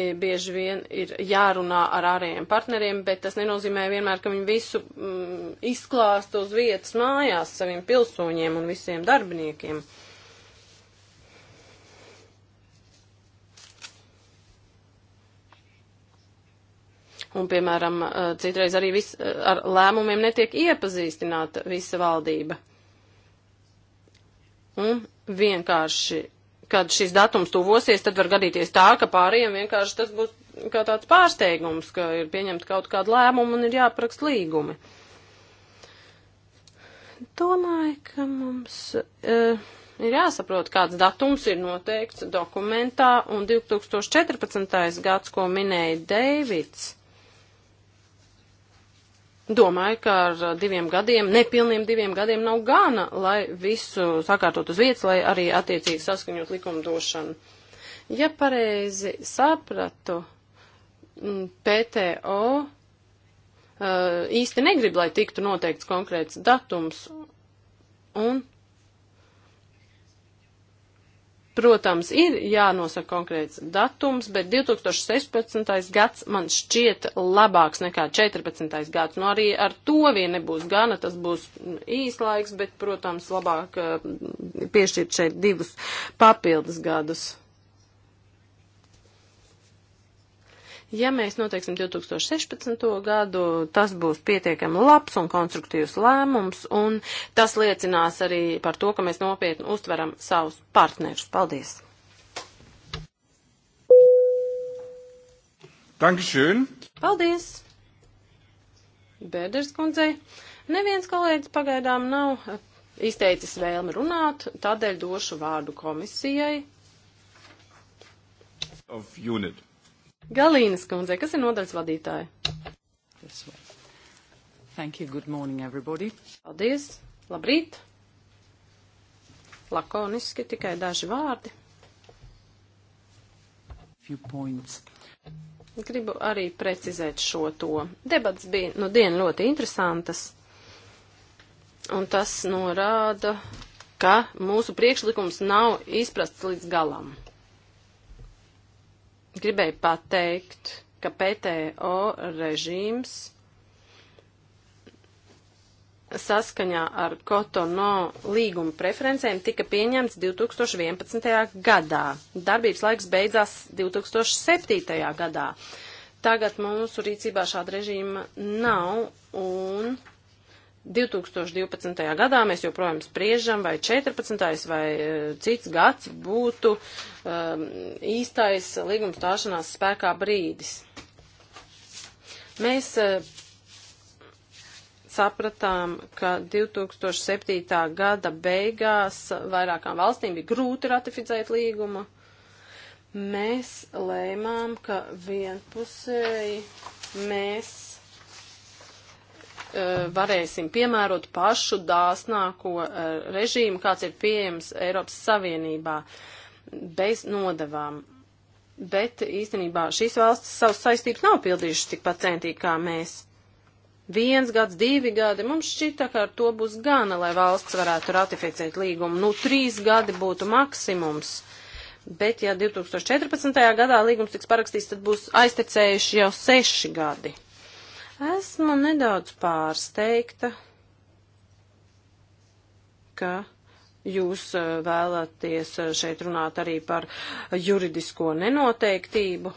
A: e, bieži vien ir jārunā ar ārējiem partneriem, bet tas nenozīmē vienmēr, ka viņi visu mm, izklāst uz vietas mājās saviem pilsoņiem un visiem darbiniekiem. Uh, Un, piemēram, eh, citreiz arī vis, eh, ar lēmumiem netiek iepazīstināta visa valdība. Un vienkārši, kad šis datums tuvosies, tad var gadīties tā, ka pārējiem vienkārši tas būs kā tāds pārsteigums, ka ir pieņemta kaut kāda lēmuma un ir jāaprakst līgumi. Domāju, ka mums uh, ir jāsaprot, kāds datums ir noteikts dokumentā, un 2014. gads, ko minēja Deivids, domāju, ka ar diviem gadiem, nepilniem diviem gadiem nav gana, lai visu sakārtot uz vietas, lai arī attiecīgi saskaņot likumdošanu. Ja pareizi sapratu, mm, PTO uh, īsti negrib, lai tiktu noteikts konkrēts datums, un Protams, ir jānosaka konkrēts datums, bet 2016. gads man šķiet labāks nekā 14. gads. Nu, arī ar to vien nebūs gana, tas būs īs laiks, bet, protams, labāk eh, piešķirt šeit divus papildus gadus. Ja mēs noteiksim 2016. gadu, tas būs pietiekami labs un konstruktīvs lēmums, un tas liecinās arī par to, ka mēs nopietni uztveram savus partnerus. Paldies!
B: Dankeschön.
A: Paldies! Bērders kundzei. Neviens kolēģis pagaidām nav izteicis vēlmi runāt, tādēļ došu vārdu komisijai.
B: Of unit.
A: Galīnas kundze, kas ir nodaļas vadītāja? Thank you. Good morning, everybody. Paldies. Labrīt. Lakoniski tikai daži vārdi. Few points. Gribu arī precizēt šo to. Debats bija nu dienu ļoti interesantas. Un tas norāda, ka mūsu priekšlikums nav izprasts līdz galam gribēju pateikt, ka PTO režīms saskaņā ar Kotono līguma preferencēm tika pieņemts 2011. gadā. Darbības laiks beidzās 2007. gadā. Tagad mūsu rīcībā šāda režīma nav un 2012. gadā mēs joprojām spriežam, vai 14. vai e, cits gads būtu um, īstais līguma stāšanās spēkā brīdis. Mēs uh, sapratām, ka 2007. gada beigās vairākām valstīm bija grūti ratificēt līgumu. Mēs lēmām, ka vienpusēji mēs E, varēsim piemērot pašu dāsnāko e, režīmu, kāds ir pieejams Eiropas Savienībā bez nodevām. Bet īstenībā šīs valstis savas saistības nav pildījušas tikpat centīgi kā mēs. Viens gads, divi gadi, mums šķita, ka ar to būs gana, lai valsts varētu ratificēt līgumu. Nu, trīs gadi būtu maksimums. Bet, ja 2014. gadā līgums tiks parakstīts, tad būs aiztecējuši jau seši gadi. Esmu nedaudz pārsteigta, ka jūs eh, vēlaties eh, šeit runāt arī par juridisko nenoteiktību.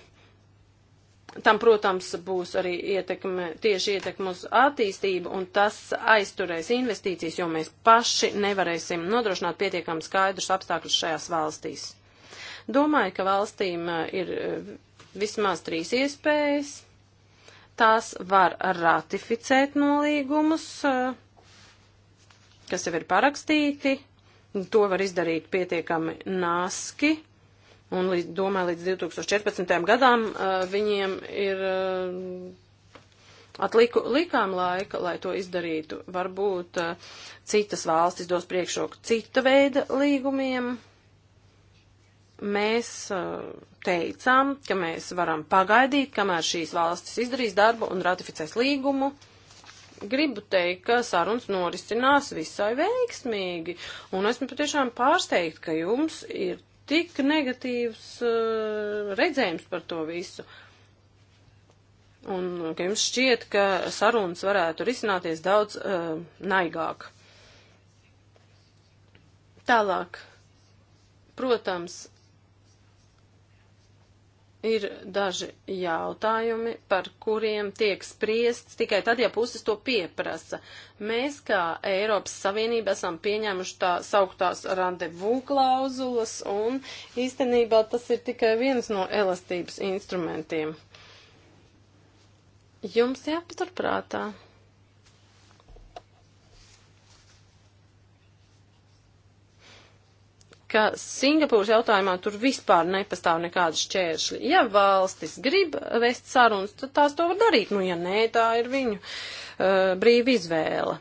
A: Tam, protams, būs arī ietekme, tieši ietekme uz attīstību, un tas aizturēs investīcijas, jo mēs paši nevarēsim nodrošināt pietiekami skaidrus apstākļus šajās valstīs. Domāju, ka valstīm eh, ir vismaz trīs iespējas Tās var ratificēt nolīgumus, eh, kas jau ir parakstīti. To var izdarīt pietiekami nāski. Un līdz, domāju, līdz 2014. gadām uh, viņiem ir uh, atliku likām laika, lai to izdarītu. Varbūt uh, citas valstis dos priekšroku cita veida līgumiem mēs uh, teicām, ka mēs varam pagaidīt, kamēr šīs valstis izdarīs darbu un ratificēs līgumu. Gribu teikt, ka sarunas norisinās visai veiksmīgi, un esmu patiešām pārsteigta, ka jums ir tik negatīvs uh, redzējums par to visu. Un ka jums šķiet, ka sarunas varētu risināties daudz uh, naigāk. Tālāk protams, ir daži jautājumi, par kuriem tiek spriests tikai tad, ja puses to pieprasa. Mēs, kā Eiropas Savienība, esam pieņēmuši tā sauktās randevu klauzulas, un īstenībā tas ir tikai viens no elastības instrumentiem. Jums jāpaturprātā. Ja ka Singapūras jautājumā tur vispār nepastāv nekādas šķēršļi. Ja valstis grib vest sarunas, tad tās to var darīt. Nu, ja nē, tā ir viņu uh, brīva izvēle.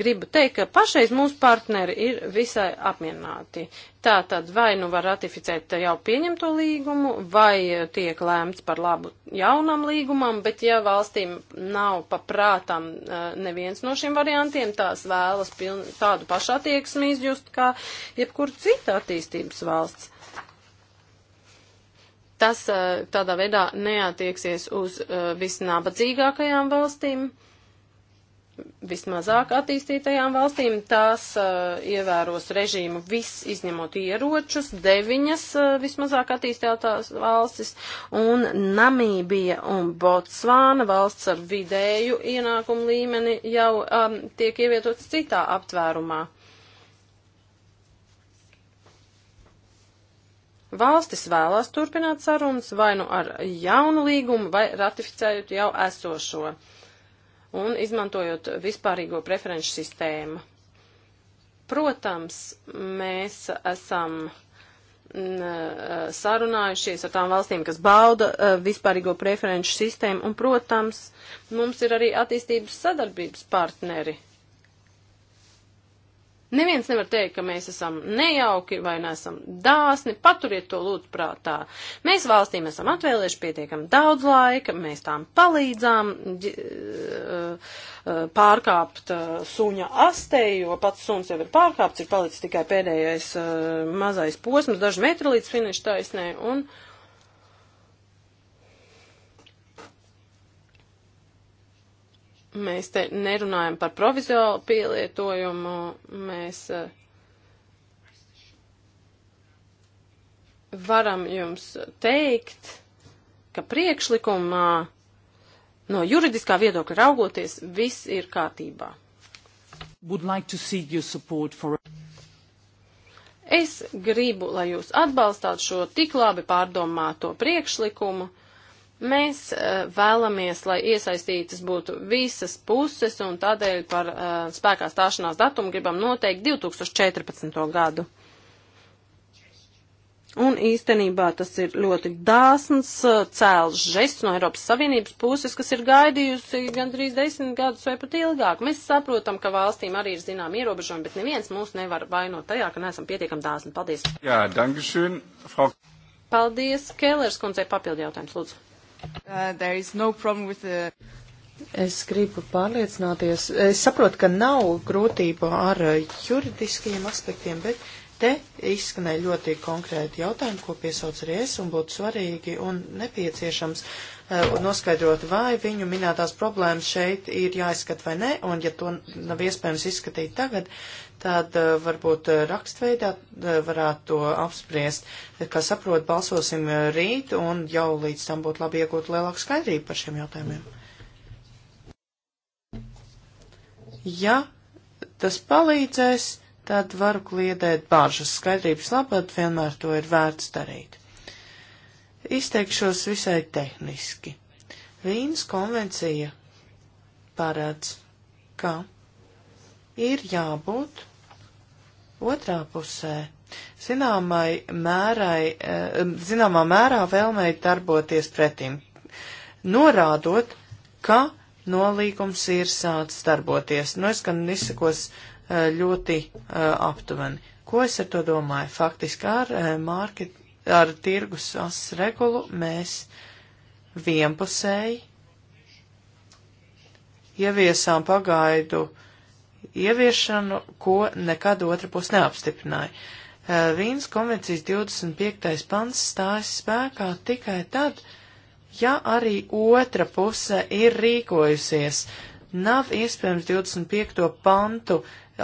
A: Gribu teikt, ka pašreiz mūsu partneri ir visai apmierināti. Tā tad vai nu var ratificēt jau pieņemto līgumu, vai tiek lēmts par labu jaunam līgumam, bet ja valstīm nav paprātam uh, neviens no šiem variantiem, tās vēlas piln, tādu pašu attieksmi izjust kā jebkur cita attīstības valsts tas uh, tādā veidā neatieksies uz uh, visnabadzīgākajām valstīm vismazāk attīstītajām valstīm, tās uh, ievēros režīmu viss izņemot ieročus, deviņas uh, vismazāk attīstītās valstis, un Namībija un Botsvāna valsts ar vidēju ienākumu līmeni jau um, tiek ievietots citā aptvērumā. Valstis vēlās turpināt sarunas vai nu ar jaunu līgumu, vai ratificējot jau esošo. Uh, un izmantojot vispārīgo preferenču sistēmu. Protams, mēs esam mm, eh, sarunājušies ar tām valstīm, kas bauda eh, vispārīgo preferenču sistēmu, un, protams, mums ir arī attīstības sadarbības partneri. Neviens nevar teikt, ka mēs esam nejauki vai nesam dāsni, paturiet to lūdzu prātā. Mēs valstīm esam atvēlējuši pietiekami daudz laika, mēs tām palīdzām pārkāpt suņa astei, jo pats suns jau ir pārkāpts, ir palicis tikai pēdējais mazais posms, daži metri līdz finiša taisnē, un uh, Mēs te nerunājam par provizuālu pielietojumu, mēs eh, varam jums teikt, ka priekšlikumā no juridiskā viedokļa raugoties viss ir kārtībā. Like for... Es gribu, lai jūs atbalstāt šo tik labi pārdomāto priekšlikumu. Mēs uh, vēlamies, lai iesaistītas būtu visas puses, un tādēļ par uh, spēkā stāšanās datumu gribam noteikt 2014. gadu. Un īstenībā tas ir ļoti dāsns uh, cēls žests no Eiropas Savienības puses, kas ir gaidījusi gandrīz desmit gadus vai pat ilgāk. Mēs saprotam, ka valstīm arī ir zinām ierobežojumi, bet neviens mūs nevar vainot tajā, ka neesam pietiekam dāsni. Paldies.
B: Jā, dankeschön, Frau.
A: Paldies, Kēlers kundzei papildi jautājums, lūdzu. Uh, no the...
C: Es gribu pārliecināties, es saprotu, ka nav grūtību ar juridiskiem aspektiem, bet te izskanēja ļoti konkrēti jautājumi, ko piesauc arī es, un būtu svarīgi un nepieciešams uh, Eh, un noskaidrot, vai viņu minētās problēmas šeit ir jāizskat vai nē, un ja to nav iespējams izskatīt tagad, tad eh, varbūt eh, rakstveidā varētu to apspriest. Kā saprot, balsosim rīt, un jau līdz tam būtu labi iegūt lielāku skaidrību par šiem jautājumiem. Ja tas palīdzēs, tad varu kliedēt bāžas. Skaidrības labad vienmēr to ir vērts darīt. Izteikšos visai tehniski. Vīnas konvencija paredz, ka ir jābūt otrā pusē zināmai mērai, eh, zināmā mērā vēlmei darboties pretim, norādot, ka nolīgums ir sācis darboties. Nu, es gan izsakos eh, ļoti eh, aptuveni. Ko es ar to domāju? Faktiski ar market, ar tirgus as regulu mēs vienpusēji ieviesām pagaidu ieviešanu, ko nekad otra pus neapstiprināja. Eh, Vīnas konvencijas 25. pants stājas spēkā tikai tad, ja arī otra puse ir rīkojusies. Nav iespējams 25. pantu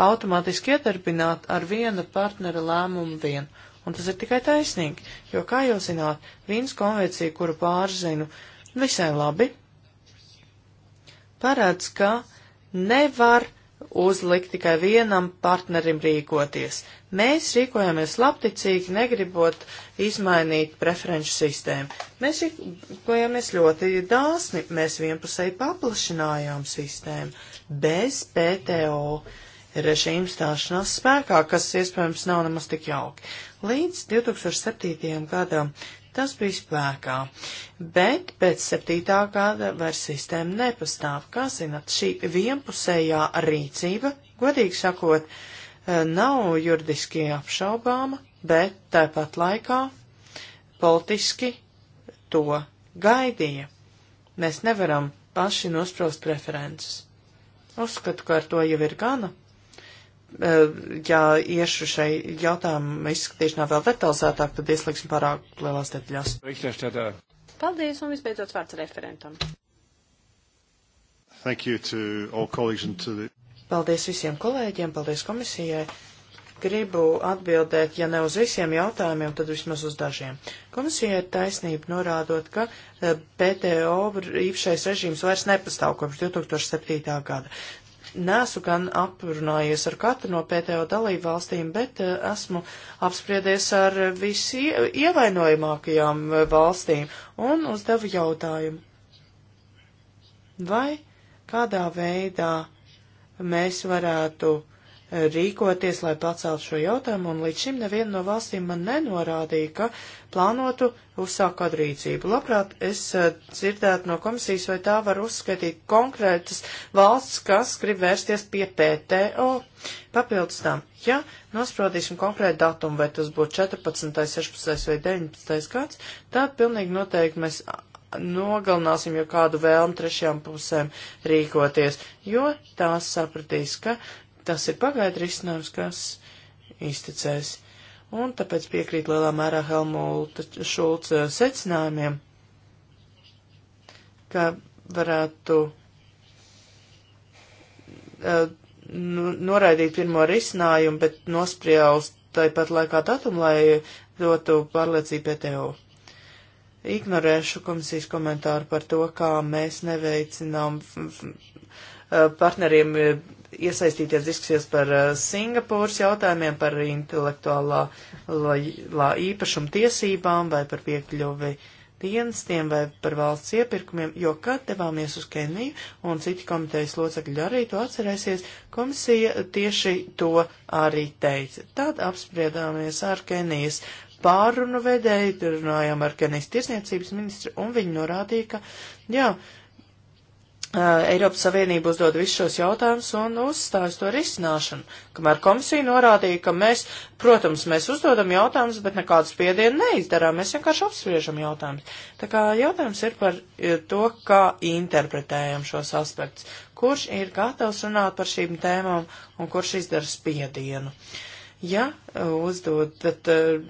C: automātiski iedarbināt ar viena partnera lēmumu vien. Un tas ir tikai taisnīgi, jo, kā jau zināt, Vīnas konvencija, kuru pārzinu visai labi, parāds, ka nevar uzlikt tikai vienam partnerim rīkoties. Mēs rīkojamies labticīgi, negribot izmainīt preferenču sistēmu. Mēs rīkojamies ļoti dāsni, mēs vienpusēji paplašinājām sistēmu bez PTO. Uh, režīmu stāšanās spēkā, kas iespējams nav nemaz tik jauki. Līdz 2007. gadam tas bija spēkā, bet pēc 7. gada vairs sistēma nepastāv. Kā zinat, šī vienpusējā rīcība, godīgi sakot, eh, nav juridiski apšaubāma, bet tāpat laikā politiski to gaidīja. Mēs nevaram paši nosprost preferences. Uzskatu, ka ar to jau ir gana. Eh, ja iešu šai jautājumu izskatīšanā vēl detalizētāk, tad ieslēgsim pārāk lielās detaļās.
A: Paldies, un visbeidzot vārds referentam.
B: Thank you to all colleagues and to the...
C: Paldies visiem kolēģiem, paldies komisijai. Gribu atbildēt, ja ne uz visiem jautājumiem, tad vismaz uz dažiem. Komisija ir taisnība norādot, ka eh, PTO īpašais režīms vairs nepastāv kopš 2007. gada. Nesu gan aprunājies ar katru no PTO dalību valstīm, bet eh, esmu apspriedies ar visi ievainojamākajām eh, valstīm un uzdevu jautājumu. Vai kādā veidā mēs varētu rīkoties, lai paceltu šo jautājumu, un līdz šim neviena no valstīm man nenorādīja, ka plānotu uzsākt kādu rīcību. Labprāt, es eh, dzirdētu no komisijas, vai tā var uzskaitīt konkrētas valsts, kas grib vērsties pie PTO. Papildus tam, ja nosprādīsim konkrētu datumu, vai tas būtu 14., 16. vai 19. gads, tad pilnīgi noteikti mēs nogalināsim jau kādu vēlmu trešajām pusēm rīkoties, jo tās sapratīs, ka Tas ir pagaidu risinājums, kas izticēs. Un tāpēc piekrīt lielā mērā Helmulta Šulca secinājumiem, ka varētu uh, noraidīt pirmo risinājumu, bet nosprieust tāpat laikā datumu, lai dotu pārliecību PTO. Ignorēšu komisijas komentāru par to, kā mēs neveicinām partneriem iesaistīties diskusijās par eh, Singapūras jautājumiem, par intelektuālā la, la īpašuma tiesībām vai par piekļuvi dienestiem vai par valsts iepirkumiem, jo, kad devāmies uz Keniju un citi komitejas locekļi arī to atcerēsies, komisija tieši to arī teica. Tad apspriedāmies ar Kenijas pārunu vedēju, runājām ar Kenijas tirsniecības ministru un viņi norādīja, ka, jā, uh, Eh, Eiropas Savienība uzdod visus šos jautājumus un uzstājas to risināšanu, kamēr komisija norādīja, ka mēs, protams, mēs uzdodam jautājumus, bet nekādu spiedienu neizdarām, mēs vienkārši apspriežam jautājumus. Tā kā jautājums ir par eh, to, kā interpretējam šos aspektus, kurš ir gatavs runāt par šīm tēmām un kurš izdara spiedienu. Uh, Ja eh, uzdodat eh,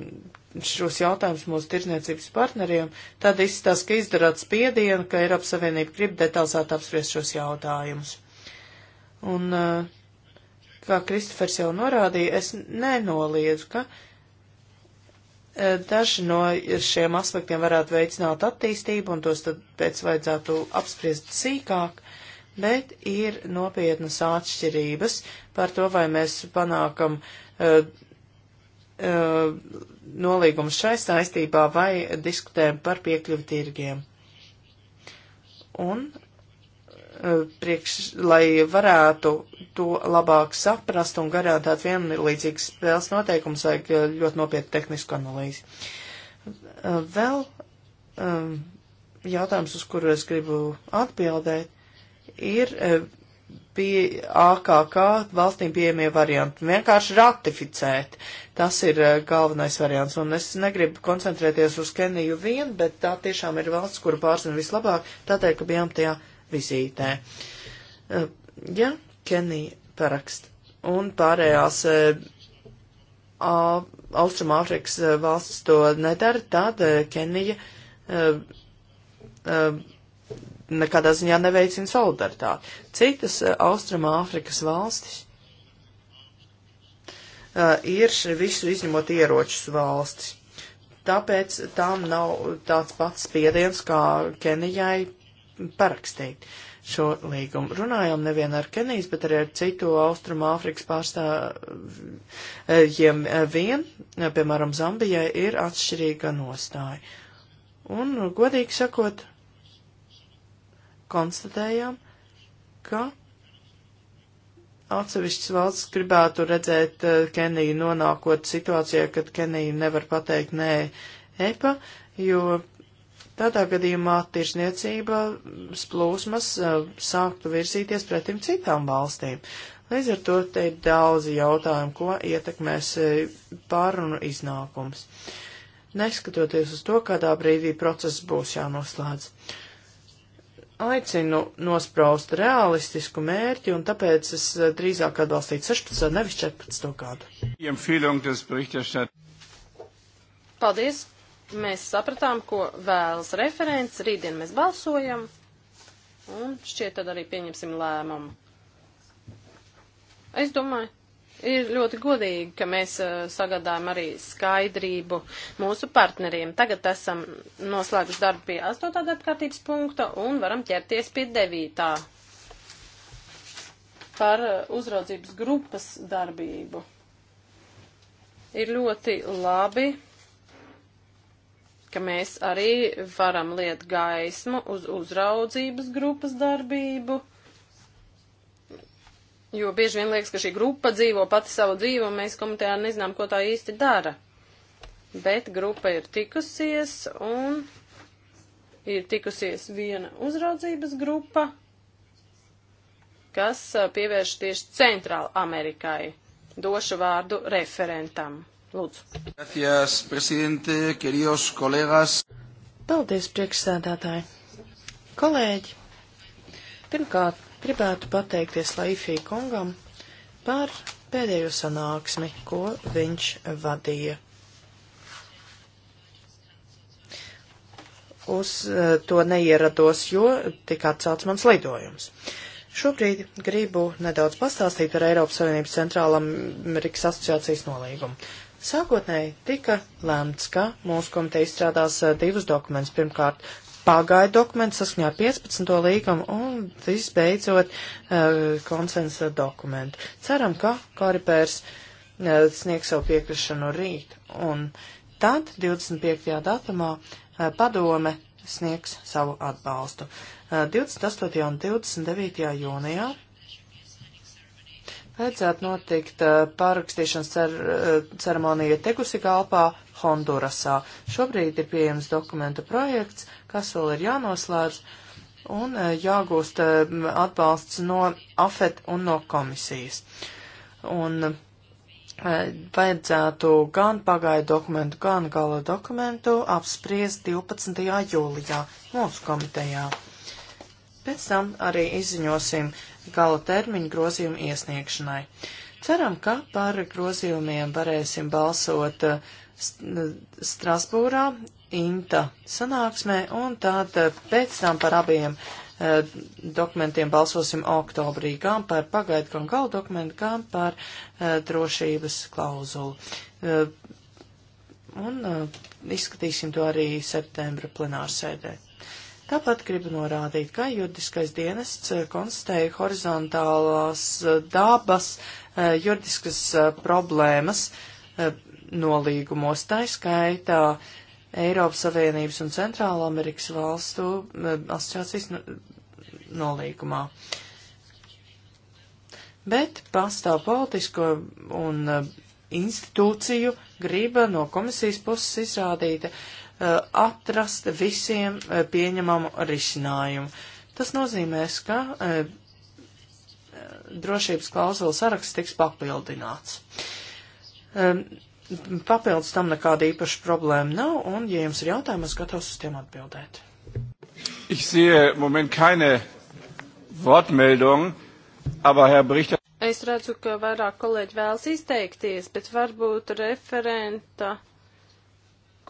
C: šos jautājumus mūsu tirzniecības partneriem, tad izskatās, ka izdarāt spiedienu, ka Eiropas Savienība grib detalizēt apspriest šos jautājumus. Un, eh, kā Kristofers jau norādīja, es nenoliedzu, ka daži no šiem aspektiem varētu veicināt attīstību, un tos tad pēc vajadzētu apspriest sīkāk, bet ir nopietnas atšķirības par to, vai mēs panākam uh, Eh, eh, nolīgumus šai saistībā vai diskutējam par piekļuvi tirgiem. Un eh, priekš, lai varētu to labāk saprast un garantēt vienlīdzīgas spēles noteikums, vajag ļoti nopietnu tehnisku analīzi. Vēl jautājums, uz kuru es gribu atbildēt, ir pie AKK valstīm pieejamie varianti. Vienkārši ratificēt. Tas ir eh, galvenais variants. Un es negribu koncentrēties uz Keniju vien, bet tā tiešām ir valsts, kuru pārzinu vislabāk, tādēļ, ka bijām tajā vizītē. Eh, ja Kenija parakst un pārējās eh, Austrumāfrikas valsts to nedara, tad Kenija nekādā ziņā neveicina solidaritāti. Citas eh, Austrumā Āfrikas valstis uh, ir visu izņemot ieročus valstis. Tāpēc tām nav tāds pats spiediens, kā Kenijai parakstīt šo līgumu. Runājām nevien ar Kenijas, bet arī ar citu Austrumu Āfrikas pārstāvjiem vien, piemēram, Zambijai ir atšķirīga nostāja. Un, godīgi sakot, konstatējām, ka atsevišķas valsts gribētu redzēt eh, Keniju nonākot situācijā, kad Kenija nevar pateikt nē EPA, jo tādā gadījumā tirsniecība plūsmas eh, sāktu virzīties pretim citām valstīm. Līdz ar to te ir daudzi jautājumi, ko ietekmēs eh, pārunu iznākums. Neskatoties uz to, kādā brīdī process būs jānoslēdz aicinu nospraust realistisku mērķi, un tāpēc es eh, drīzāk atbalstītu 16, nevis 14
B: kādu.
A: Paldies! Mēs sapratām, ko vēlas referents. Rītdien mēs balsojam, un šķiet tad arī pieņemsim lēmumu. Es domāju, ir ļoti godīgi, ka mēs uh, sagādājam arī skaidrību mūsu partneriem. Tagad esam noslēguši darbu pie 8. darbkārtības punkta un varam ķerties pie 9. par uh, uzraudzības grupas darbību. Ir ļoti labi, ka mēs arī varam liet gaismu uz uzraudzības grupas darbību Jo bieži vien liekas, ka šī grupa dzīvo pati savu dzīvi, un mēs komitejā nezinām, ko tā īsti dara. Bet grupa ir tikusies, un ir tikusies viena uzraudzības grupa, kas pievērš tieši Centrāla Amerikai. Došu vārdu referentam. Lūdzu.
B: Gracias, presidente, queridos kolegas.
C: Paldies, priekšsēdētāji. Kolēģi, pirmkārt, Gribētu pateikties Laifī kungam par pēdējo sanāksmi, ko viņš vadīja. Uz eh, to neierados, jo tika atcelts mans lidojums. Šobrīd gribu nedaudz pastāstīt par Eiropas Savienības centrālā Amerikas asociācijas nolīgumu. Sākotnēji tika lēmts, ka mūsu komiteja izstrādās eh, divus dokumentus. Pirmkārt, pagāja dokumentu saskaņā 15. līgumu un visbeidzot eh, konsensa dokumentu. Ceram, ka Karipērs eh, sniegs savu piekrišanu rīt. Un tad 25. datumā eh, padome sniegs savu atbalstu. 28. un 29. jūnijā vajadzētu notikt parakstīšanas cer ceremonija Tegusi galpā Hondurasā. Šobrīd ir pieejams dokumentu projekts, kas vēl ir jānoslēdz un e, jāgūst e, atbalsts no AFET un no komisijas. Un e, vajadzētu gan pagaidu dokumentu, gan gala dokumentu apspriest 12. jūlijā mūsu komitejā. Pēc tam arī izziņosim gala termiņu grozījumu iesniegšanai. Ceram, ka par grozījumiem varēsim balsot uh, Strasbūrā, Inta sanāksmē, un tad eh, pēc tam par abiem eh, dokumentiem balsosim oktobrī, gan par pagaidu, gan galu dokumentu, gan par eh, drošības klauzulu. Eh, un eh, izskatīsim to arī septembra plenārsēdē. Tāpat gribu norādīt, ka juridiskais dienests eh, konstatēja horizontālās dabas juridiskas problēmas nolīgumos, tā skaitā Eiropas Savienības un Centrāla Amerikas valstu asociācijas nolīgumā. Bet pastāv politisko un institūciju griba no komisijas puses izrādīta atrast visiem pieņemamu risinājumu. Tas nozīmēs, ka drošības klauzulas saraksts tiks papildināts papildus tam nekāda īpaša problēma nav, un, ja jums ir jautājumi, es gatavs uz tiem atbildēt.
B: Ich sehe moment keine Wortmeldung, aber Herr Berichter.
A: Es redzu, ka vairāk kolēģi vēlas izteikties, bet varbūt referenta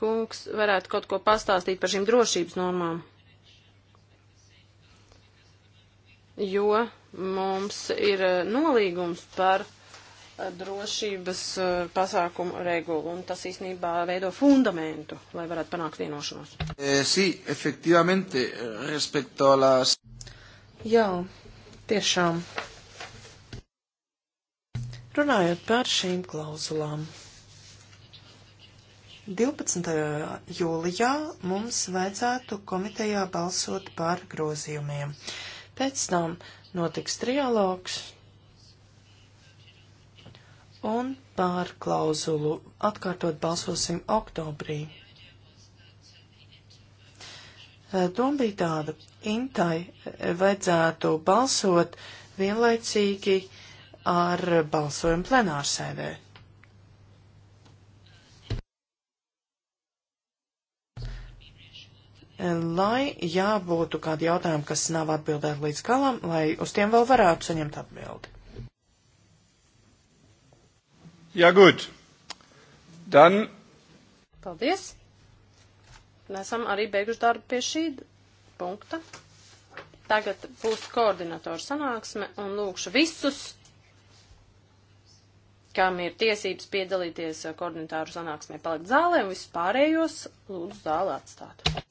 A: kungs varētu kaut ko pastāstīt par šīm drošības normām. Jo mums ir eh, nolīgums par drošības eh, pasākumu regulu, un tas īstenībā veido fundamentu, lai varētu panākt vienošanos.
B: E, sí, efektīvamente, respecto a las.
A: Jā,
C: tiešām. Runājot par šīm klauzulām. 12. jūlijā mums vajadzētu komitejā balsot par grozījumiem. Pēc tam notiks trialogs, Un par klauzulu atkārtot balsosim oktobrī. Doma bija tāda, Intai vajadzētu balsot vienlaicīgi ar balsojumu plenārsēdē. Lai jābūtu kādi jautājumi, kas nav atbildēti līdz galam, lai uz tiem vēl varētu saņemt atbildi.
B: Ja, gut. Dan.
A: Paldies. Nesam arī beiguši darbu pie šī punkta. Tagad būs koordinatora sanāksme un lūkšu visus, kam ir tiesības piedalīties koordinatoru sanāksmē, palikt zālē un visus pārējos lūdzu zāli atstāt.